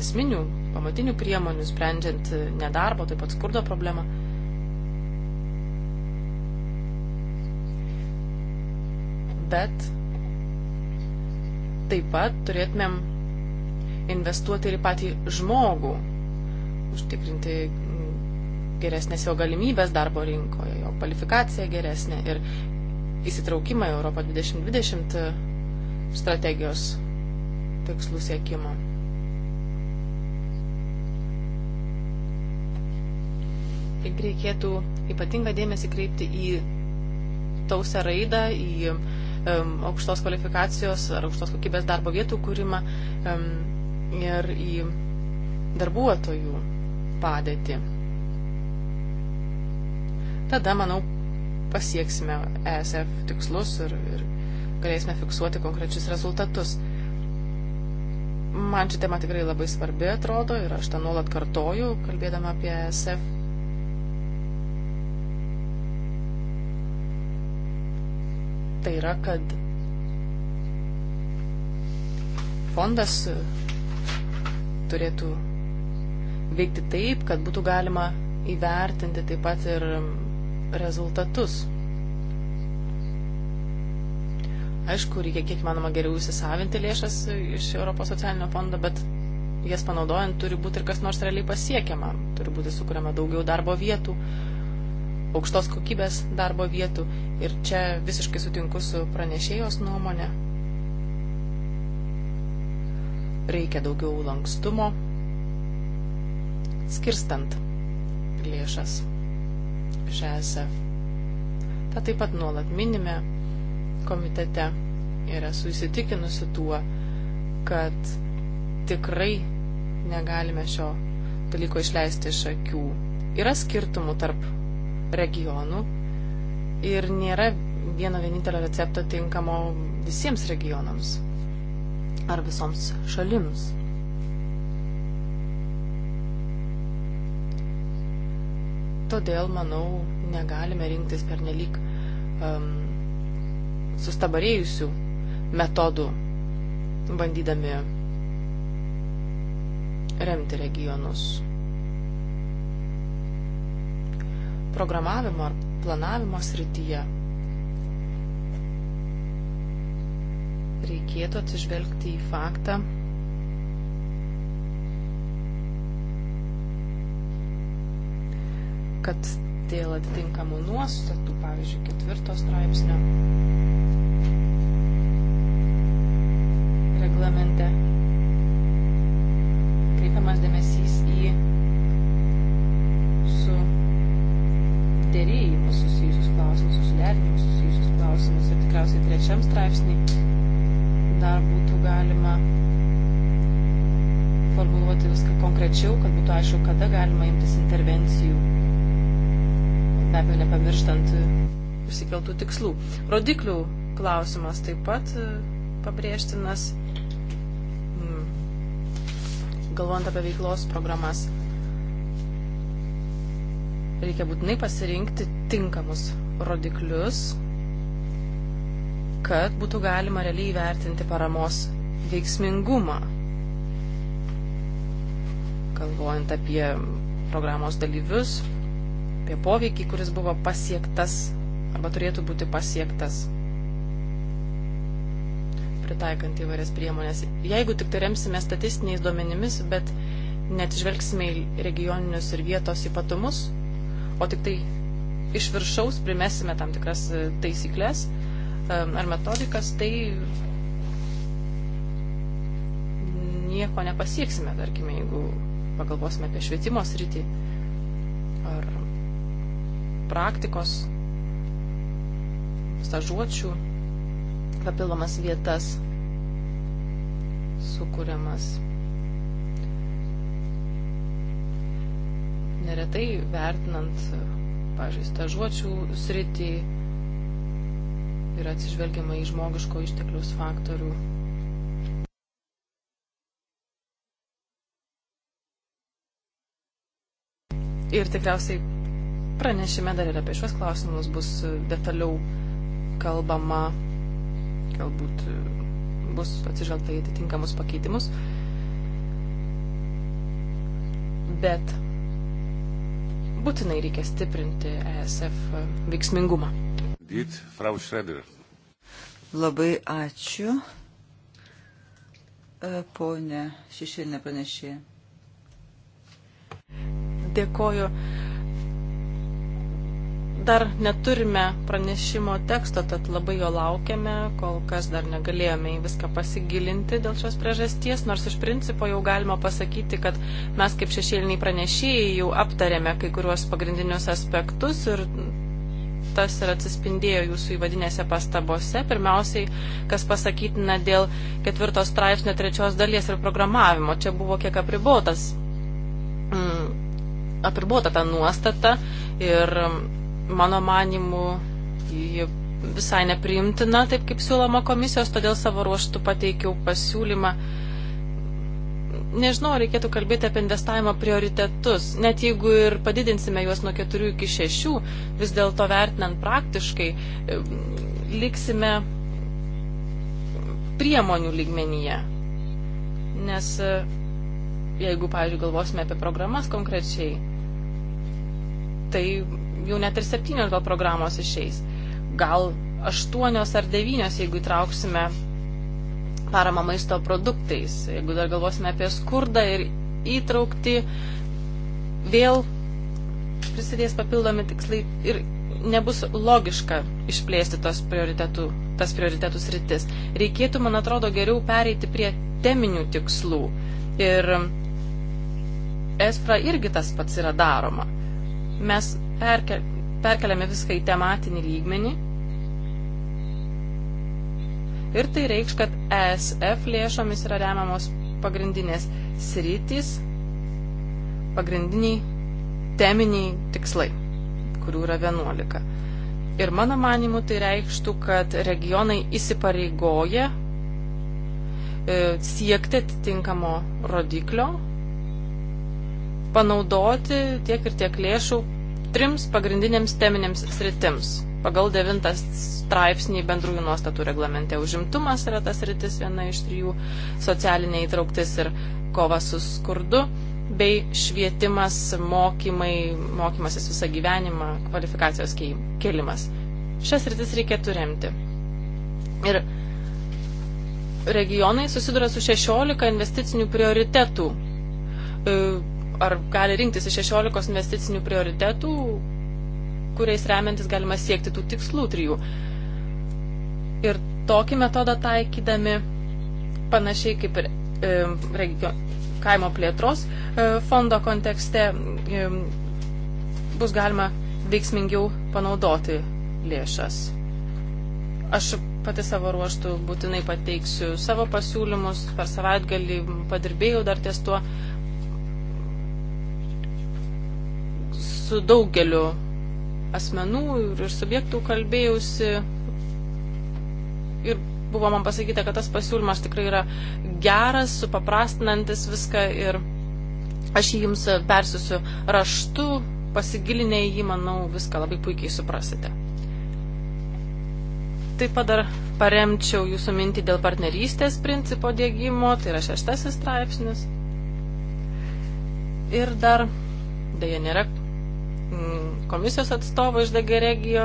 [SPEAKER 3] esminių, pamatinių priemonių sprendžiant nedarbo, taip pat skurdo problemą. Bet taip pat turėtumėm investuoti ir į patį žmogų, užtikrinti mm, geresnės jo galimybės darbo rinkoje, jo kvalifikacija geresnė ir įsitraukimą į Europą 2020 e, strategijos tikslų siekimo. Taigi reikėtų ypatingą dėmesį kreipti į tausią raidą, į um, aukštos kvalifikacijos ar aukštos kokybės darbo vietų kūrimą um, ir į darbuotojų padėtį. Tada, manau, pasieksime ESF tikslus ir, ir galėsime fiksuoti konkrečius rezultatus. Man ši tema tikrai labai svarbi atrodo ir aš tą nuolat kartoju, kalbėdama apie ESF. Tai yra, kad fondas turėtų veikti taip, kad būtų galima įvertinti taip pat ir um, rezultatus. Aišku, reikia kiek manoma geriau įsisavinti lėšas iš Europos socialinio fondo, bet jas panaudojant turi būti ir kas nors realiai pasiekiama. Turi būti sukuriama daugiau darbo vietų, aukštos kokybės darbo vietų. Ir čia visiškai sutinku su pranešėjos nuomonė. Reikia daugiau lankstumo skirstant lėšas iš ESF. Ta taip pat nuolat minime komitete ir esu įsitikinusi tuo, kad tikrai negalime šio dalyko išleisti iš akių. Yra skirtumų tarp regionų ir nėra vieno vienintelio recepto tinkamo visiems regionams ar visoms šalims. Todėl, manau, negalime rinktis pernelyg um, sustabarėjusių metodų, bandydami remti regionus. Programavimo ar planavimo srityje reikėtų atsižvelgti į faktą, kad dėl atitinkamų nuostatų, pavyzdžiui, ketvirto straipsnio reglamente kreipiamas dėmesys į su dėrėjimus susijusius klausimus, susiderinimus susijusius klausimus ir tikriausiai trečiam straipsnį dar būtų galima formuluoti viską konkrečiau, kad būtų aišku, kada galima imtis intervencijų be abejo nepamirštant e, išsikeltų tikslų. Rodiklių klausimas taip pat e, pabrėžtinas, hmm. galvojant apie veiklos programas. Reikia būtinai pasirinkti tinkamus rodiklius, kad būtų galima realiai įvertinti paramos veiksmingumą, galvojant apie programos dalyvius, apie poveikį, kuris buvo pasiektas arba turėtų būti pasiektas, pritaikant įvairias priemonės. Jeigu tik tai remsime statistiniais duomenimis, bet net žvelgsime į regioninius ir vietos ypatumus, o tik tai iš viršaus primesime tam tikras e, taisyklės e, ar metodikas, tai nieko nepasieksime, tarkime, jeigu pagalvosime apie švietimo sritį ar praktikos, stažuočių, papildomas vietas sukūriamas. Neretai vertinant, pažiūrėjau, stažuočių sritį ir atsižvelgiama į žmogiško išteklius faktorių. Ir tikriausiai Pranešime dar ir apie šios klausimus bus e, detaliau kalbama, galbūt e, bus atsižvelgta į atitinkamus pakeitimus. Bet būtinai reikia stiprinti ESF e, veiksmingumą. Dit, Frau Schroeder. Labai ačiū, ponė Šešėlinė pranešė. Dėkoju. Dar neturime pranešimo teksto, tad labai jo laukiame, kol kas dar negalėjome į viską pasigilinti dėl šios priežasties, nors iš principo jau galima pasakyti, kad mes kaip šešėliniai pranešėjai jau aptarėme kai kuriuos pagrindinius aspektus ir tas ir atsispindėjo jūsų įvadinėse pastabose. Pirmiausiai, kas pasakytina dėl ketvirtos straipsnio trečios dalies ir programavimo. Čia buvo kiek apribotas, mm, apribota ta nuostata ir mano manimu, ji visai nepriimtina, taip kaip siūloma komisijos, todėl savo ruoštų pateikiau pasiūlymą. Nežinau, reikėtų kalbėti apie investavimo prioritetus. Net jeigu ir padidinsime juos nuo 4 iki 6, vis dėlto vertinant praktiškai, liksime priemonių lygmenyje. Nes jeigu, pavyzdžiui, galvosime apie programas konkrečiai, tai jau net ir septynios gal programos išeis. Gal aštuonios ar devynios, jeigu įtrauksime paramą maisto produktais, jeigu dar galvosime apie skurdą ir įtraukti, vėl prisidės papildomi tikslai ir nebus logiška išplėsti tos prioritetų, tas prioritetų sritis. Reikėtų, man atrodo, geriau pereiti prie teminių tikslų. Ir ESFRA irgi tas pats yra daroma. Mes perke, perkeliame viską į tematinį lygmenį. Ir tai reikš, kad ESF lėšomis yra remiamos pagrindinės sritys, pagrindiniai teminiai tikslai, kurių yra 11. Ir mano manimu tai reikštų, kad regionai įsipareigoja e, siekti atitinkamo rodiklio, panaudoti tiek ir tiek lėšų trims pagrindinėms teminėms sritims. Pagal devintas straipsnį bendrųjų nuostatų reglamente užimtumas yra tas sritis viena iš trijų, socialinė įtrauktis ir kova su skurdu bei švietimas, mokymai, mokymasis visą gyvenimą, kvalifikacijos kelimas. Šias rytis reikėtų remti. Ir regionai susiduria su 16 investicinių prioritetų e, ar gali rinktis iš 16 investicinių prioritetų, kuriais remiantis galima siekti tų tikslų trijų. Ir tokį metodą taikydami panašiai kaip ir e, regio, kaimo plėtros e, fondo kontekste e, bus galima veiksmingiau panaudoti lėšas. Aš pati savo ruoštų būtinai pateiksiu savo pasiūlymus, per savaitgalį padirbėjau dar ties tuo su daugeliu asmenų ir subjektų kalbėjausi ir buvo man pasakyta, kad tas pasiūlymas tikrai yra geras, supaprastinantis viską ir aš jį jums persiusiu raštu, pasigilinę į jį, manau, viską labai puikiai suprasite. Taip pat dar paremčiau jūsų mintį dėl partnerystės principo dėgymo, tai yra šeštasis straipsnis. Ir dar, dėja nėra Mm, komisijos atstovo iš DG regio.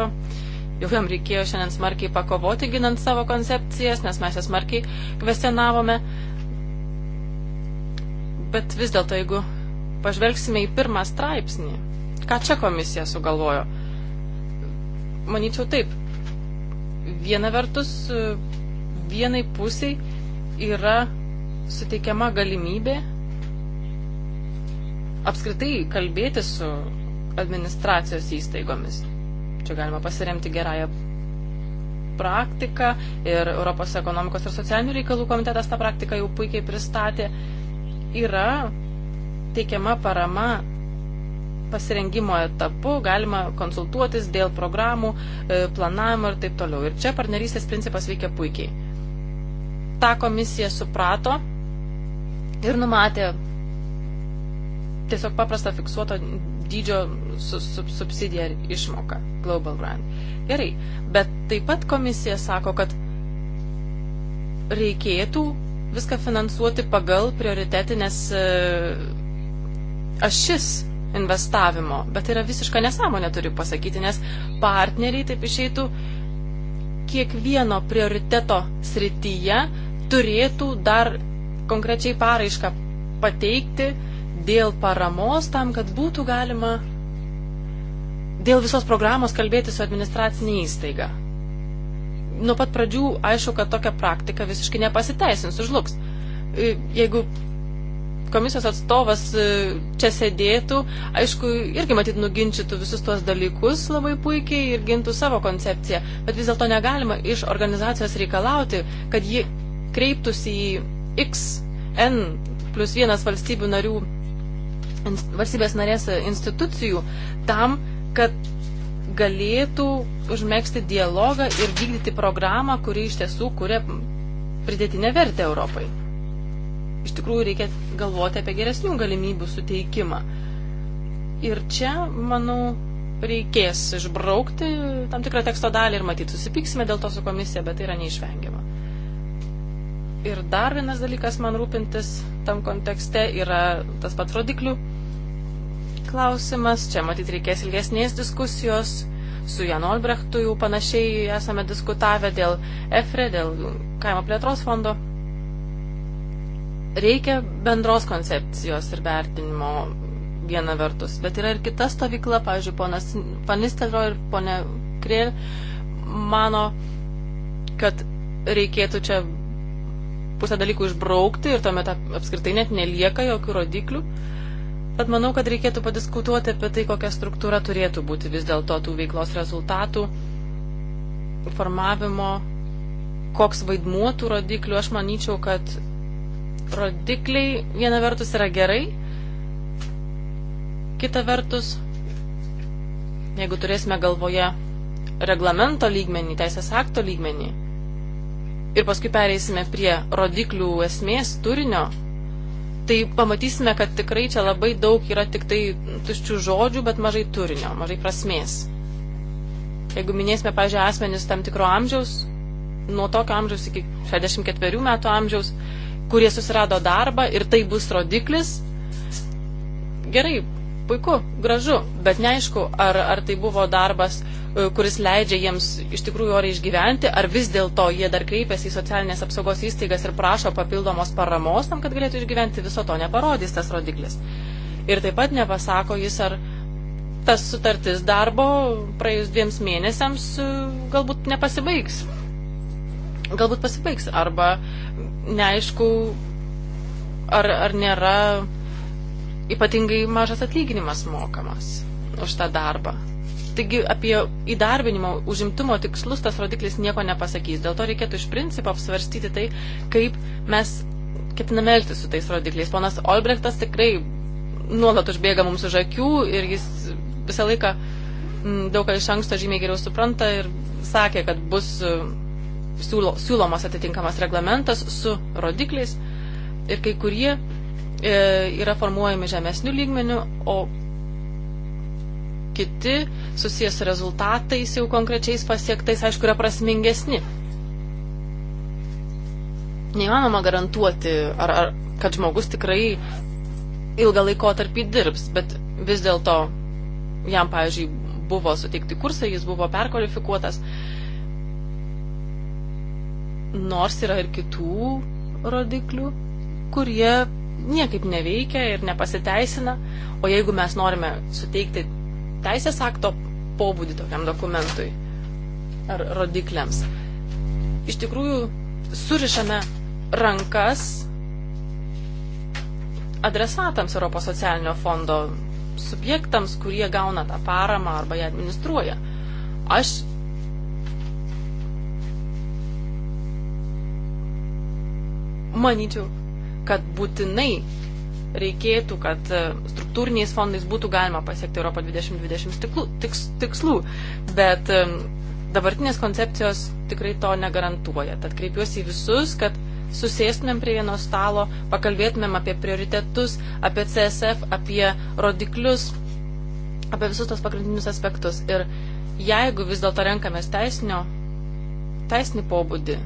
[SPEAKER 3] Jau jam reikėjo šiandien smarkiai pakovoti ginant savo koncepcijas, nes mes jas smarkiai kvestionavome. Bet vis dėlto, jeigu pažvelgsime į pirmą straipsnį, ką čia komisija sugalvojo, manyčiau taip. Viena vertus, vienai pusiai yra suteikiama galimybė apskritai kalbėti su administracijos įstaigomis. Čia galima pasiremti gerąją praktiką ir Europos ekonomikos ir socialinių reikalų komitetas tą praktiką jau puikiai pristatė. Yra teikiama parama pasirengimo etapu, galima konsultuotis dėl programų, e, planavimo ir taip toliau. Ir čia partnerystės principas veikia puikiai. Ta komisija suprato ir numatė tiesiog paprastą fiksuotą dydžio su, su, subsidija ir išmoka Global Grant. Gerai, bet taip pat komisija sako, kad reikėtų viską finansuoti pagal prioritetinės e, ašis investavimo, bet tai yra visiška nesąmonė, turiu pasakyti, nes partneriai taip išeitų kiekvieno prioriteto srityje turėtų dar konkrečiai paraišką pateikti, dėl paramos tam, kad būtų galima dėl visos programos kalbėti su administracinė įstaiga. Nuo pat pradžių aišku, kad tokia praktika visiškai nepasiteisins, užluks. E, jeigu komisijos atstovas e, čia sėdėtų, aišku, irgi matyt nuginčytų visus tuos dalykus labai puikiai ir gintų savo koncepciją, bet vis dėlto negalima iš organizacijos reikalauti, kad ji kreiptųsi į X, N plus vienas valstybių narių valstybės narės institucijų tam, kad galėtų užmėgsti dialogą ir vykdyti programą, kuri iš tiesų kuria pridėtinę vertę Europai. Iš tikrųjų reikia galvoti apie geresnių galimybių suteikimą. Ir čia, manau, reikės išbraukti tam tikrą teksto dalį ir matyti susipyksime dėl to su komisija, bet tai yra neišvengiama. Ir dar vienas dalykas man rūpintis tam kontekste yra tas pats rodiklių klausimas, čia matyt reikės ilgesnės diskusijos. Su Jan Olbrechtu jau panašiai esame diskutavę dėl EFRE, dėl kaimo plėtros fondo. Reikia bendros koncepcijos ir vertinimo viena vertus, bet yra ir kita stovykla, pavyzdžiui, ponas Panistero ir ponė Kriel mano, kad reikėtų čia pusę dalykų išbraukti ir tuomet apskritai net nelieka jokių rodiklių. Uh, Bet manau, kad reikėtų padiskutuoti apie tai, kokia struktūra turėtų būti vis dėlto tų veiklos rezultatų, formavimo, koks vaidmuo tų rodiklių. Aš manyčiau, kad rodikliai viena vertus yra gerai, kita vertus, jeigu turėsime galvoje reglamento lygmenį, teisės akto lygmenį, ir paskui pereisime prie rodiklių esmės turinio, tai pamatysime, kad tikrai čia labai daug yra tik tai tuščių žodžių, bet mažai turinio, mažai prasmės. Jeigu minėsime, pažiūrėjau, asmenis tam tikro amžiaus, nuo tokio amžiaus iki 64 metų amžiaus, kurie susirado darbą ir tai bus rodiklis, gerai, puiku, gražu, bet neaišku, ar, ar tai buvo darbas E, kuris leidžia jiems iš tikrųjų oriai išgyventi, ar vis dėlto jie dar kreipiasi į socialinės apsaugos įstaigas ir prašo papildomos paramos tam, kad galėtų išgyventi, viso to neparodys tas rodiklis. Ir taip pat nepasako jis, ar tas sutartis darbo praėjus dviems mėnesiams e, galbūt nepasibaigs. Galbūt pasibaigs arba neaišku, ar, ar nėra ypatingai mažas atlyginimas mokamas už tą darbą. Taigi apie įdarbinimo užimtumo tikslus tas rodiklis nieko nepasakys. Dėl to reikėtų iš principo apsvarstyti tai, kaip mes ketiname elgtis su tais rodikliais. Ponas Olbrechtas tikrai nuolat užbėga mums už akių ir jis visą laiką mm, daug ką iš anksto žymiai geriau supranta ir sakė, kad bus e, siūlo, siūlomas atitinkamas reglamentas su rodikliais ir kai kurie e, yra formuojami žemesnių lygmenių, o kiti susijęs su rezultatais jau konkrečiais pasiektais, aišku, yra prasmingesni. Neįmanoma garantuoti, ar, ar, kad žmogus tikrai ilgą laikotarpį dirbs, bet vis dėlto jam, pavyzdžiui, buvo suteikti kursai, jis buvo perkvalifikuotas. Nors yra ir kitų rodiklių, kurie niekaip neveikia ir nepasiteisina. O jeigu mes norime suteikti teisės akto pobūdį tokiam dokumentui ar rodikliams. Iš tikrųjų, surišame rankas adresatams Europos socialinio fondo subjektams, kurie gauna tą paramą arba ją administruoja. Aš manyčiau, kad būtinai reikėtų, kad e, struktūriniais fondais būtų galima pasiekti Europo 2020 tiklų, tiks, tikslų, bet e, dabartinės koncepcijos tikrai to negarantuoja. Tad kreipiuosi į visus, kad susėstumėm prie vieno stalo, pakalbėtumėm apie prioritetus, apie CSF, apie rodiklius, apie visus tos pagrindinius aspektus. Ir jeigu vis dėlto renkamės teisinio, teisinį pobūdį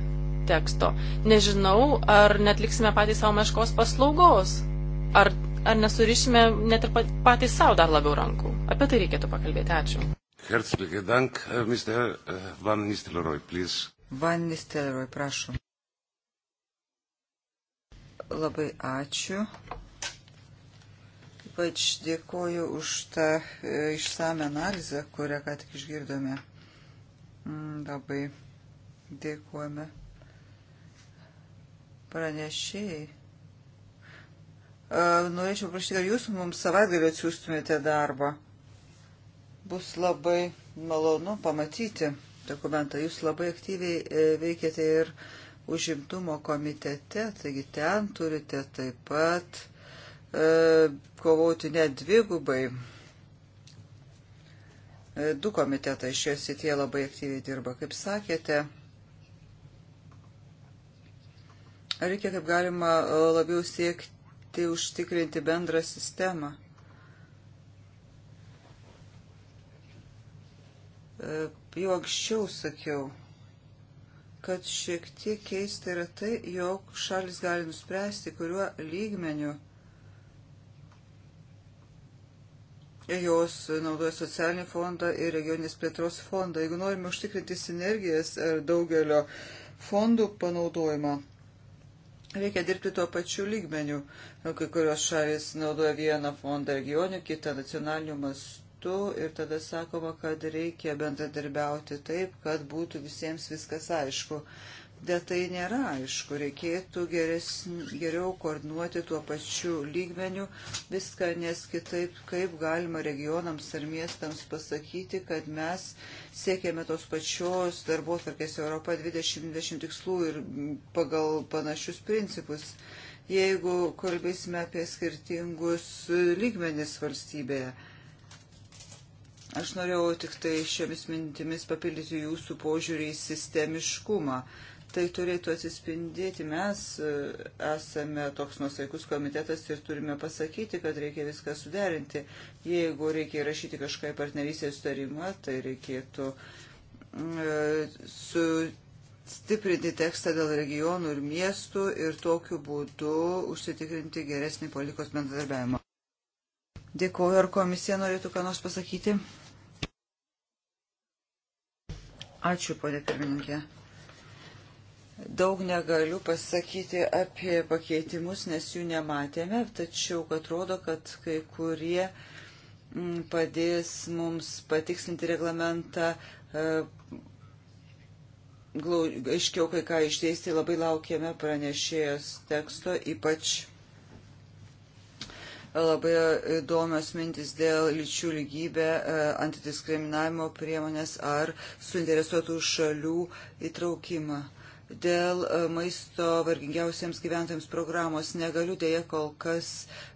[SPEAKER 3] teksto, nežinau, ar netliksime patys savo meškos paslaugos Ar, ar nesurišime net ir patys savo dar labiau rankų? Apie tai reikėtų pakalbėti. Ačiū.
[SPEAKER 1] Herzlichen Dank, äh, Mr. Äh, Van Nistelrooy, please. Van Nistelrooy, prašom. Labai ačiū. Ypač dėkoju už tą e, išsame analizę, kurią ką tik išgirdome. Mm, labai dėkojame pranešėjai Norėčiau prašyti, kad jūs mums savaitgalį atsiųstumėte darbą. Bus labai malonu pamatyti dokumentą. Jūs labai aktyviai e, veikiate ir užimtumo komitete, taigi ten turite taip pat e, kovoti net dvigubai. E, du komitetai šioje sityje labai aktyviai dirba, kaip sakėte. Reikia kaip galima labiau siekti siekti užtikrinti bendrą sistemą. E, jau anksčiau sakiau, kad šiek tiek keista yra tai, jog šalis gali nuspręsti, kuriuo lygmeniu jos naudoja socialinį fondą ir regioninės plėtros fondą. Jeigu norime užtikrinti sinergijas ar e, daugelio fondų panaudojimą, Reikia dirbti tuo pačiu lygmeniu. Kai kurios šalis naudoja vieną fondą regionių, kitą nacionalinių mastų ir tada sakoma, kad reikia bendradarbiauti taip, kad būtų visiems viskas aišku bet tai nėra aišku. Reikėtų geresn, geriau koordinuoti tuo pačiu lygmeniu viską, nes kitaip kaip galima regionams ar miestams pasakyti, kad mes siekėme tos pačios darbo tvarkės Europa 2020 tikslų ir pagal panašius principus jeigu kalbėsime apie skirtingus lygmenis valstybėje. Aš norėjau tik tai šiomis mintimis papildyti jūsų požiūrį į sistemiškumą tai turėtų atsispindėti. Mes e, esame toks nusaikus komitetas ir turime pasakyti, kad reikia viską suderinti. Jeigu reikia įrašyti kažką į partnerystės sutarimą, tai reikėtų e, sustiprinti tekstą dėl regionų ir miestų ir tokiu būdu užsitikrinti geresnį politikos bendradarbiavimą. Dėkuoju, ar komisija norėtų ką nors pasakyti? Ačiū, ponė pirmininkė. Daug negaliu pasakyti apie pakeitimus, nes jų nematėme, tačiau atrodo, kad kai kurie mm, padės mums patikslinti reglamentą, e, aiškiau kai ką išdėsti, labai laukėme pranešėjos teksto, ypač labai įdomios mintis dėl lyčių lygybę, e, antidiskriminavimo priemonės ar suinteresuotų šalių įtraukimą dėl e, maisto vargingiausiems gyventojams programos. Negaliu dėja kol kas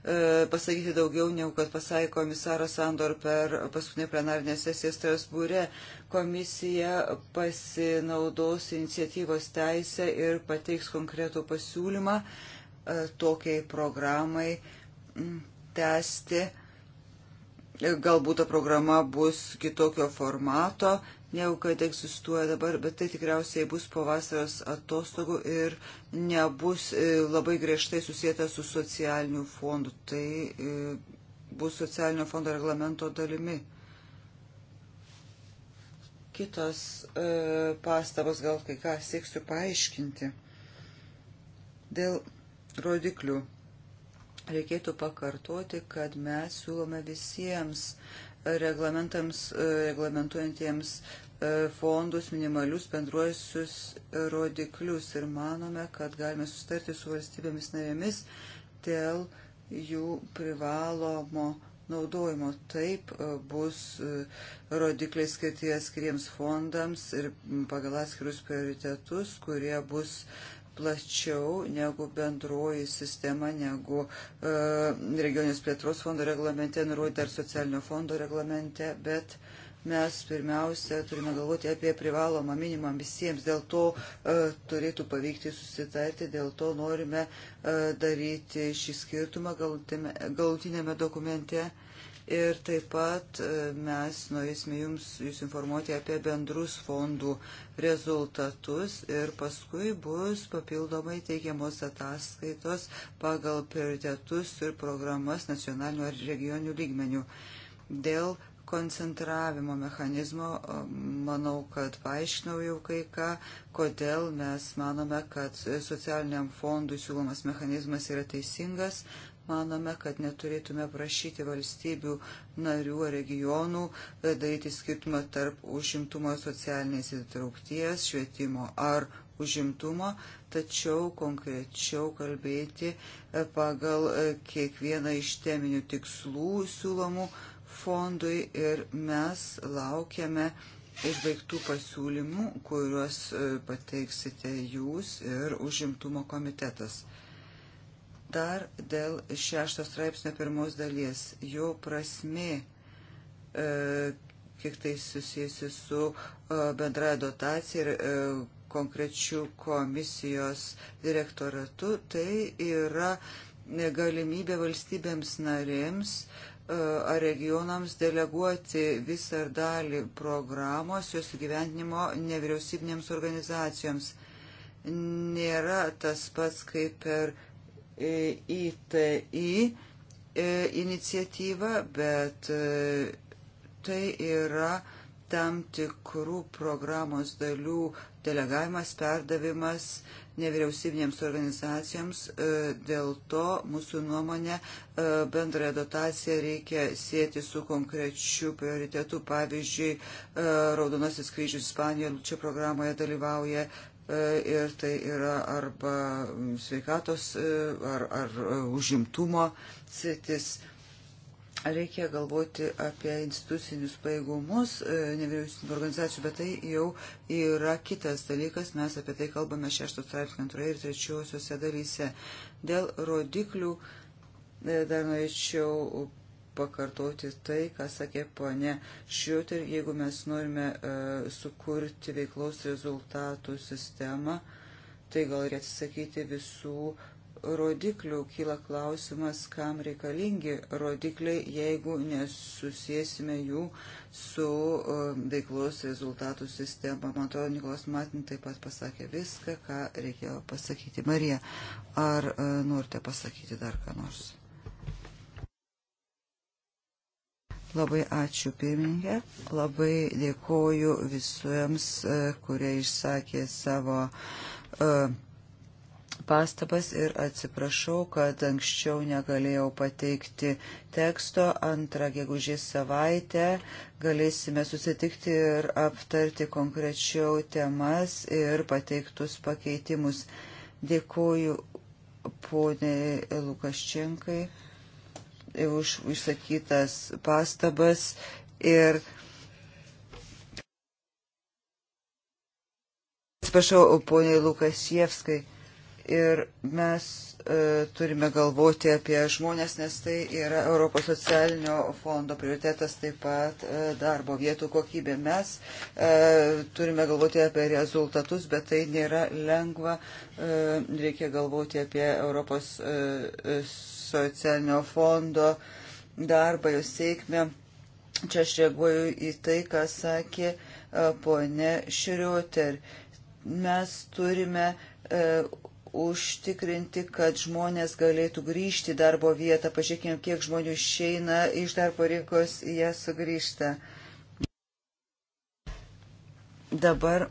[SPEAKER 1] e, pasakyti daugiau, negu kad pasakė komisaras Andor per paskutinę plenarinę sesiją Strasbūre. Komisija pasinaudos iniciatyvos teisę ir pateiks konkretų pasiūlymą e, tokiai programai m, tęsti. Galbūt ta programa bus kitokio formato, negu kad egzistuoja dabar, bet tai tikriausiai bus po vasaros atostogų ir nebus e, labai griežtai susijęta su socialiniu fondu. Tai e, bus socialinio fondo reglamento dalimi. Kitos e, pastabos gal kai ką sėksiu paaiškinti. Dėl rodiklių reikėtų pakartoti, kad mes siūlome visiems reglamentams, e, reglamentuojantiems e, fondus minimalius bendruosius rodiklius ir manome, kad galime sustarti su valstybėmis narėmis dėl jų privalomo naudojimo. Taip e, bus rodikliai skirti atskiriems fondams ir pagal atskirius prioritetus, kurie bus uh, plačiau negu bendroji sistema, negu e, regionės plėtros fondo reglamente, nurodyta ar socialinio fondo reglamente, bet mes pirmiausia turime galvoti apie privalomą minimą visiems, dėl to e, turėtų pavykti susitarti, dėl to norime e, daryti šį skirtumą galutinėme dokumente. E, ir taip pat e, mes norėsime jums, jūs informuoti apie bendrus fondų rezultatus ir paskui bus papildomai teikiamos ataskaitos pagal prioritetus ir programas nacionalinių ar regionių lygmenių. Dėl koncentravimo mechanizmo, e, manau, kad paaiškinau jau kai ką, kodėl mes manome, kad socialiniam fondui siūlomas mechanizmas yra teisingas manome, kad neturėtume prašyti valstybių narių ar regionų e, daryti skirtumą tarp užimtumo socialinės įtraukties, švietimo ar užimtumo, tačiau konkrečiau kalbėti e, pagal e, kiekvieną iš teminių tikslų siūlomų fondui ir mes laukiame išbaigtų pasiūlymų, kuriuos pateiksite jūs ir užimtumo komitetas. Dar dėl šešto straipsnio pirmos dalies. Jo prasme, e, kiek tai susijusi su e, bendra dotacija ir e, konkrečių komisijos direktoratu, tai yra galimybė valstybėms narėms ar regionams deleguoti visą ar dalį programos, jos gyventinimo nevyriausybinėms organizacijoms. Nėra tas pats kaip per ITI e, e, iniciatyva, bet e, tai yra tam tikrų programos dalių delegavimas, perdavimas nevyriausybinėms organizacijoms. Dėl to mūsų nuomonė bendrąją dotaciją reikia sėti su konkrečiu prioritetu. Pavyzdžiui, Raudonasis kryžius Ispanijoje čia programoje dalyvauja E, ir tai yra arba mm, sveikatos e, ar, ar e, užimtumo sritis. Reikia galvoti apie institucinius pajėgumus nevyriausybinių organizacijų, bet tai jau yra kitas dalykas. Mes apie tai kalbame šešto straipsnio antroje ir trečiosiuose dalyse. Dėl rodiklių dar norėčiau pakartoti tai, ką sakė ponė Šiuter, jeigu mes norime e, sukurti veiklos rezultatų sistemą, tai gal ir atsisakyti visų rodiklių. Kyla klausimas, kam reikalingi rodikliai, jeigu nesusėsime jų su e, veiklos rezultatų sistema. Man atrodo, Nikolas Matin taip pat pasakė viską, ką reikėjo pasakyti. Marija, ar e, norite pasakyti dar ką nors? Labai ačiū pirmininkė, labai dėkoju visiems, e, kurie išsakė savo e, pastabas ir atsiprašau, kad anksčiau negalėjau pateikti teksto. Antrą gegužės savaitę galėsime susitikti ir aptarti konkrečiau temas ir pateiktus pakeitimus. Dėkoju poniai Lukaščenkai už išsakytas pastabas ir Atsiprašau, poniai Lukasievskai. Ir mes e, turime galvoti apie žmonės, nes tai yra Europos socialinio fondo prioritetas, taip pat e, darbo vietų kokybė. Mes e, turime galvoti apie rezultatus, bet tai nėra lengva. E, reikia galvoti apie Europos e, socialinio fondo darbą, jos sėkmę. Čia aš reaguoju į tai, ką sakė e, ponė Šrioter. Mes turime e, užtikrinti, kad žmonės galėtų grįžti į darbo vietą. Pažiūrėkime, kiek žmonių išeina iš darbo rinkos, jie sugrįžta. Dabar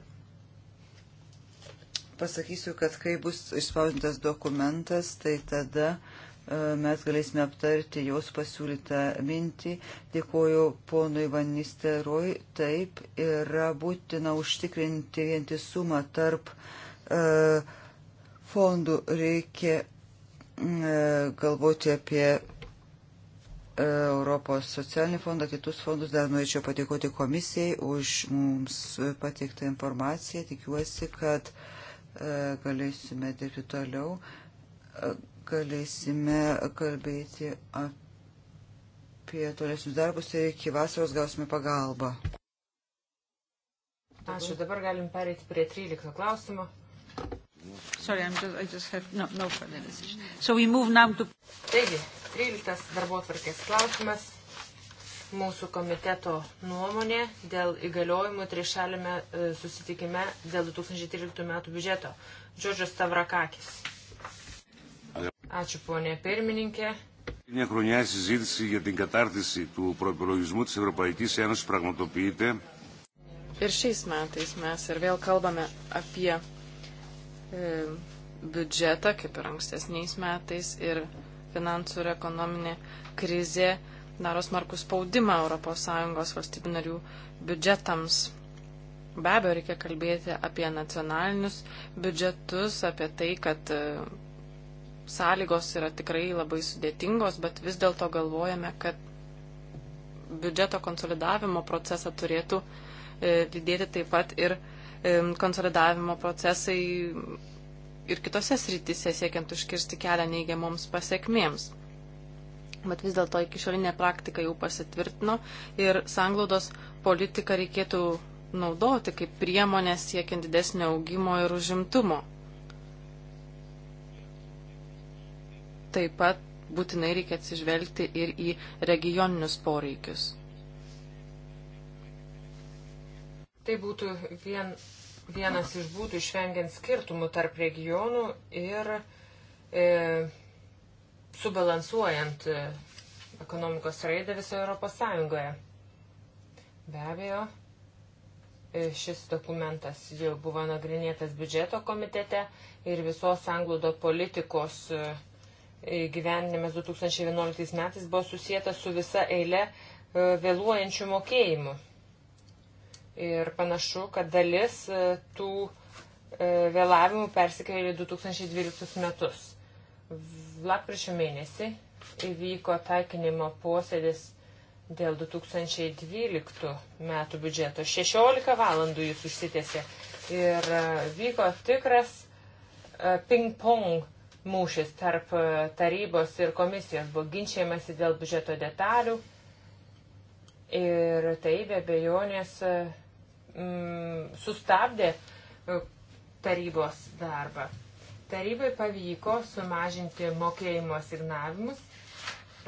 [SPEAKER 1] pasakysiu, kad kai bus išspausdintas dokumentas, tai tada uh, E, mes galėsime aptarti jos pasiūlytą mintį. Dėkoju ponui Vanisteroj. Taip, yra būtina užtikrinti vientisumą tarp e, fondų. Reikia e, galvoti apie e, Europos socialinį fondą, kitus fondus. Dar norėčiau padėkoti komisijai už mums pateiktą informaciją. Tikiuosi, kad e, galėsime dirbti toliau. E, galėsime kalbėti apie tolesnius darbus ir iki vasaros gausime pagalbą.
[SPEAKER 2] Ačiū, dabar galim pereiti prie 13 klausimų. Sorry, I'm just, I just have no, no further decision. So we move now to... Taigi, 13 darbo tvarkės klausimas. Mūsų komiteto nuomonė dėl įgaliojimų trišalėme e, susitikime dėl 2013 metų biudžeto. Džordžas Tavrakakis. Ačiū ponė pirmininkė.
[SPEAKER 1] Μια χρονιά η συζήτηση για την κατάρτιση του προπολογισμού της Ευρωπαϊκής Ένωσης
[SPEAKER 3] πραγματοποιείται. Ir šiais metais mes ir vėl kalbame apie e, biudžetą, kaip ir ankstesniais metais, ir finansų ir ekonominė krizė daro smarkų spaudimą ES valstybių narių biudžetams. Be abejo, reikia kalbėti apie nacionalinius biudžetus, apie tai, kad e, sąlygos yra tikrai labai sudėtingos, bet vis dėlto galvojame, kad biudžeto konsolidavimo procesą turėtų e, lydėti taip pat ir e, konsolidavimo procesai ir kitose srityse siekiant užkirsti kelią neigiamoms pasiekmėms. Bet vis dėlto iki šiolinė praktika jau pasitvirtino ir sanglaudos politiką reikėtų naudoti kaip priemonę siekiant didesnio augimo ir užimtumo. taip pat būtinai reikia atsižvelgti ir į regioninius poreikius.
[SPEAKER 2] Tai būtų vien, vienas iš būtų išvengiant skirtumų tarp regionų ir e, subalansuojant e, ekonomikos raidą visoje Europos Sąjungoje. Be abejo, e, šis dokumentas jau buvo nagrinėtas biudžeto komitete ir visos anglodo politikos e, gyvenimas 2011 metais buvo susijęta su visa eile e, vėluojančių mokėjimų. Ir panašu, kad dalis e, tų e, vėlavimų persikėlė 2012 metus. Lapkričio mėnesį įvyko taikinimo posėdis dėl 2012 metų biudžeto. 16 valandų jis užsitėsi ir vyko tikras ping-pong mūšis tarp e, tarybos ir komisijos, buvo ginčiamasi dėl biudžeto detalių ir tai be bejonės mm, e, sustabdė e, tarybos darbą. Tarybai pavyko sumažinti mokėjimo signavimus,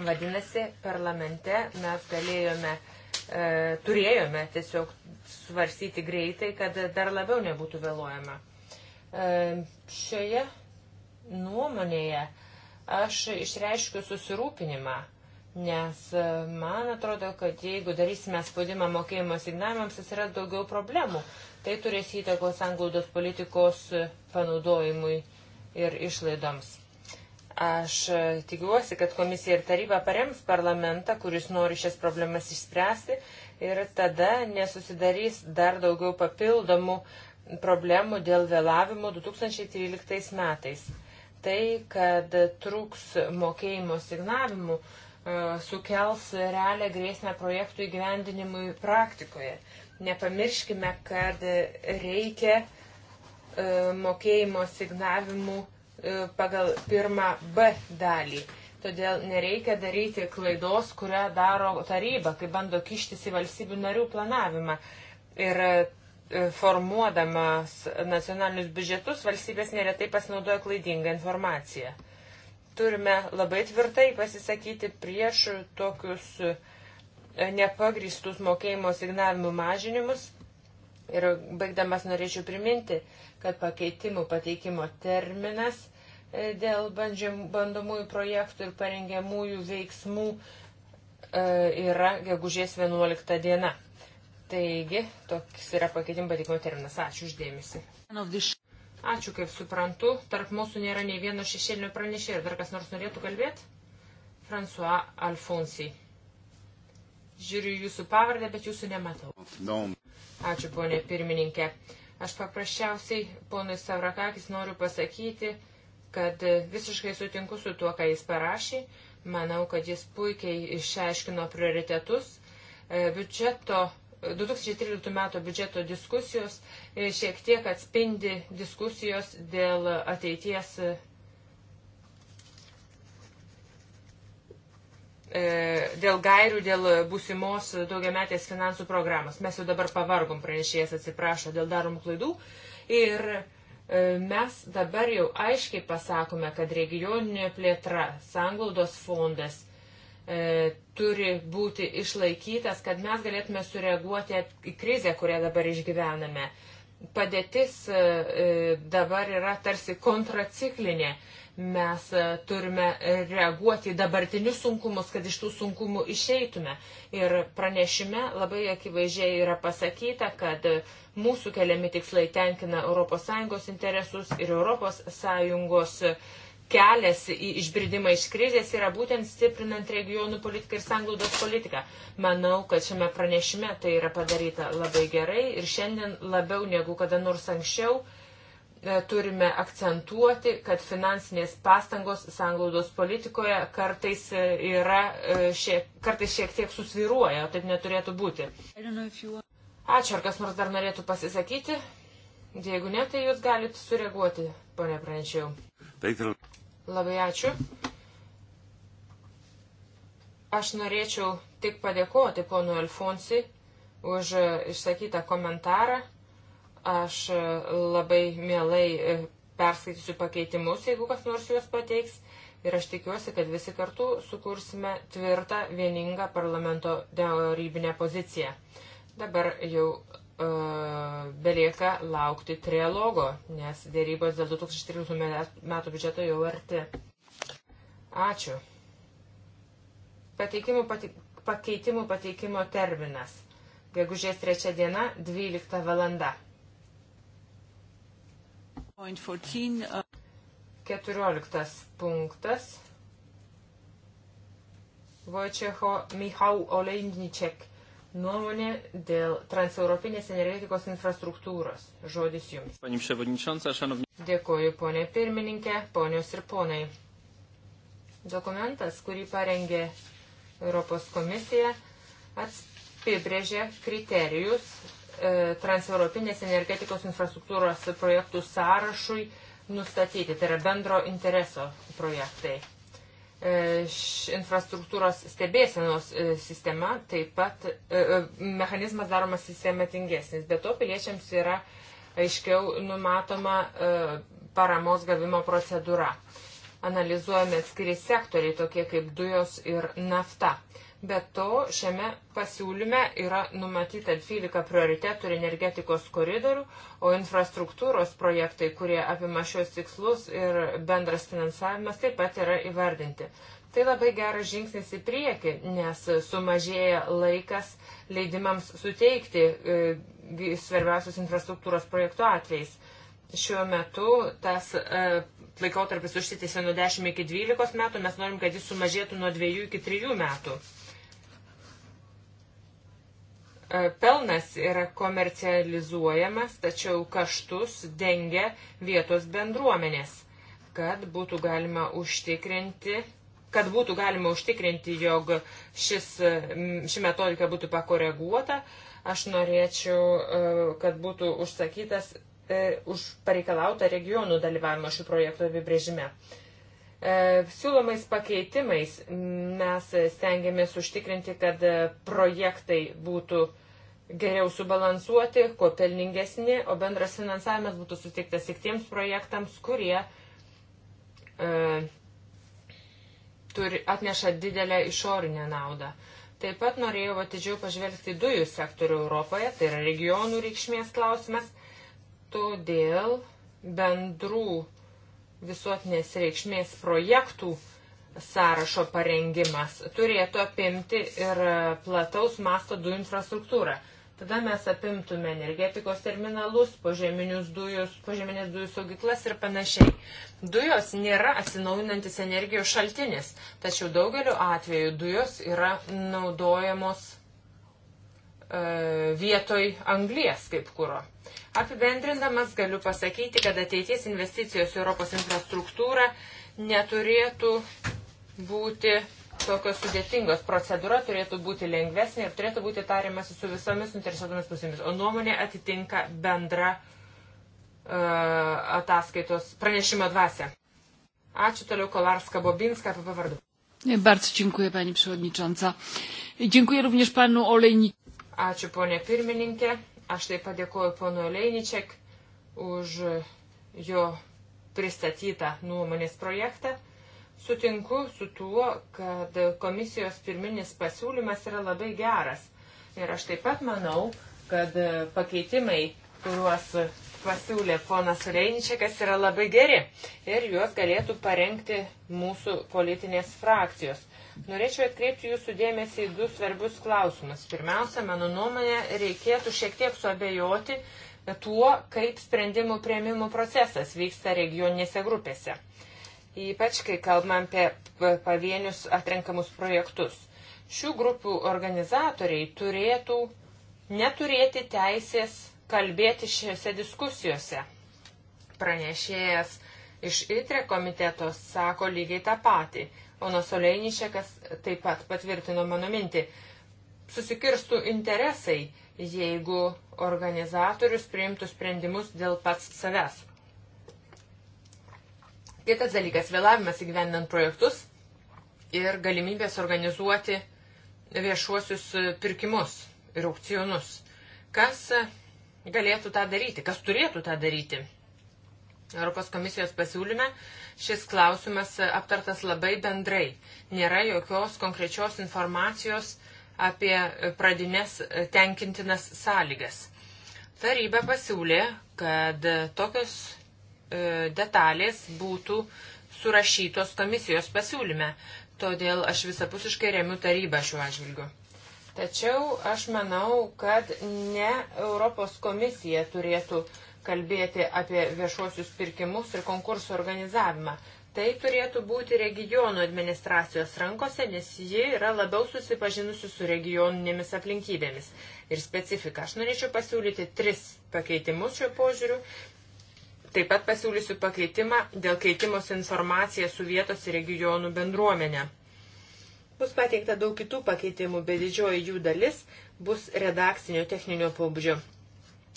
[SPEAKER 2] vadinasi, parlamente mes galėjome, e, turėjome tiesiog svarstyti greitai, kad dar labiau nebūtų vėluojama. E, šioje nuomonėje aš išreiškiu susirūpinimą, nes e, man atrodo, kad jeigu darysime spaudimą mokėjimo signavimams, atsiras daugiau problemų. Tai turės įtakos anglaudos politikos panaudojimui ir išlaidoms. Aš e, tikiuosi, kad komisija ir taryba parems parlamentą, kuris nori šias problemas išspręsti ir tada nesusidarys dar daugiau papildomų problemų dėl vėlavimo 2013 metais tai, kad truks mokėjimo signavimų, e, sukels realią grėsmę projektų įgyvendinimui praktikoje. Nepamirškime, kad reikia e, mokėjimo signavimų e, pagal pirmą B dalį. Todėl nereikia daryti klaidos, kurią daro taryba, kai bando kištis į valstybių narių planavimą. Ir E, formuodamas nacionalinius biudžetus, valstybės neretai pasinaudoja klaidingą informaciją. Turime labai tvirtai pasisakyti prieš tokius e, nepagristus mokėjimo signavimų mažinimus. Ir baigdamas norėčiau priminti, kad pakeitimų pateikimo terminas e, dėl bandomųjų projektų ir parengiamųjų veiksmų yra gegužės 11 diena. Taigi, toks yra pakeitimų patikimo terminas. Ačiū uždėmesi. Ačiū, kaip suprantu, tarp mūsų nėra nei vieno šešėlinio pranešėjo. Dar kas nors norėtų kalbėti? François Alfonsi. Žiūriu jūsų pavardę, bet jūsų nematau.
[SPEAKER 3] Ačiū,
[SPEAKER 2] ponė pirmininkė. Aš paprasčiausiai, ponui Savrakakis, noriu pasakyti, kad visiškai sutinku su tuo, ką jis parašė. Manau, kad jis puikiai išaiškino prioritetus. E, biudžeto 2013 metų biudžeto diskusijos e, šiek tiek atspindi diskusijos dėl ateities e, dėl gairių, dėl būsimos daugiametės finansų programos. Mes jau dabar pavargom, pranešėjas atsiprašo dėl daromų klaidų. Ir e, mes dabar jau aiškiai pasakome, kad regioninė plėtra, sanglaudos fondas E, turi būti išlaikytas, kad mes galėtume sureaguoti į krizę, kurią dabar išgyvename. Padėtis e, e, dabar yra tarsi kontraciklinė. Mes turime reaguoti į dabartinius sunkumus, kad iš tų sunkumų išeitume. Ir pranešime labai akivaizdžiai yra pasakyta, kad mūsų keliami tikslai tenkina ES interesus ir ES kelias į išbridimą iš krizės yra būtent stiprinant regionų politiką ir sanglaudos politiką. Manau, kad šiame pranešime tai yra padaryta labai gerai ir šiandien labiau negu kada nors anksčiau e, turime akcentuoti, kad finansinės pastangos sanglaudos politikoje kartais, e, yra, e, šiek, kartais šiek tiek susviruoja, o taip neturėtų būti. Ačiū, ar kas nors dar norėtų pasisakyti? Jeigu ne, tai jūs galite sureaguoti, ponė pranešiau. Labai ačiū. Aš norėčiau tik padėkoti ponu Alfonsi už e, išsakytą komentarą. Aš e, labai mielai e, perskaitysiu pakeitimus, jeigu kas nors juos pateiks. Ir aš tikiuosi, kad visi kartu sukursime tvirtą, vieningą parlamento derybinę poziciją. Dabar jau E, belieka laukti trialogo, nes dėrybos dėl 2013 metų biudžeto jau arti. Ačiū. Pateikimų pati, pakeitimų pateikimo terminas. Gegužės 3 diena, 12 valanda. 14 uh, punktas. Wojciecho Michał Olejniczek nuomonė dėl transeuropinės energetikos infrastruktūros. Žodis jums. Dėkuoju, ponė pirmininkė, ponios ir ponai. Dokumentas, kurį parengė Europos komisija, apibrėžė kriterijus e, transeuropinės energetikos infrastruktūros projektų sąrašui nustatyti. Tai yra bendro intereso projektai. E, infrastruktūros stebėsenos e, sistema, taip pat e, mechanizmas daromas sistemetingesnis. Be to piliečiams yra aiškiau numatoma paramos gavimo procedūra. Analizuojame atskiri sektoriai, tokie kaip dujos ir nafta. Be to, šiame pasiūlyme yra numatyta 12 prioritetų ir energetikos koridorių, o infrastruktūros projektai, kurie apima šios tikslus ir bendras finansavimas taip pat yra įvardinti. Tai labai geras žingsnis į priekį, nes sumažėja laikas leidimams suteikti e, svarbiausius infrastruktūros projektų atvejais. Šiuo metu tas e, laikotarpis užsitėsi nuo 10 iki 12 metų, mes norim, kad jis sumažėtų nuo 2 iki 3 metų. E, pelnas yra komercializuojamas, tačiau kaštus dengia vietos bendruomenės, kad būtų galima užtikrinti kad būtų galima užtikrinti, jog šis, e, ši metodika būtų pakoreguota, aš norėčiau, e, kad būtų užsakytas, už pareikalauta regionų dalyvavimo šių projektų apibrėžime. Uh, E, siūlomais pakeitimais mes stengiamės užtikrinti, kad projektai būtų geriau subalansuoti, kuo pelningesni, o bendras finansavimas būtų suteiktas tik tiems projektams, kurie e, turi, atneša didelę išorinę naudą. Taip pat norėjau atidžiau pažvelgti dujų sektorių Europoje, tai yra regionų reikšmės klausimas, todėl bendrų visuotinės reikšmės projektų sąrašo parengimas turėtų apimti ir plataus masto dujų infrastruktūrą. Tada mes apimtume energetikos terminalus, požeminius dujus, požeminės dujų saugyklas ir panašiai. Dujos nėra atsinaujinantis energijos šaltinis, tačiau daugeliu atveju dujos yra naudojamos E, vietoj anglies kaip kūro. Apibendrindamas galiu pasakyti, kad ateities investicijos Europos infrastruktūra neturėtų būti tokios sudėtingos. Procedūra turėtų būti lengvesnė ir turėtų būti tariamasi su visomis interesuotomis pusėmis. O nuomonė atitinka bendrą uh, e, ataskaitos pranešimo dvasę. Ačiū toliau Kolarska Bobinska apie pavardų.
[SPEAKER 1] Bardzo dziękuję Pani Przewodnicząca. Dziękuję również Panu Olejnik.
[SPEAKER 2] Ačiū ponė pirmininkė. Aš taip padėkoju ponu Leiničiak už jo pristatytą nuomonės projektą. Sutinku su tuo, kad komisijos pirminis pasiūlymas yra labai geras. Ir aš taip pat manau, kad pakeitimai, kuriuos pasiūlė ponas Reiničiakas, yra labai geri. Ir juos galėtų parengti mūsų politinės frakcijos. Norėčiau atkreipti jūsų dėmesį į du svarbius klausimus. Pirmiausia, mano nuomonė, reikėtų šiek tiek suabejoti tuo, kaip sprendimų prieimimų procesas vyksta regioninėse grupėse. Ypač, kai kalbam apie pavienius atrenkamus projektus. Šių grupių organizatoriai turėtų neturėti teisės kalbėti šiuose diskusijose. Pranešėjas iš ITRE komitetos sako lygiai tą patį. Ono Soleinišekas taip pat patvirtino mano mintį. Susikirstų interesai, jeigu organizatorius priimtų sprendimus dėl pats savęs. Kitas dalykas - vėlavimas įgyvendant projektus ir galimybės organizuoti viešuosius pirkimus ir aukcionus. Kas galėtų tą daryti, kas turėtų tą daryti? Europos komisijos pasiūlyme šis klausimas aptartas labai bendrai. Nėra jokios konkrečios informacijos apie pradinės tenkintinas sąlygas. Taryba pasiūlė, kad tokios e, detalės būtų surašytos komisijos pasiūlyme, todėl aš visapusiškai remiu tarybą šiuo atžvilgiu. Tačiau aš manau, kad ne Europos komisija turėtų uh, kalbėti apie viešuosius pirkimus ir konkursų organizavimą. Tai turėtų būti regionų administracijos rankose, nes ji yra labiau susipažinusi su regioninėmis aplinkybėmis ir specifika. Aš norėčiau pasiūlyti tris pakeitimus šio požiūriu. Taip pat pasiūlysiu pakeitimą dėl keitimos informacija su vietos ir regionų bendruomenė. Bus pateikta daug kitų pakeitimų, bet didžioji jų dalis bus redakcinio techninio pobūdžio.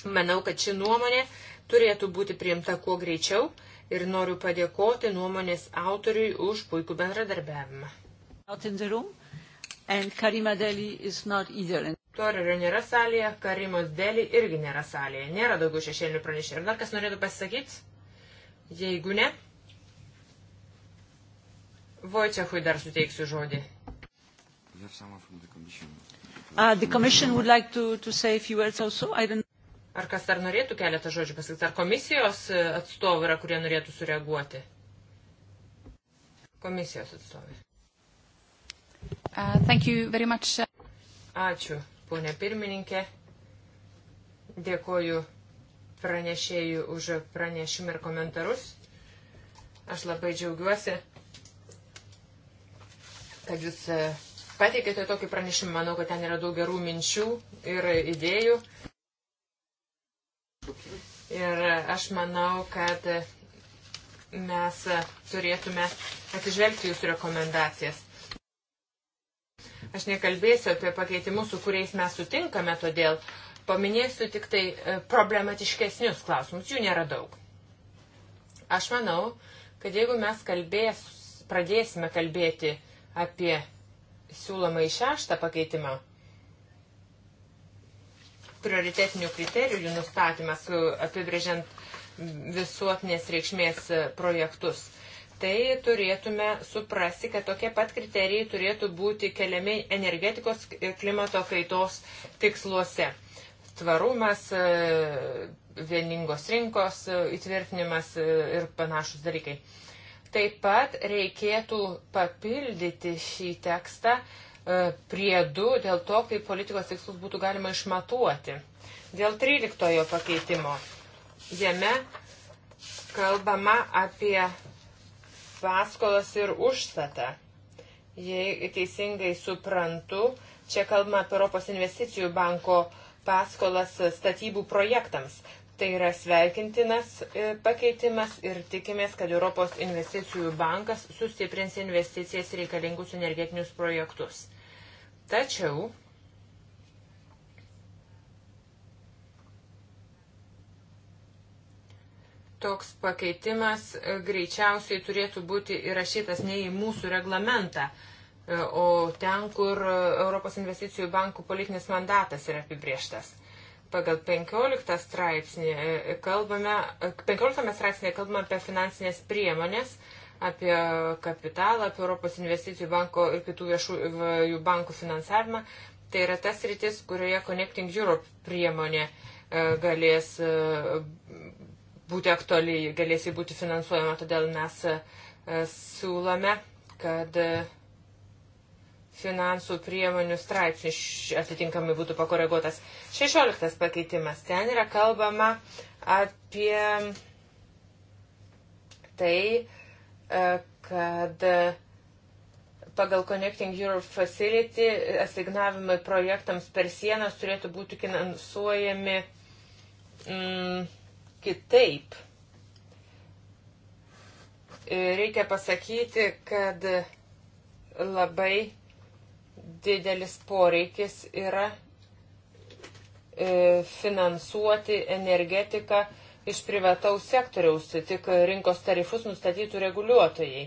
[SPEAKER 2] Manau, kad ši nuomonė turėtų būti priimta kuo greičiau ir noriu padėkoti nuomonės autoriui už puikų bendradarbiavimą. Torerio nėra salėje, Karimos Deli irgi nėra salėje. Nėra daugiau šešėlinių pranešėjų. Ar dar kas norėtų pasisakyti? Jeigu ne, Vojcechui dar suteiksiu žodį. A, uh, the commission would like to, to say a few words also. I don't Ar kas dar norėtų keletą žodžių pasakyti? Ar komisijos e, atstovai yra, kurie norėtų sureaguoti? Komisijos atstovai. Uh, Ačiū, ponė pirmininkė. Dėkoju pranešėjų už pranešimą ir komentarus. Aš labai džiaugiuosi, kad jūs e, pateikėte tokį pranešimą. Manau, kad ten yra daug gerų minčių ir idėjų. Ir aš manau, kad mes turėtume atsižvelgti jūsų rekomendacijas. Aš nekalbėsiu apie pakeitimus, su kuriais mes sutinkame, todėl paminėsiu tik tai e, problematiškesnius klausimus. Jų nėra daug. Aš manau, kad jeigu mes kalbės, pradėsime kalbėti apie siūlomą į šeštą pakeitimą, prioritetinių kriterijų nustatymas, apibrėžiant visuotinės reikšmės e, projektus. Tai turėtume suprasti, kad tokie pat kriterijai turėtų būti keliami energetikos ir klimato kaitos tiksluose. Tvarumas, e, vieningos rinkos e, įtvirtinimas ir panašus dalykai. Taip pat reikėtų papildyti šį tekstą uh, E, priedų dėl to, kaip politikos tikslus būtų galima išmatuoti. Dėl 13 pakeitimo jame kalbama apie paskolas ir užstatą. Jei teisingai suprantu, čia kalbama apie Europos investicijų banko paskolas statybų projektams. Tai yra sveikintinas e, pakeitimas ir tikimės, kad Europos investicijų bankas sustiprins investicijas reikalingus energetinius projektus. Tačiau toks pakeitimas e, greičiausiai turėtų būti įrašytas ne į mūsų reglamentą, e, o ten, kur e, Europos investicijų bankų politinis mandatas yra apibrieštas. Pagal 15 straipsnį kalbame, 15 straipsnį kalbame apie finansinės priemonės, apie kapitalą, apie Europos investicijų banko ir kitų viešųjų bankų finansavimą. Tai yra tas rytis, kurioje Connecting Europe priemonė e, galės e, būti aktuali, galės jį būti finansuojama. Todėl mes e, siūlome, kad finansų priemonių straipsnis atitinkamai būtų pakoreguotas. 16 pakeitimas. Ten yra kalbama apie tai, kad pagal Connecting Europe Facility asignavimai projektams per sienas turėtų būti finansuojami mm, kitaip. Reikia pasakyti, kad labai didelis poreikis yra e, finansuoti energetiką iš privataus sektoriaus, tik rinkos tarifus nustatytų reguliuotojai.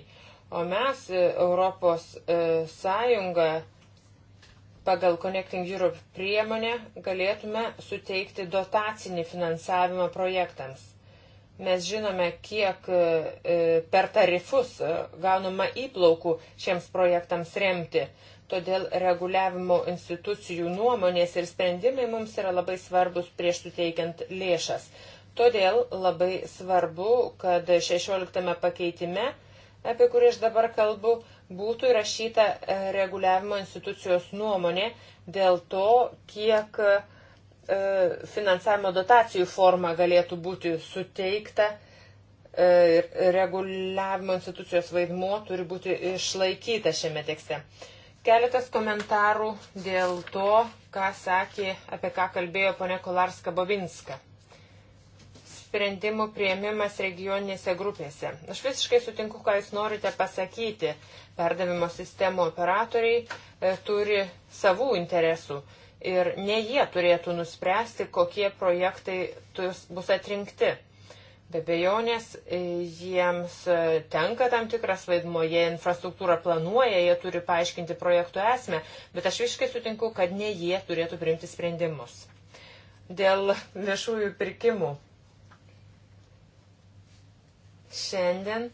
[SPEAKER 2] O mes, e, Europos e, Sąjunga, pagal Connecting Europe priemonę galėtume suteikti dotacinį finansavimą projektams. Mes žinome, kiek e, per tarifus gaunama įplaukų šiems projektams remti. Todėl reguliavimo institucijų nuomonės ir sprendimai mums yra labai svarbus prieš suteikiant lėšas. Todėl labai svarbu, kad 16 pakeitime, apie kurį aš dabar kalbu, būtų įrašyta e, reguliavimo institucijos nuomonė dėl to, kiek e, finansavimo dotacijų forma galėtų būti suteikta e, ir reguliavimo institucijos vaidmuo turi būti išlaikyta šiame tekste. Keletas komentarų dėl to, ką sakė, apie ką kalbėjo ponė Kolarska Bovinska sprendimų prieimimas regioninėse grupėse. Aš visiškai sutinku, ką jūs norite pasakyti. Perdavimo sistemų operatoriai e, turi savų interesų ir ne jie turėtų nuspręsti, kokie projektai bus atrinkti. Be bejonės, e, jiems e, tenka tam tikras vaidmo, jie infrastruktūrą planuoja, jie turi paaiškinti projektų esmę, bet aš visiškai sutinku, kad ne jie turėtų priimti sprendimus. Dėl viešųjų pirkimų Šiandien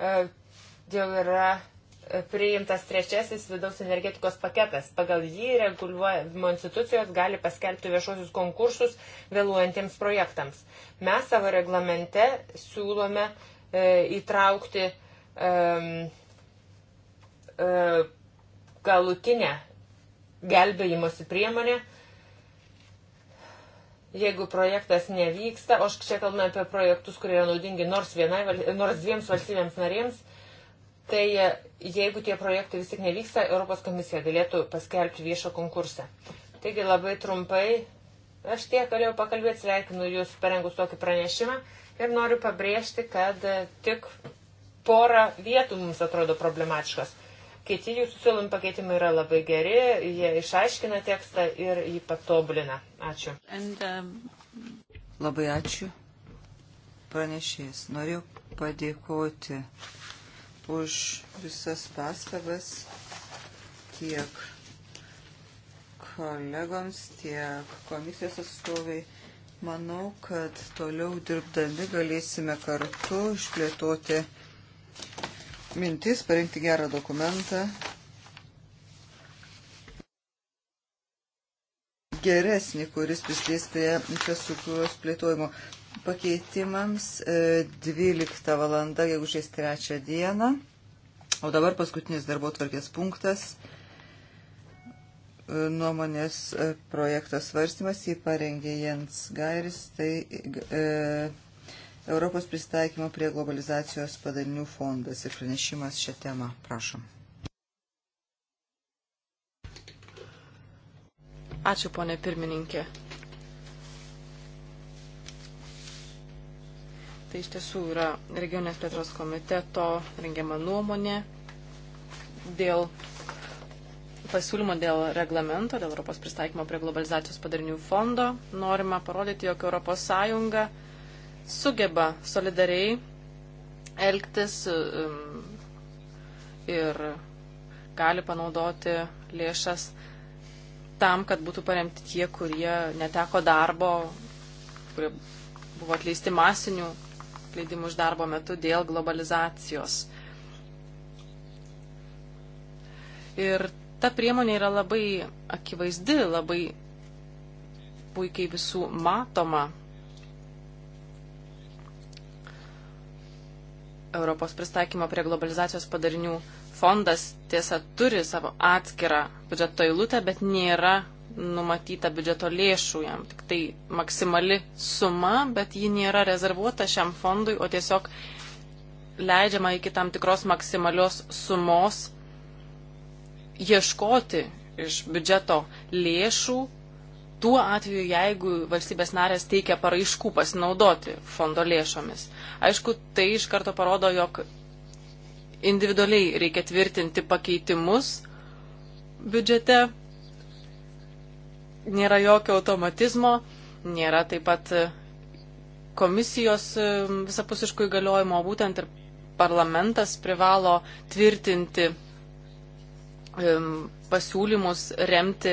[SPEAKER 2] jau e, yra e, priimtas trečiasis vidaus energetikos paketas. Pagal jį reguliuojimo institucijos gali paskelbti viešuosius konkursus vėluojantiems projektams. Mes savo reglamente siūlome e, įtraukti e, e, galutinę gelbėjimosi priemonę, e, jeigu projektas nevyksta, o aš čia kalbame apie projektus, kurie yra naudingi nors, vienai, nors dviems valstybėms narėms, tai e, jeigu tie projektai vis tik nevyksta, Europos komisija galėtų paskelbti viešą konkursą. Taigi labai trumpai, aš tiek galėjau pakalbėti, sveikinu Jūs parengus tokį pranešimą ir noriu pabrėžti, kad e, tik pora vietų mums atrodo problematiškas. Kiti jūsų siūlomi pakeitimai yra labai geri, jie išaiškina tekstą ir jį patobulina. Ačiū.
[SPEAKER 3] And, um...
[SPEAKER 1] Labai ačiū pranešėjas. Noriu padėkoti už visas pastabas tiek kolegoms, tiek komisijos atstovai. Manau, kad toliau dirbdami galėsime kartu išplėtoti mintis parengti gerą dokumentą. Geresnį, kuris prisidės prie infrastruktūros plėtojimo pakeitimams 12 e, valanda, jeigu žiais trečią dieną. O dabar paskutinis darbo tvarkės punktas e, nuomonės e, projektas svarstymas, jį parengė Jens Gairis, tai e, Europos pristaikymo prie globalizacijos padarinių fondas ir pranešimas šią temą. Prašom.
[SPEAKER 3] Ačiū, ponė pirmininkė. Tai iš tiesų yra regionės plėtros komiteto rengiama nuomonė dėl pasiūlymo dėl reglamento, dėl Europos pristaikymo prie globalizacijos padarinių fondo. Norima parodyti, jog Europos Sąjunga sugeba solidariai elgtis um, ir gali panaudoti lėšas tam, kad būtų paremti tie, kurie neteko darbo, kurie buvo atleisti masinių atleidimų iš darbo metu dėl globalizacijos. Ir ta priemonė yra labai akivaizdi, labai puikiai visų matoma Europos pristaikymo prie globalizacijos padarinių fondas tiesa turi savo atskirą biudžeto eilutę, bet nėra numatyta biudžeto lėšų jam. Tik tai maksimali suma, bet ji nėra rezervuota šiam fondui, o tiesiog leidžiama iki tam tikros maksimalios sumos ieškoti iš biudžeto lėšų tuo atveju, jeigu valstybės narės teikia paraiškų pasinaudoti fondo lėšomis. Aišku, tai iš karto parodo, jog individualiai reikia tvirtinti pakeitimus biudžete. Nėra jokio automatizmo, nėra taip pat komisijos ehm, visapusiškų įgaliojimo, būtent ir parlamentas privalo tvirtinti pasiūlymus remti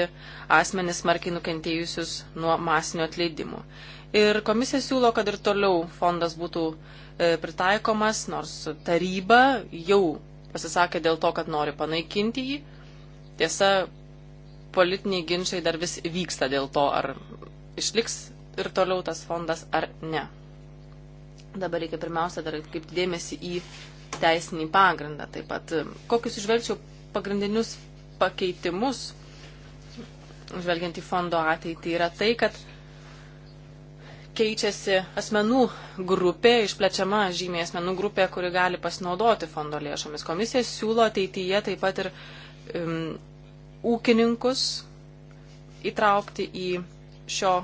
[SPEAKER 3] asmenis smarkiai nukentėjusius nuo masinio atleidimo. Ir komisija siūlo, kad ir toliau fondas būtų e, pritaikomas, nors taryba jau pasisakė dėl to, kad nori panaikinti jį. Tiesa, politiniai ginčiai dar vis vyksta dėl to, ar išliks ir toliau tas fondas ar ne. Dabar reikia pirmiausia dar kaip dėmesį į teisinį pagrindą. Taip pat kokius išvelgčiau pagrindinius pakeitimus, žvelgiant į fondo ateitį, yra tai, kad keičiasi asmenų grupė, išplečiama žymiai asmenų grupė, kuri gali pasinaudoti fondo lėšomis. Komisija siūlo ateityje taip pat ir um, ūkininkus įtraukti į šio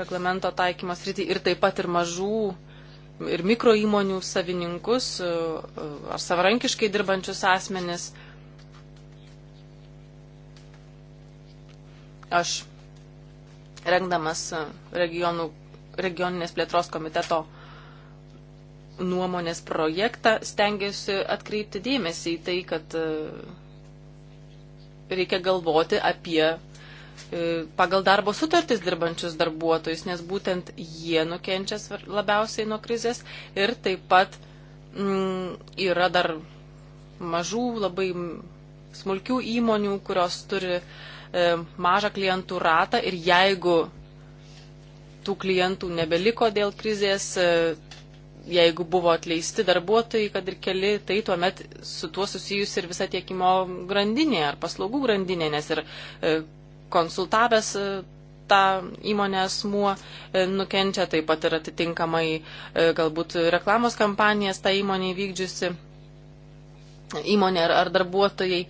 [SPEAKER 3] reglamento taikymas rytį ir taip pat ir mažų ir mikro įmonių savininkus ar savarankiškai dirbančius asmenis – aš rengdamas e, regionų, regioninės plėtros komiteto nuomonės projektą stengiuosi atkreipti dėmesį į tai, kad e, reikia galvoti apie e, pagal darbo sutartis dirbančius darbuotojus, nes būtent jie nukenčia labiausiai nuo krizės ir taip pat m, mm, yra dar mažų, labai smulkių įmonių, kurios turi uh, E, mažą klientų ratą ir jeigu tų klientų nebeliko dėl krizės, e, jeigu buvo atleisti darbuotojai, kad ir keli, tai tuomet su tuo susijusi ir visa tiekimo grandinė ar paslaugų grandinė, nes ir e, konsultavęs tą įmonę asmuo nukenčia, taip pat ir atitinkamai galbūt reklamos kampanijas tą įmonę įvykdžiusi įmonė ar, ar darbuotojai.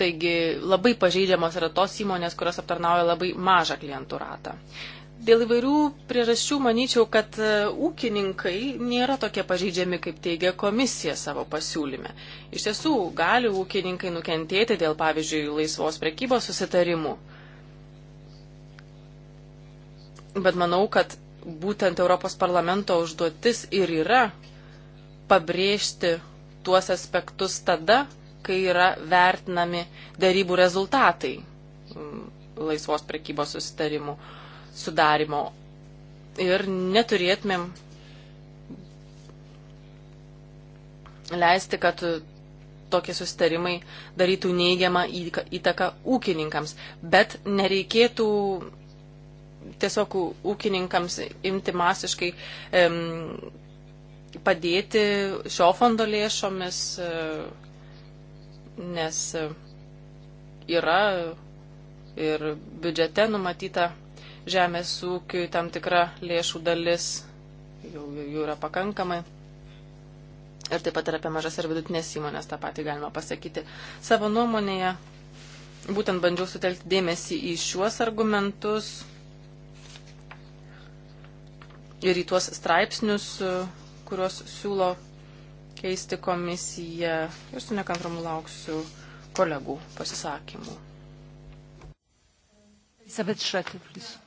[SPEAKER 3] Taigi labai pažeidžiamas yra tos įmonės, kurios aptarnauja labai mažą klientų ratą. Dėl įvairių priežasčių manyčiau, kad e, ūkininkai nėra tokie pažeidžiami, kaip teigia komisija savo pasiūlyme. Iš tiesų, gali ūkininkai nukentėti dėl, pavyzdžiui, laisvos prekybos susitarimų. Bet manau, kad būtent Europos parlamento užduotis ir yra pabrėžti tuos aspektus tada, kai yra vertinami darybų rezultatai mm, laisvos prekybos susitarimų sudarimo. Ir neturėtumėm leisti, kad tokie susitarimai darytų neigiamą įtaką ūkininkams. Bet nereikėtų tiesiog ūkininkams imti masiškai em, padėti šio fondo lėšomis. Em, nes yra ir biudžete numatyta žemės ūkiui tam tikra lėšų dalis, jau, jau yra pakankamai. Ir taip pat ir apie mažas ir vidutinės įmonės tą patį galima pasakyti. Savo nuomonėje būtent bandžiau sutelkti dėmesį į šiuos argumentus ir į tuos straipsnius, kuriuos siūlo keisti komisiją ir su nekantrumu lauksiu kolegų pasisakymų. Elisabeth Schrecke, please.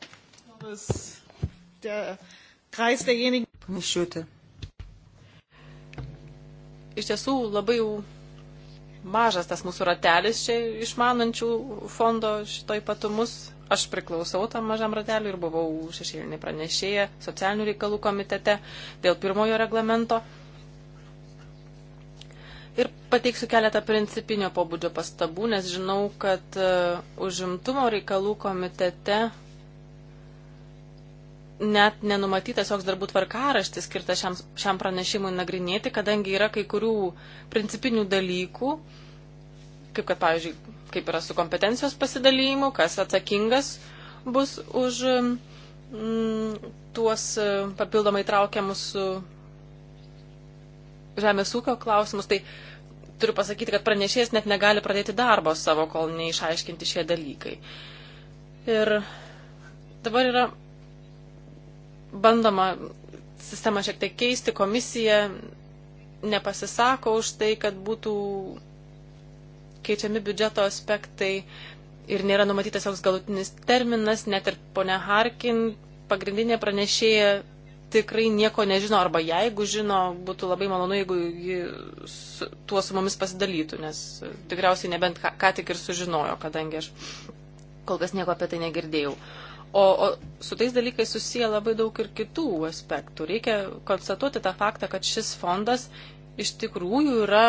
[SPEAKER 3] Panašiūtė. Iš tiesų labai jau mažas tas mūsų ratelis čia išmanančių fondo šito ypatumus. Aš priklausau tam mažam rateliu ir buvau šešėlinį pranešėję socialinių reikalų komitete dėl pirmojo reglamento. Ir pateiksiu keletą principinio pobūdžio pastabų, nes žinau, kad e, užimtumo reikalų komitete net nenumatytas joks darbų tvarkaraštis skirtas šiam, šiam pranešimui nagrinėti, kadangi yra kai kurių principinių dalykų, kaip kad, pavyzdžiui, kaip yra su kompetencijos pasidalymu, kas atsakingas bus už mm, tuos e, papildomai traukiamus žemės ūkio klausimus, tai turiu pasakyti, kad pranešėjas net negali pradėti darbo savo, kol neišaiškinti šie dalykai. Ir dabar yra bandoma sistemą šiek tiek keisti, komisija nepasisako už tai, kad būtų keičiami biudžeto aspektai ir nėra numatytas joks galutinis terminas, net ir ponia Harkin, pagrindinė pranešėja, tikrai nieko nežino, arba jeigu žino, būtų labai malonu, jeigu ji su, tuo su mumis pasidalytų, nes tikriausiai nebent ką, ką tik ir sužinojo, kadangi aš kol kas nieko apie tai negirdėjau. O, o su tais dalykais susiję labai daug ir kitų aspektų. Reikia konstatuoti tą faktą, kad šis fondas iš tikrųjų yra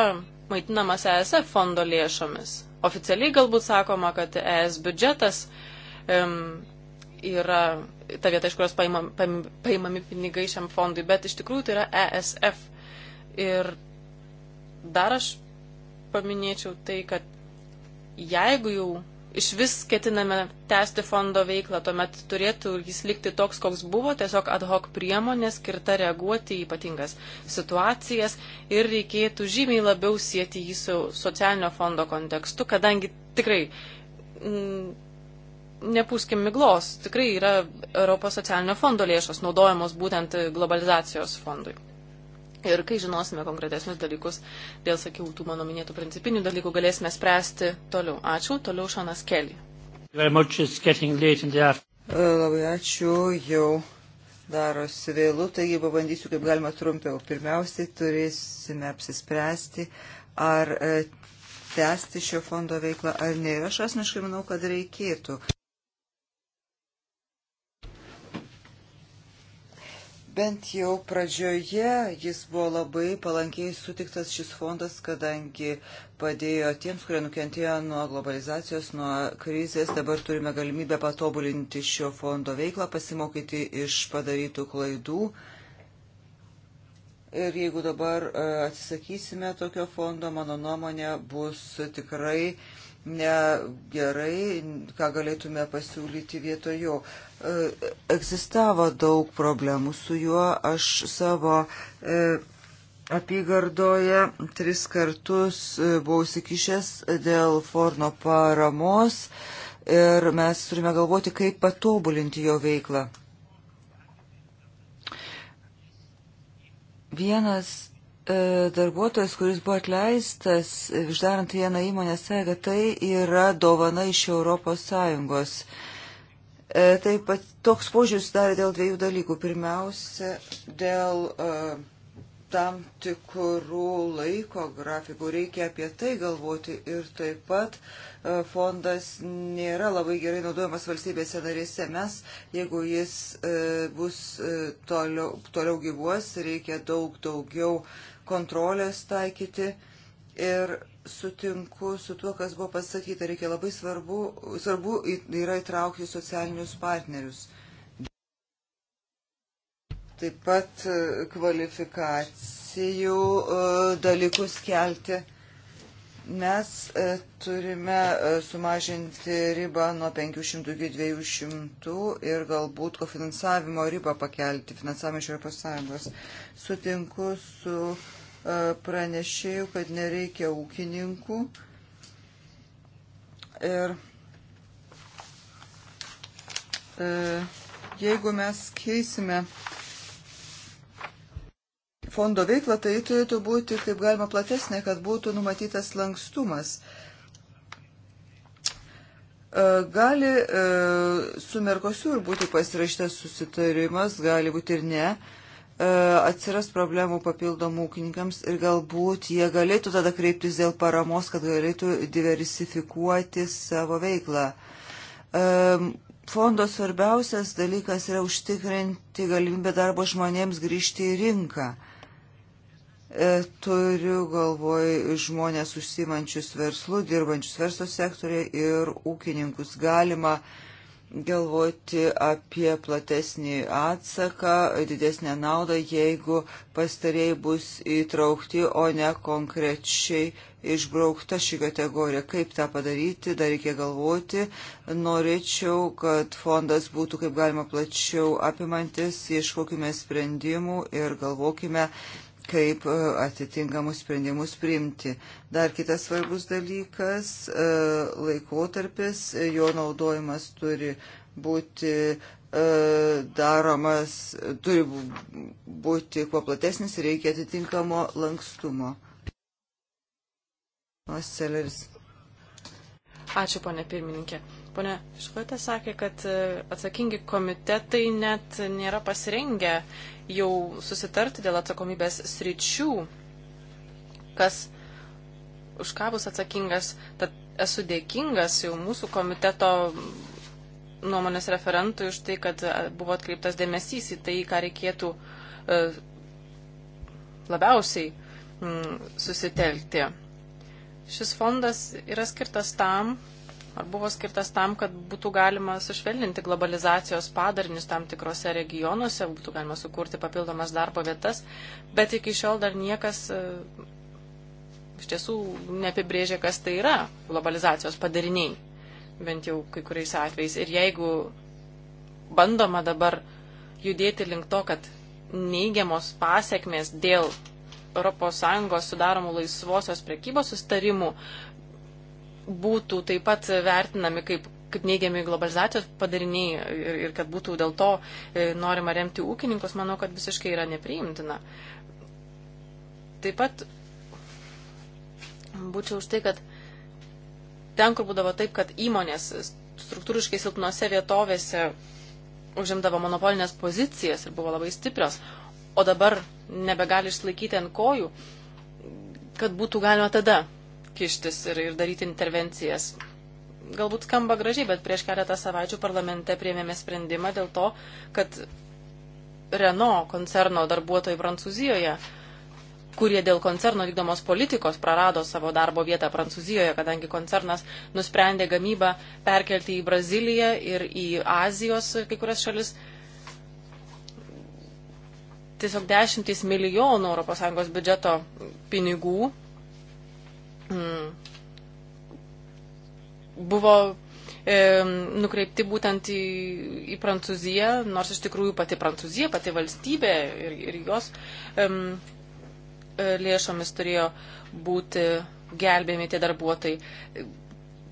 [SPEAKER 3] maitinamas ESF fondo lėšomis. Oficialiai galbūt sakoma, kad ES biudžetas um, yra ta vieta, iš kurios paimam, paim, paimami pinigai šiam fondui, bet iš tikrųjų tai yra ESF. Ir dar aš paminėčiau tai, kad jeigu jau iš vis ketiname tęsti fondo veiklą, tuomet turėtų jis likti toks, koks buvo, tiesiog ad hoc priemonė skirta reaguoti į ypatingas situacijas ir reikėtų žymiai labiau sieti jį su socialinio fondo kontekstu, kadangi tikrai m, mm, nepūskim miglos. Tikrai yra Europos socialinio fondo lėšos naudojamos būtent globalizacijos fondui. Ir kai žinosime konkretesnius dalykus, dėl sakiau, tų mano minėtų principinių dalykų, galėsime spręsti toliau. Ačiū. Toliau Šanas Kelly.
[SPEAKER 2] E, labai
[SPEAKER 3] ačiū.
[SPEAKER 1] Jau darosi vėlų, taigi pabandysiu kaip
[SPEAKER 3] galima trumpiau.
[SPEAKER 1] Pirmiausiai turėsime apsispręsti, ar e, tęsti šio fondo veiklą ar ne. Ir aš asmeniškai manau, kad reikėtų. Bent jau pradžioje jis buvo labai palankiai sutiktas šis fondas, kadangi padėjo tiems, kurie nukentėjo nuo globalizacijos, nuo krizės. Dabar turime galimybę patobulinti šio fondo veiklą, pasimokyti iš padarytų klaidų. Ir jeigu dabar e, atsisakysime tokio fondo, mano nuomonė bus tikrai uh, negerai, ką galėtume pasiūlyti vietoj jo. E, egzistavo daug problemų su juo. Aš savo e, apygardoje tris kartus e, buvau įsikišęs dėl Forno paramos ir mes turime galvoti, kaip patobulinti jo veiklą. Vienas E, darbuotojas, kuris buvo atleistas, e, uždarant vieną įmonę, sakė, kad tai yra dovana iš Europos Sąjungos. E, taip pat toks požiūris darė dėl dviejų dalykų. Pirmiausia, dėl uh, tam tikrų laiko grafikų reikia apie tai galvoti ir taip pat uh, fondas nėra labai gerai naudojamas valstybėse narėse. Mes, jeigu jis uh, bus toliau, toliau gyvuos, reikia daug daugiau kontrolės taikyti ir sutinku su tuo, kas buvo pasakyta, reikia labai svarbu, svarbu yra įtraukti socialinius partnerius. Taip pat e, kvalifikacijų e, dalykus kelti. Mes e, turime sumažinti ribą nuo 500 iki 200 ir galbūt kofinansavimo ribą pakelti, finansavimą iš Europos Sąjungos. Sutinku su pranešėjų, kad nereikia ūkininkų. Ir e, jeigu mes keisime fondo veiklą, tai turėtų būti kaip galima platesnė, kad būtų numatytas lankstumas. E, gali e, su Merkosiūr būti pasirašytas susitarimas, gali būti ir ne. E, atsiras problemų papildomų ūkininkams ir galbūt jie galėtų tada kreiptis dėl paramos, kad galėtų diversifikuoti savo veiklą. E, fondo svarbiausias dalykas yra užtikrinti galimybę darbo žmonėms grįžti į rinką. E, turiu galvoj žmonės užsimančius verslų, dirbančius verslo sektoriai ir ūkininkus galima uh, galvoti apie platesnį atsaką, didesnę naudą, jeigu pastarėjai bus įtraukti, o ne konkrečiai išbraukta ši kategorija. Kaip tą padaryti, dar reikia galvoti. Norėčiau, kad fondas būtų kaip galima plačiau apimantis, ieškokime sprendimų ir galvokime, uh, kaip e, atitinkamus sprendimus priimti. Dar kitas svarbus dalykas e, - laikotarpis, e, jo naudojimas turi būti daromas, turi būti kuo platesnis ir reikia atitinkamo lankstumo.
[SPEAKER 3] Ačiū, ponė pirmininkė. Pone Škotė sakė, kad e, atsakingi komitetai net nėra pasirengę jau susitarti dėl atsakomybės sričių, kas už ką bus atsakingas. Tad esu dėkingas jau mūsų komiteto nuomonės referentui už tai, kad e, buvo atkreiptas dėmesys į tai, ką reikėtų e, labiausiai mm, susitelkti. Šis fondas yra skirtas tam, Ar buvo skirtas tam, kad būtų galima sušvelninti globalizacijos padarinius tam tikrose regionuose, būtų galima sukurti papildomas darbo vietas, bet iki šiol dar niekas e, iš tiesų neapibrėžė, kas tai yra globalizacijos padariniai, bent jau kai kuriais atvejais. Ir jeigu bandoma dabar judėti link to, kad neigiamos pasiekmės dėl ES sudaromų laisvosios prekybos sustarimų būtų taip pat vertinami kaip, kaip neigiami globalizacijos padariniai ir, ir kad būtų dėl to e, norima remti ūkininkus, manau, kad visiškai yra nepriimtina. Taip pat būčiau už tai, kad ten, kur būdavo taip, kad įmonės struktūriškai silpnose vietovėse užimdavo monopolinės pozicijas ir buvo labai stiprios, o dabar nebegali išlaikyti ant kojų, kad būtų galima tada kištis ir, ir daryti intervencijas. Galbūt skamba gražiai, bet prieš keletą savaičių parlamente priėmėme sprendimą dėl to, kad Renault koncerno darbuotojai Prancūzijoje, kurie dėl koncerno vykdomos politikos prarado savo darbo vietą Prancūzijoje, kadangi koncernas nusprendė gamybą perkelti į Braziliją ir į Azijos kai kurias šalis, tiesiog dešimtys milijonų ES biudžeto pinigų Mm. buvo e, nukreipti būtent į, į Prancūziją, nors iš tikrųjų pati Prancūzija, pati valstybė ir, ir jos e, lėšomis turėjo būti gelbėjami tie darbuotojai.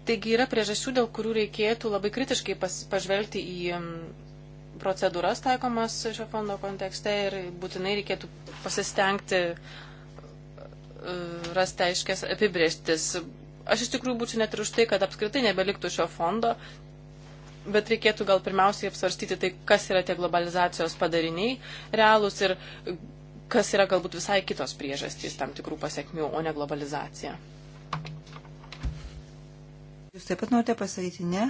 [SPEAKER 3] Taigi yra priežasčių, dėl kurių reikėtų labai kritiškai pas, pažvelgti į procedūras taikomas šio fondo kontekste ir būtinai reikėtų pasistengti E, rasti aiškės apibrieštis. Aš iš tikrųjų būčiau net ir už tai, kad apskritai nebeliktų šio fondo, bet reikėtų gal pirmiausiai apsvarstyti tai, kas yra tie globalizacijos padariniai realūs ir kas yra galbūt visai kitos priežastys tam tikrų pasiekmių, o ne globalizacija.
[SPEAKER 1] Jūs taip pat norite pasakyti ne?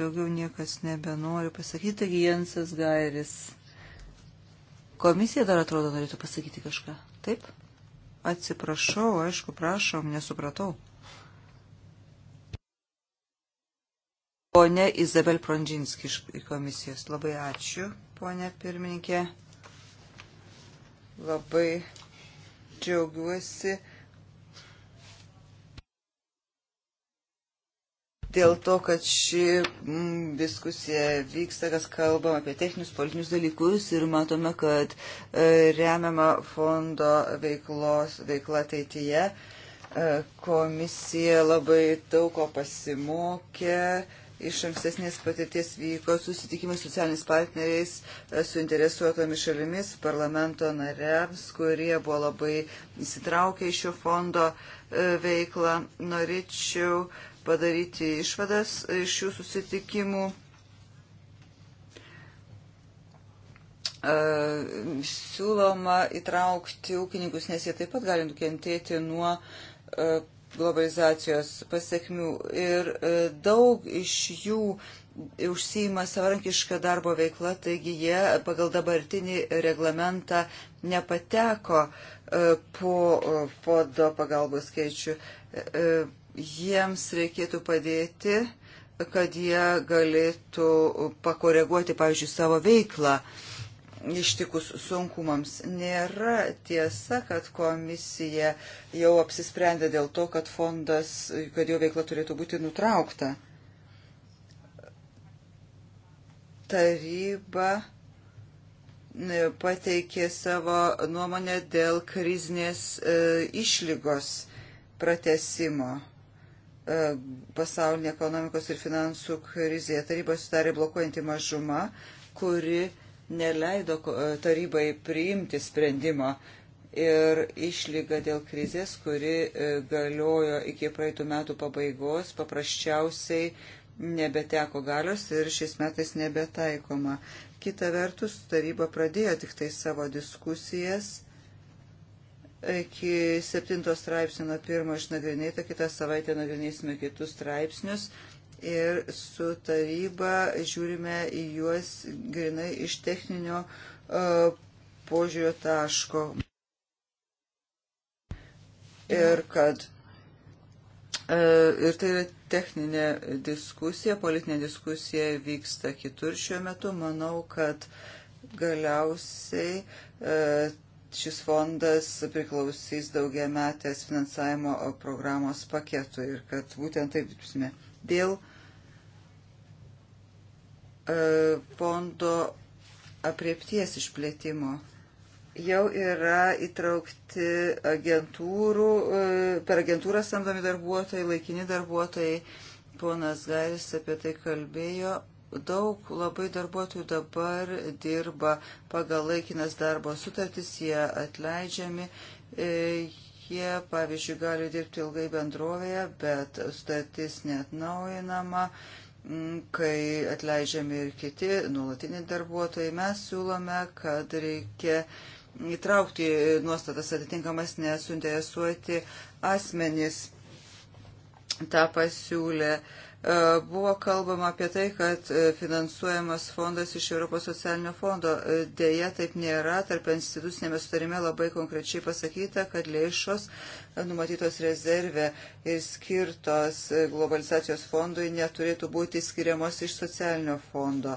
[SPEAKER 1] Daugiau niekas nebenori pasakyti, taigi Jensas Gairis. Komisija dar atrodo norėtų pasakyti kažką. Taip? Atsiprašau, aišku, prašom, nesupratau. Pone Izabel Prondžinski iš komisijos. Labai ačiū, ponė pirmininkė. Labai džiaugiuosi dėl to, kad ši mm, diskusija vyksta, kas kalbam apie techninius politinius dalykus ir matome, kad e, remiama fondo veiklos, veikla ateityje. E, komisija labai daug ko pasimokė. Iš ankstesnės patirties vyko susitikimai socialiniais partneriais, e, suinteresuotomis šalimis, parlamento nariams, kurie buvo labai įsitraukę į šio fondo e, veiklą. Norėčiau uh, padaryti išvadas iš šių susitikimų. E, siūloma įtraukti ūkininkus, nes jie taip pat gali nukentėti nuo e, globalizacijos pasiekmių. Ir e, daug iš jų užsijima savarankišką darbo veiklą, taigi jie pagal dabartinį reglamentą nepateko po fondo pagalbos skaičių jiems reikėtų padėti, kad jie galėtų pakoreguoti, pavyzdžiui, savo veiklą ištikus sunkumams. Nėra tiesa, kad komisija jau apsisprendė dėl to, kad fondas, kad jo veikla turėtų būti nutraukta. Taryba e, pateikė savo nuomonę dėl krizinės e, išlygos pratesimo E, pasaulinė ekonomikos ir finansų krizėje taryba sudarė blokuojantį mažumą, kuri neleido e, tarybai priimti sprendimą ir išlyga dėl krizės, kuri e, galiojo iki praeitų metų pabaigos, paprasčiausiai nebeteko galios ir šiais metais nebetaikoma. Kita vertus, taryba pradėjo tik tai savo diskusijas iki septinto straipsnio nuo pirmo išnagrinėta, kitą savaitę nagrinėsime kitus straipsnius ir su taryba žiūrime į juos grinai iš techninio uh, požiūrio taško. Ir kad uh, ir tai yra techninė diskusija, politinė diskusija vyksta kitur šiuo metu. Manau, kad galiausiai uh, šis fondas priklausys daugia metės finansavimo programos paketui ir kad būtent taip dirbsime. Dėl e, fondo apriepties išplėtimo jau yra įtraukti agentūrų, e, per agentūrą samdomi darbuotojai, laikini darbuotojai. Ponas Garis apie tai kalbėjo, Daug labai darbuotojų dabar dirba pagal laikinas darbo sutartis, jie atleidžiami, e, jie, pavyzdžiui, gali dirbti ilgai bendrovėje, bet sutartis net naujinama, kai atleidžiami ir kiti nuolatiniai darbuotojai. Mes siūlome, kad reikia įtraukti nuostatas atitinkamas nesuinteresuoti asmenys. Ta pasiūlė uh, E, buvo kalbama apie tai, kad e, finansuojamas fondas iš Europos socialinio fondo. E, Deja, taip nėra. Tarp institucinėme sutarime labai konkrečiai pasakyta, kad lėšos numatytos rezervė ir skirtos globalizacijos fondui neturėtų būti skiriamos iš socialinio fondo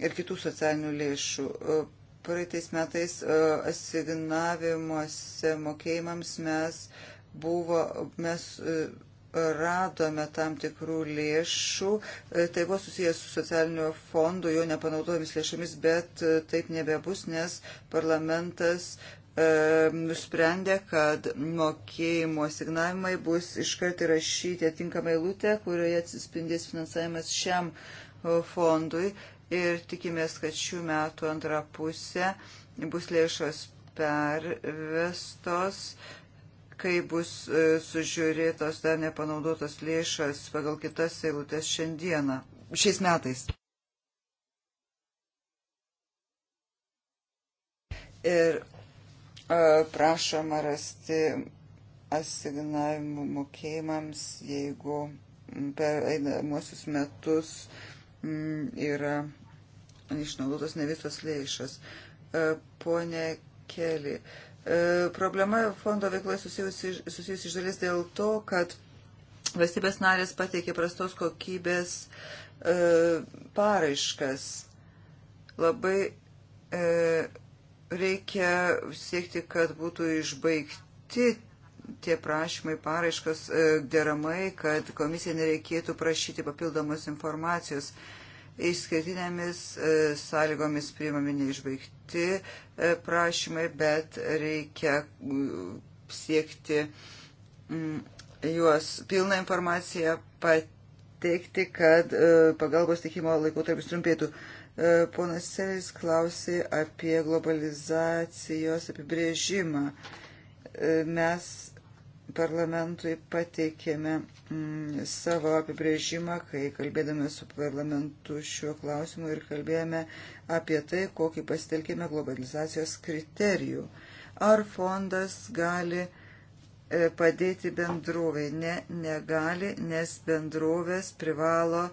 [SPEAKER 1] ir kitų socialinių lėšų. Praeitais metais asignavimuose mokėjimams mes buvo, mes radome tam tikrų lėšų. E, tai buvo susijęs su socialinio fondo, jo nepanaudojomis lėšomis, bet e, taip nebebus, nes parlamentas e, nusprendė, kad mokėjimo signavimai bus iškart įrašyti atinkamą eilutę, kurioje atsispindės finansavimas šiam fondui ir tikimės, kad šių metų antrą pusę bus lėšos pervestos kai bus e, sužiūrėtos dar nepanaudotos lėšas pagal kitas eilutes šiandieną, šiais metais. Ir e, prašoma rasti asignavimų mokėjimams, jeigu per einamosius metus yra išnaudotos ne visos lėšos. E, pone Keli, E, problema fondo veikloje susijusi, susijusi iš dalies dėl to, kad valstybės narės pateikė prastos kokybės e, paraiškas. Labai e, reikia siekti, kad būtų išbaigti tie prašymai, paraiškos e, deramai, kad komisija nereikėtų prašyti papildomos informacijos. E, Išskirtinėmis e, sąlygomis priimami neišbaigti e, prašymai, bet reikia siekti juos pilną informaciją pateikti, kad e, pagalbos tikimo laikotarpis trumpėtų. Ponas Selis klausė apie globalizacijos apibrėžimą. Mes parlamentui pateikėme mm, savo apibrėžimą, kai kalbėdami su parlamentu šiuo klausimu ir kalbėjome apie tai, kokį pasitelkėme globalizacijos kriterijų. Ar fondas gali e, padėti bendrovai? Ne, negali, nes bendrovės privalo e,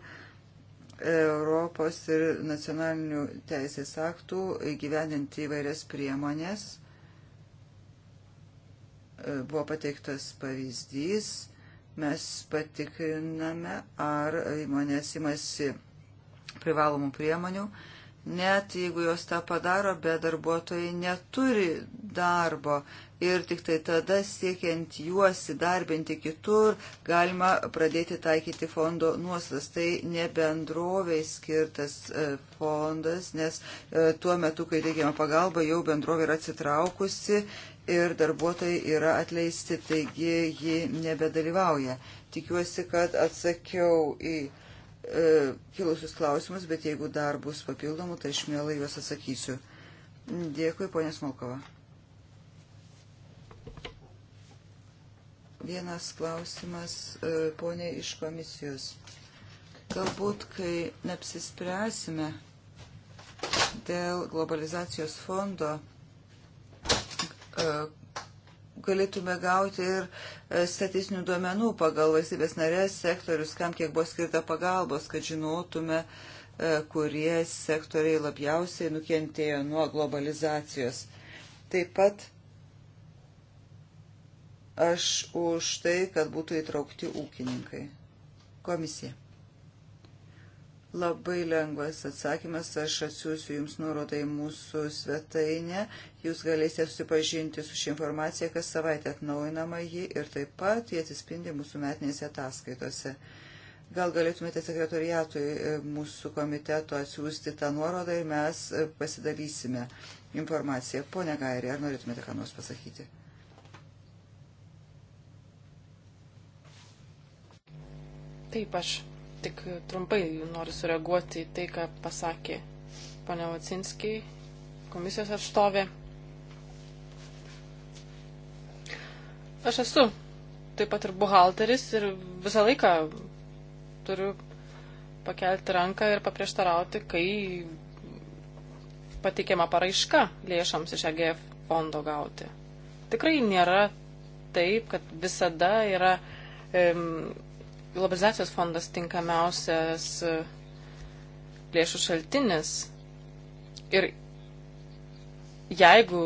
[SPEAKER 1] Europos ir nacionalinių teisės aktų gyveninti įvairias priemonės Buvo pateiktas pavyzdys, mes patikriname, ar įmonės imasi privalomų priemonių net jeigu jos tą padaro, bet darbuotojai neturi darbo ir tik tai tada siekiant juos įdarbinti kitur galima pradėti taikyti fondo nuostas. Tai ne bendroviai skirtas e, fondas, nes e, tuo metu, kai teikiama pagalba, jau bendrovė yra atsitraukusi ir darbuotojai yra atleisti, taigi ji nebedalyvauja. Tikiuosi, kad atsakiau į E, kilusius klausimus, bet jeigu dar bus papildomų, tai aš mielai juos atsakysiu. Dėkui, ponė Smolkova. Vienas klausimas, e, ponė, iš komisijos. Galbūt, kai neapsispręsime dėl globalizacijos fondo, e, galėtume gauti ir e, statistinių duomenų pagal valstybės narės sektorius, kam kiek buvo skirta pagalbos, kad žinotume, e, kurie sektoriai labiausiai nukentėjo nuo globalizacijos. Taip pat aš už tai, kad būtų įtraukti ūkininkai. Komisija. Labai lengvas atsakymas, aš atsiųsiu Jums nuorodą į mūsų svetainę, Jūs galėsite susipažinti su ši informacija, kas savaitę atnaujinama jį ir taip pat jie atsispindi mūsų metinėse ataskaitose. Gal galėtumėte sekretoriatui e, mūsų komiteto atsiųsti tą nuorodą ir mes e, pasidalysime informaciją. Pone Gairė, ar norėtumėte ką nors pasakyti?
[SPEAKER 3] Taip aš Tik trumpai noriu sureaguoti į tai, ką pasakė ponia Vacinskiai, komisijos atstovė. Aš esu taip pat ir buhalteris ir visą laiką turiu pakelti ranką ir paprieštarauti, kai pateikiama paraiška lėšams iš EGF fondo gauti. Tikrai nėra taip, kad visada yra um, e, globalizacijos fondas tinkamiausias e, lėšų šaltinis. Ir jeigu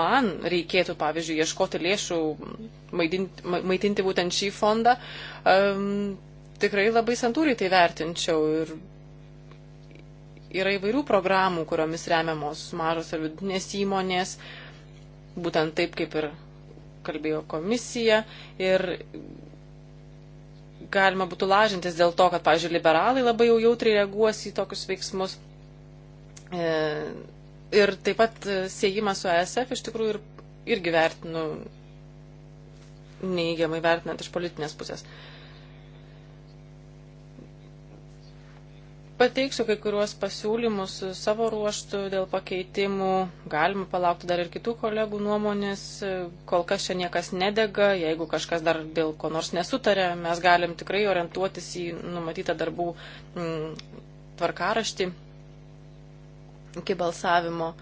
[SPEAKER 3] man reikėtų, pavyzdžiui, ieškoti lėšų, maitinti, maitinti būtent šį fondą, um, tikrai labai santūriai tai vertinčiau. Ir yra įvairių programų, kuriomis remiamos mažos ir vidutinės įmonės, būtent taip kaip ir kalbėjo komisija. Ir galima būtų lažintis dėl to, kad, pavyzdžiui, liberalai labai jau jautriai reaguos į tokius veiksmus. E, ir taip pat e, siejimas su ESF iš tikrųjų ir, irgi vertinu neigiamai vertinant iš politinės pusės. Uh, pateiksiu kai kuriuos pasiūlymus savo ruoštų dėl pakeitimų. Galima palaukti dar ir kitų kolegų nuomonės. Kol kas čia niekas nedega. Jeigu kažkas dar dėl ko nors nesutarė, mes galim tikrai orientuotis į numatytą darbų m, mm, tvarkaraštį iki balsavimo.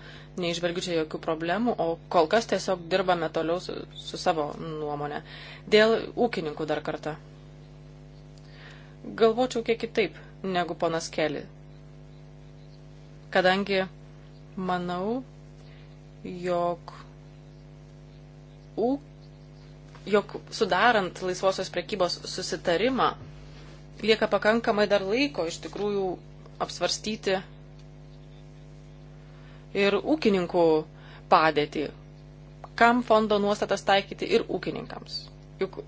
[SPEAKER 3] Neižvelgiu čia jokių problemų, o kol kas tiesiog dirbame toliau su, su savo nuomonė. Dėl ūkininkų dar kartą. Galvočiau kiek kitaip negu ponas Keli. Kadangi manau, jog, u, jog sudarant laisvosios prekybos susitarimą lieka pakankamai dar laiko iš tikrųjų apsvarstyti ir ūkininkų padėtį, kam fondo nuostatas taikyti ir ūkininkams. Juk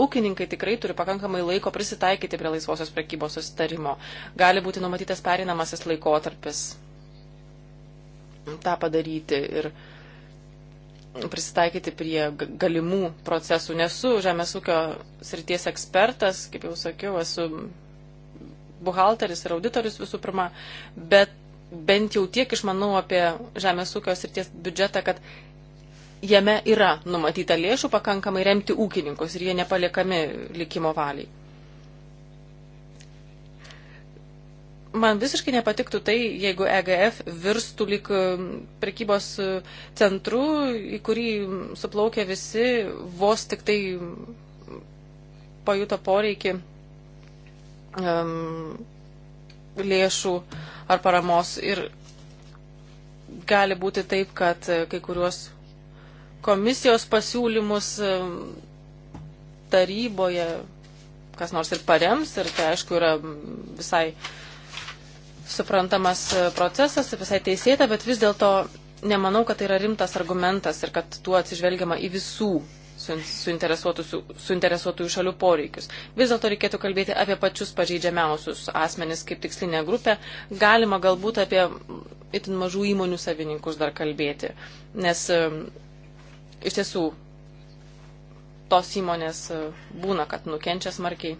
[SPEAKER 3] ūkininkai tikrai turi pakankamai laiko prisitaikyti prie laisvosios prekybos sustarimo. Gali būti numatytas perinamasis laikotarpis tą padaryti ir prisitaikyti prie galimų procesų. Nesu žemės ūkio srities ekspertas, kaip jau sakiau, esu buhalteris ir auditorius visų pirma, bet bent jau tiek išmanau apie žemės ūkio srities biudžetą, kad jame yra numatyta lėšų pakankamai remti ūkininkus ir jie nepaliekami likimo valiai. Man visiškai nepatiktų tai, jeigu EGF virstų lik prekybos e, centru, į kurį suplaukia visi, vos tik tai pajuto poreikį um, lėšų ar paramos. Ir gali būti taip, kad e, kai kuriuos komisijos pasiūlymus taryboje kas nors ir parems ir tai aišku yra visai suprantamas e, procesas, visai teisėta, bet vis dėlto nemanau, kad tai yra rimtas argumentas ir kad tuo atsižvelgiama į visų suinteresuotųjų šalių poreikius. Vis dėlto reikėtų kalbėti apie pačius pažeidžiamiausius asmenis kaip tikslinė grupė. Galima galbūt apie itin mažų įmonių savininkus dar kalbėti, nes iš tiesų tos įmonės e, būna, kad nukenčia smarkiai.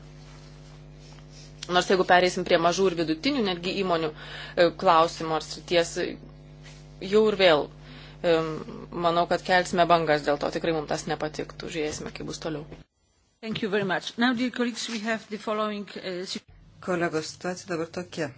[SPEAKER 3] Nors jeigu pereisim prie mažų ir vidutinių netgi įmonių e, klausimų ar srities, jau ir vėl e, manau, kad kelsime bangas dėl to, tikrai mums tas nepatiktų, žiūrėsime, kaip bus toliau. Now, following... Kolegos, situacija dabar tokia.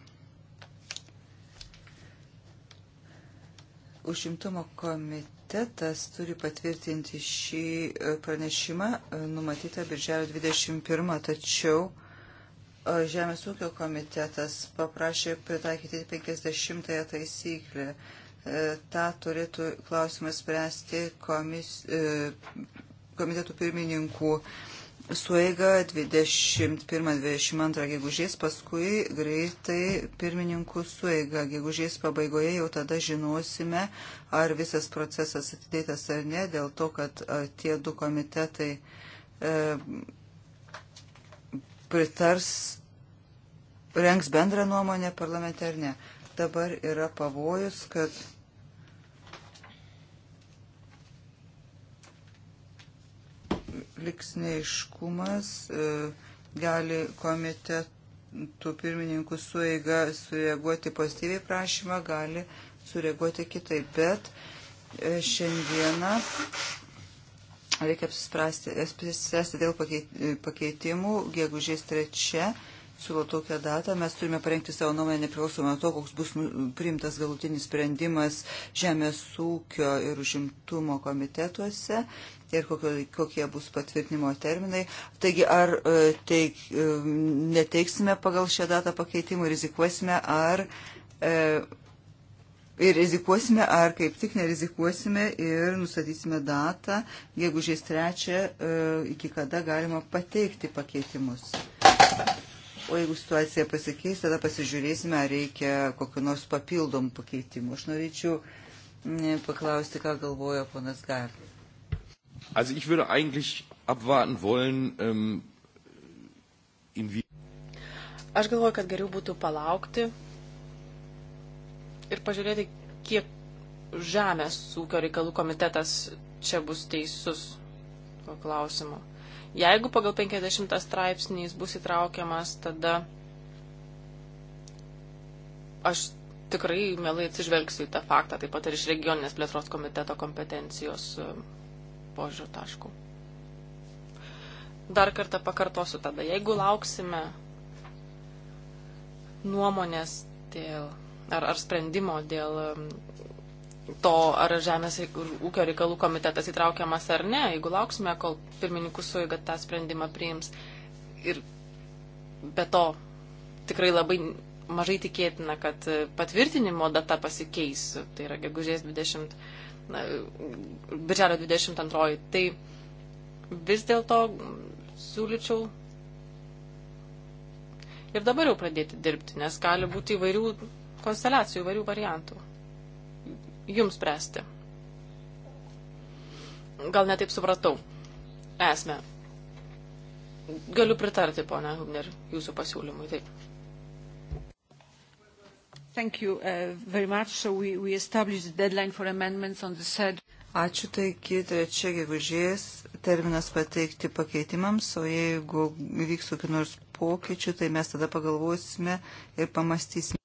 [SPEAKER 1] Užimtumo komitė komitetas turi patvirtinti šį e, pranešimą e, numatytą birželio 21, tačiau e, Žemės ūkio komitetas paprašė pritaikyti 50-ąją taisyklę. Ta turėtų klausimą spręsti komis, komitetų pirmininkų sueiga 21-22 gegužės, paskui greitai pirmininkų sueiga. Gegužės pabaigoje jau tada žinosime, ar visas procesas atidėtas ar ne, dėl to, kad tie du komitetai e, pritars, renks bendrą nuomonę parlamente ar ne. Dabar yra pavojus, kad liks neiškumas, e, gali komitetų pirmininkų sueiga sureaguoti pozityviai prašymą, gali sureaguoti kitaip, bet e, šiandieną reikia apsispręsti dėl e, pakeitimų, gegužės trečia, siūlo tokią datą, mes turime parengti savo nuomonę nepriklausomą to, koks bus nu, priimtas galutinis sprendimas Žemės ūkio ir užimtumo komitetuose, savaitę ir kokio, kokie bus patvirtinimo terminai. Taigi, ar e, teik, e, neteiksime pagal šią datą pakeitimų, rizikuosime, ar. E, Ir rizikuosime, ar kaip tik nerizikuosime ir nustatysime datą, jeigu žiais trečia, e, iki kada galima pateikti pakeitimus. O jeigu situacija pasikeis, tada pasižiūrėsime, ar reikia kokiu nors papildomu pakeitimu. Aš norėčiau paklausti, ką galvoja ponas Gardas. Also ich würde eigentlich abwarten wollen, ähm,
[SPEAKER 3] inwie... Aš galvoju, kad geriau būtų palaukti ir pažiūrėti, kiek žemės ūkio reikalų komitetas čia bus teisus tuo klausimu. Jeigu pagal 50 straipsnį jis bus įtraukiamas, tada aš tikrai mielai atsižvelgsiu į tą faktą, taip pat ir iš regioninės plėtros komiteto kompetencijos požiūrių taškų. Dar kartą pakartosiu tada, jeigu lauksime nuomonės dėl, ar, ar sprendimo dėl um, to, ar Žemės ūkio reikalų komitetas įtraukiamas ar ne, jeigu lauksime, kol pirmininkų suiga tą sprendimą priims. Ir be to tikrai labai mažai tikėtina, kad e, patvirtinimo data pasikeis, tai yra gegužės 20 na, birželio 22. Tai vis dėlto siūlyčiau ir dabar jau pradėti dirbti, nes gali būti įvairių konsteliacijų, įvairių variantų. Jums spręsti. Gal netaip supratau esmę. Galiu pritarti, ponia Hubner, jūsų pasiūlymui. Taip.
[SPEAKER 1] Thank you uh, very much. So we, we established the deadline for amendments on the said. Ačiū taigi, trečia gegužės terminas pateikti pakeitimams, o jeigu vyks kokių nors pokyčių, tai mes tada pagalvosime ir pamastysime.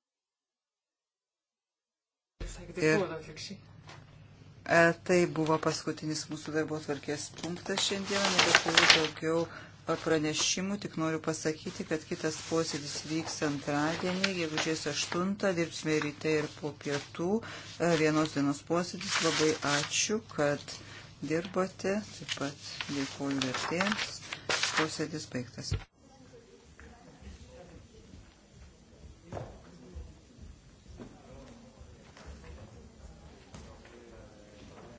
[SPEAKER 1] Ir e, tai buvo paskutinis mūsų darbo tvarkės punktas šiandieną, nebeturiu daugiau pranešimų, tik noriu pasakyti, kad kitas posėdis vyks antradienį, gegužės 8, dirbsime ryte ir po pietų, e, vienos dienos posėdis. Labai ačiū, kad dirbote, taip pat dėkuoju vertėjams, posėdis baigtas.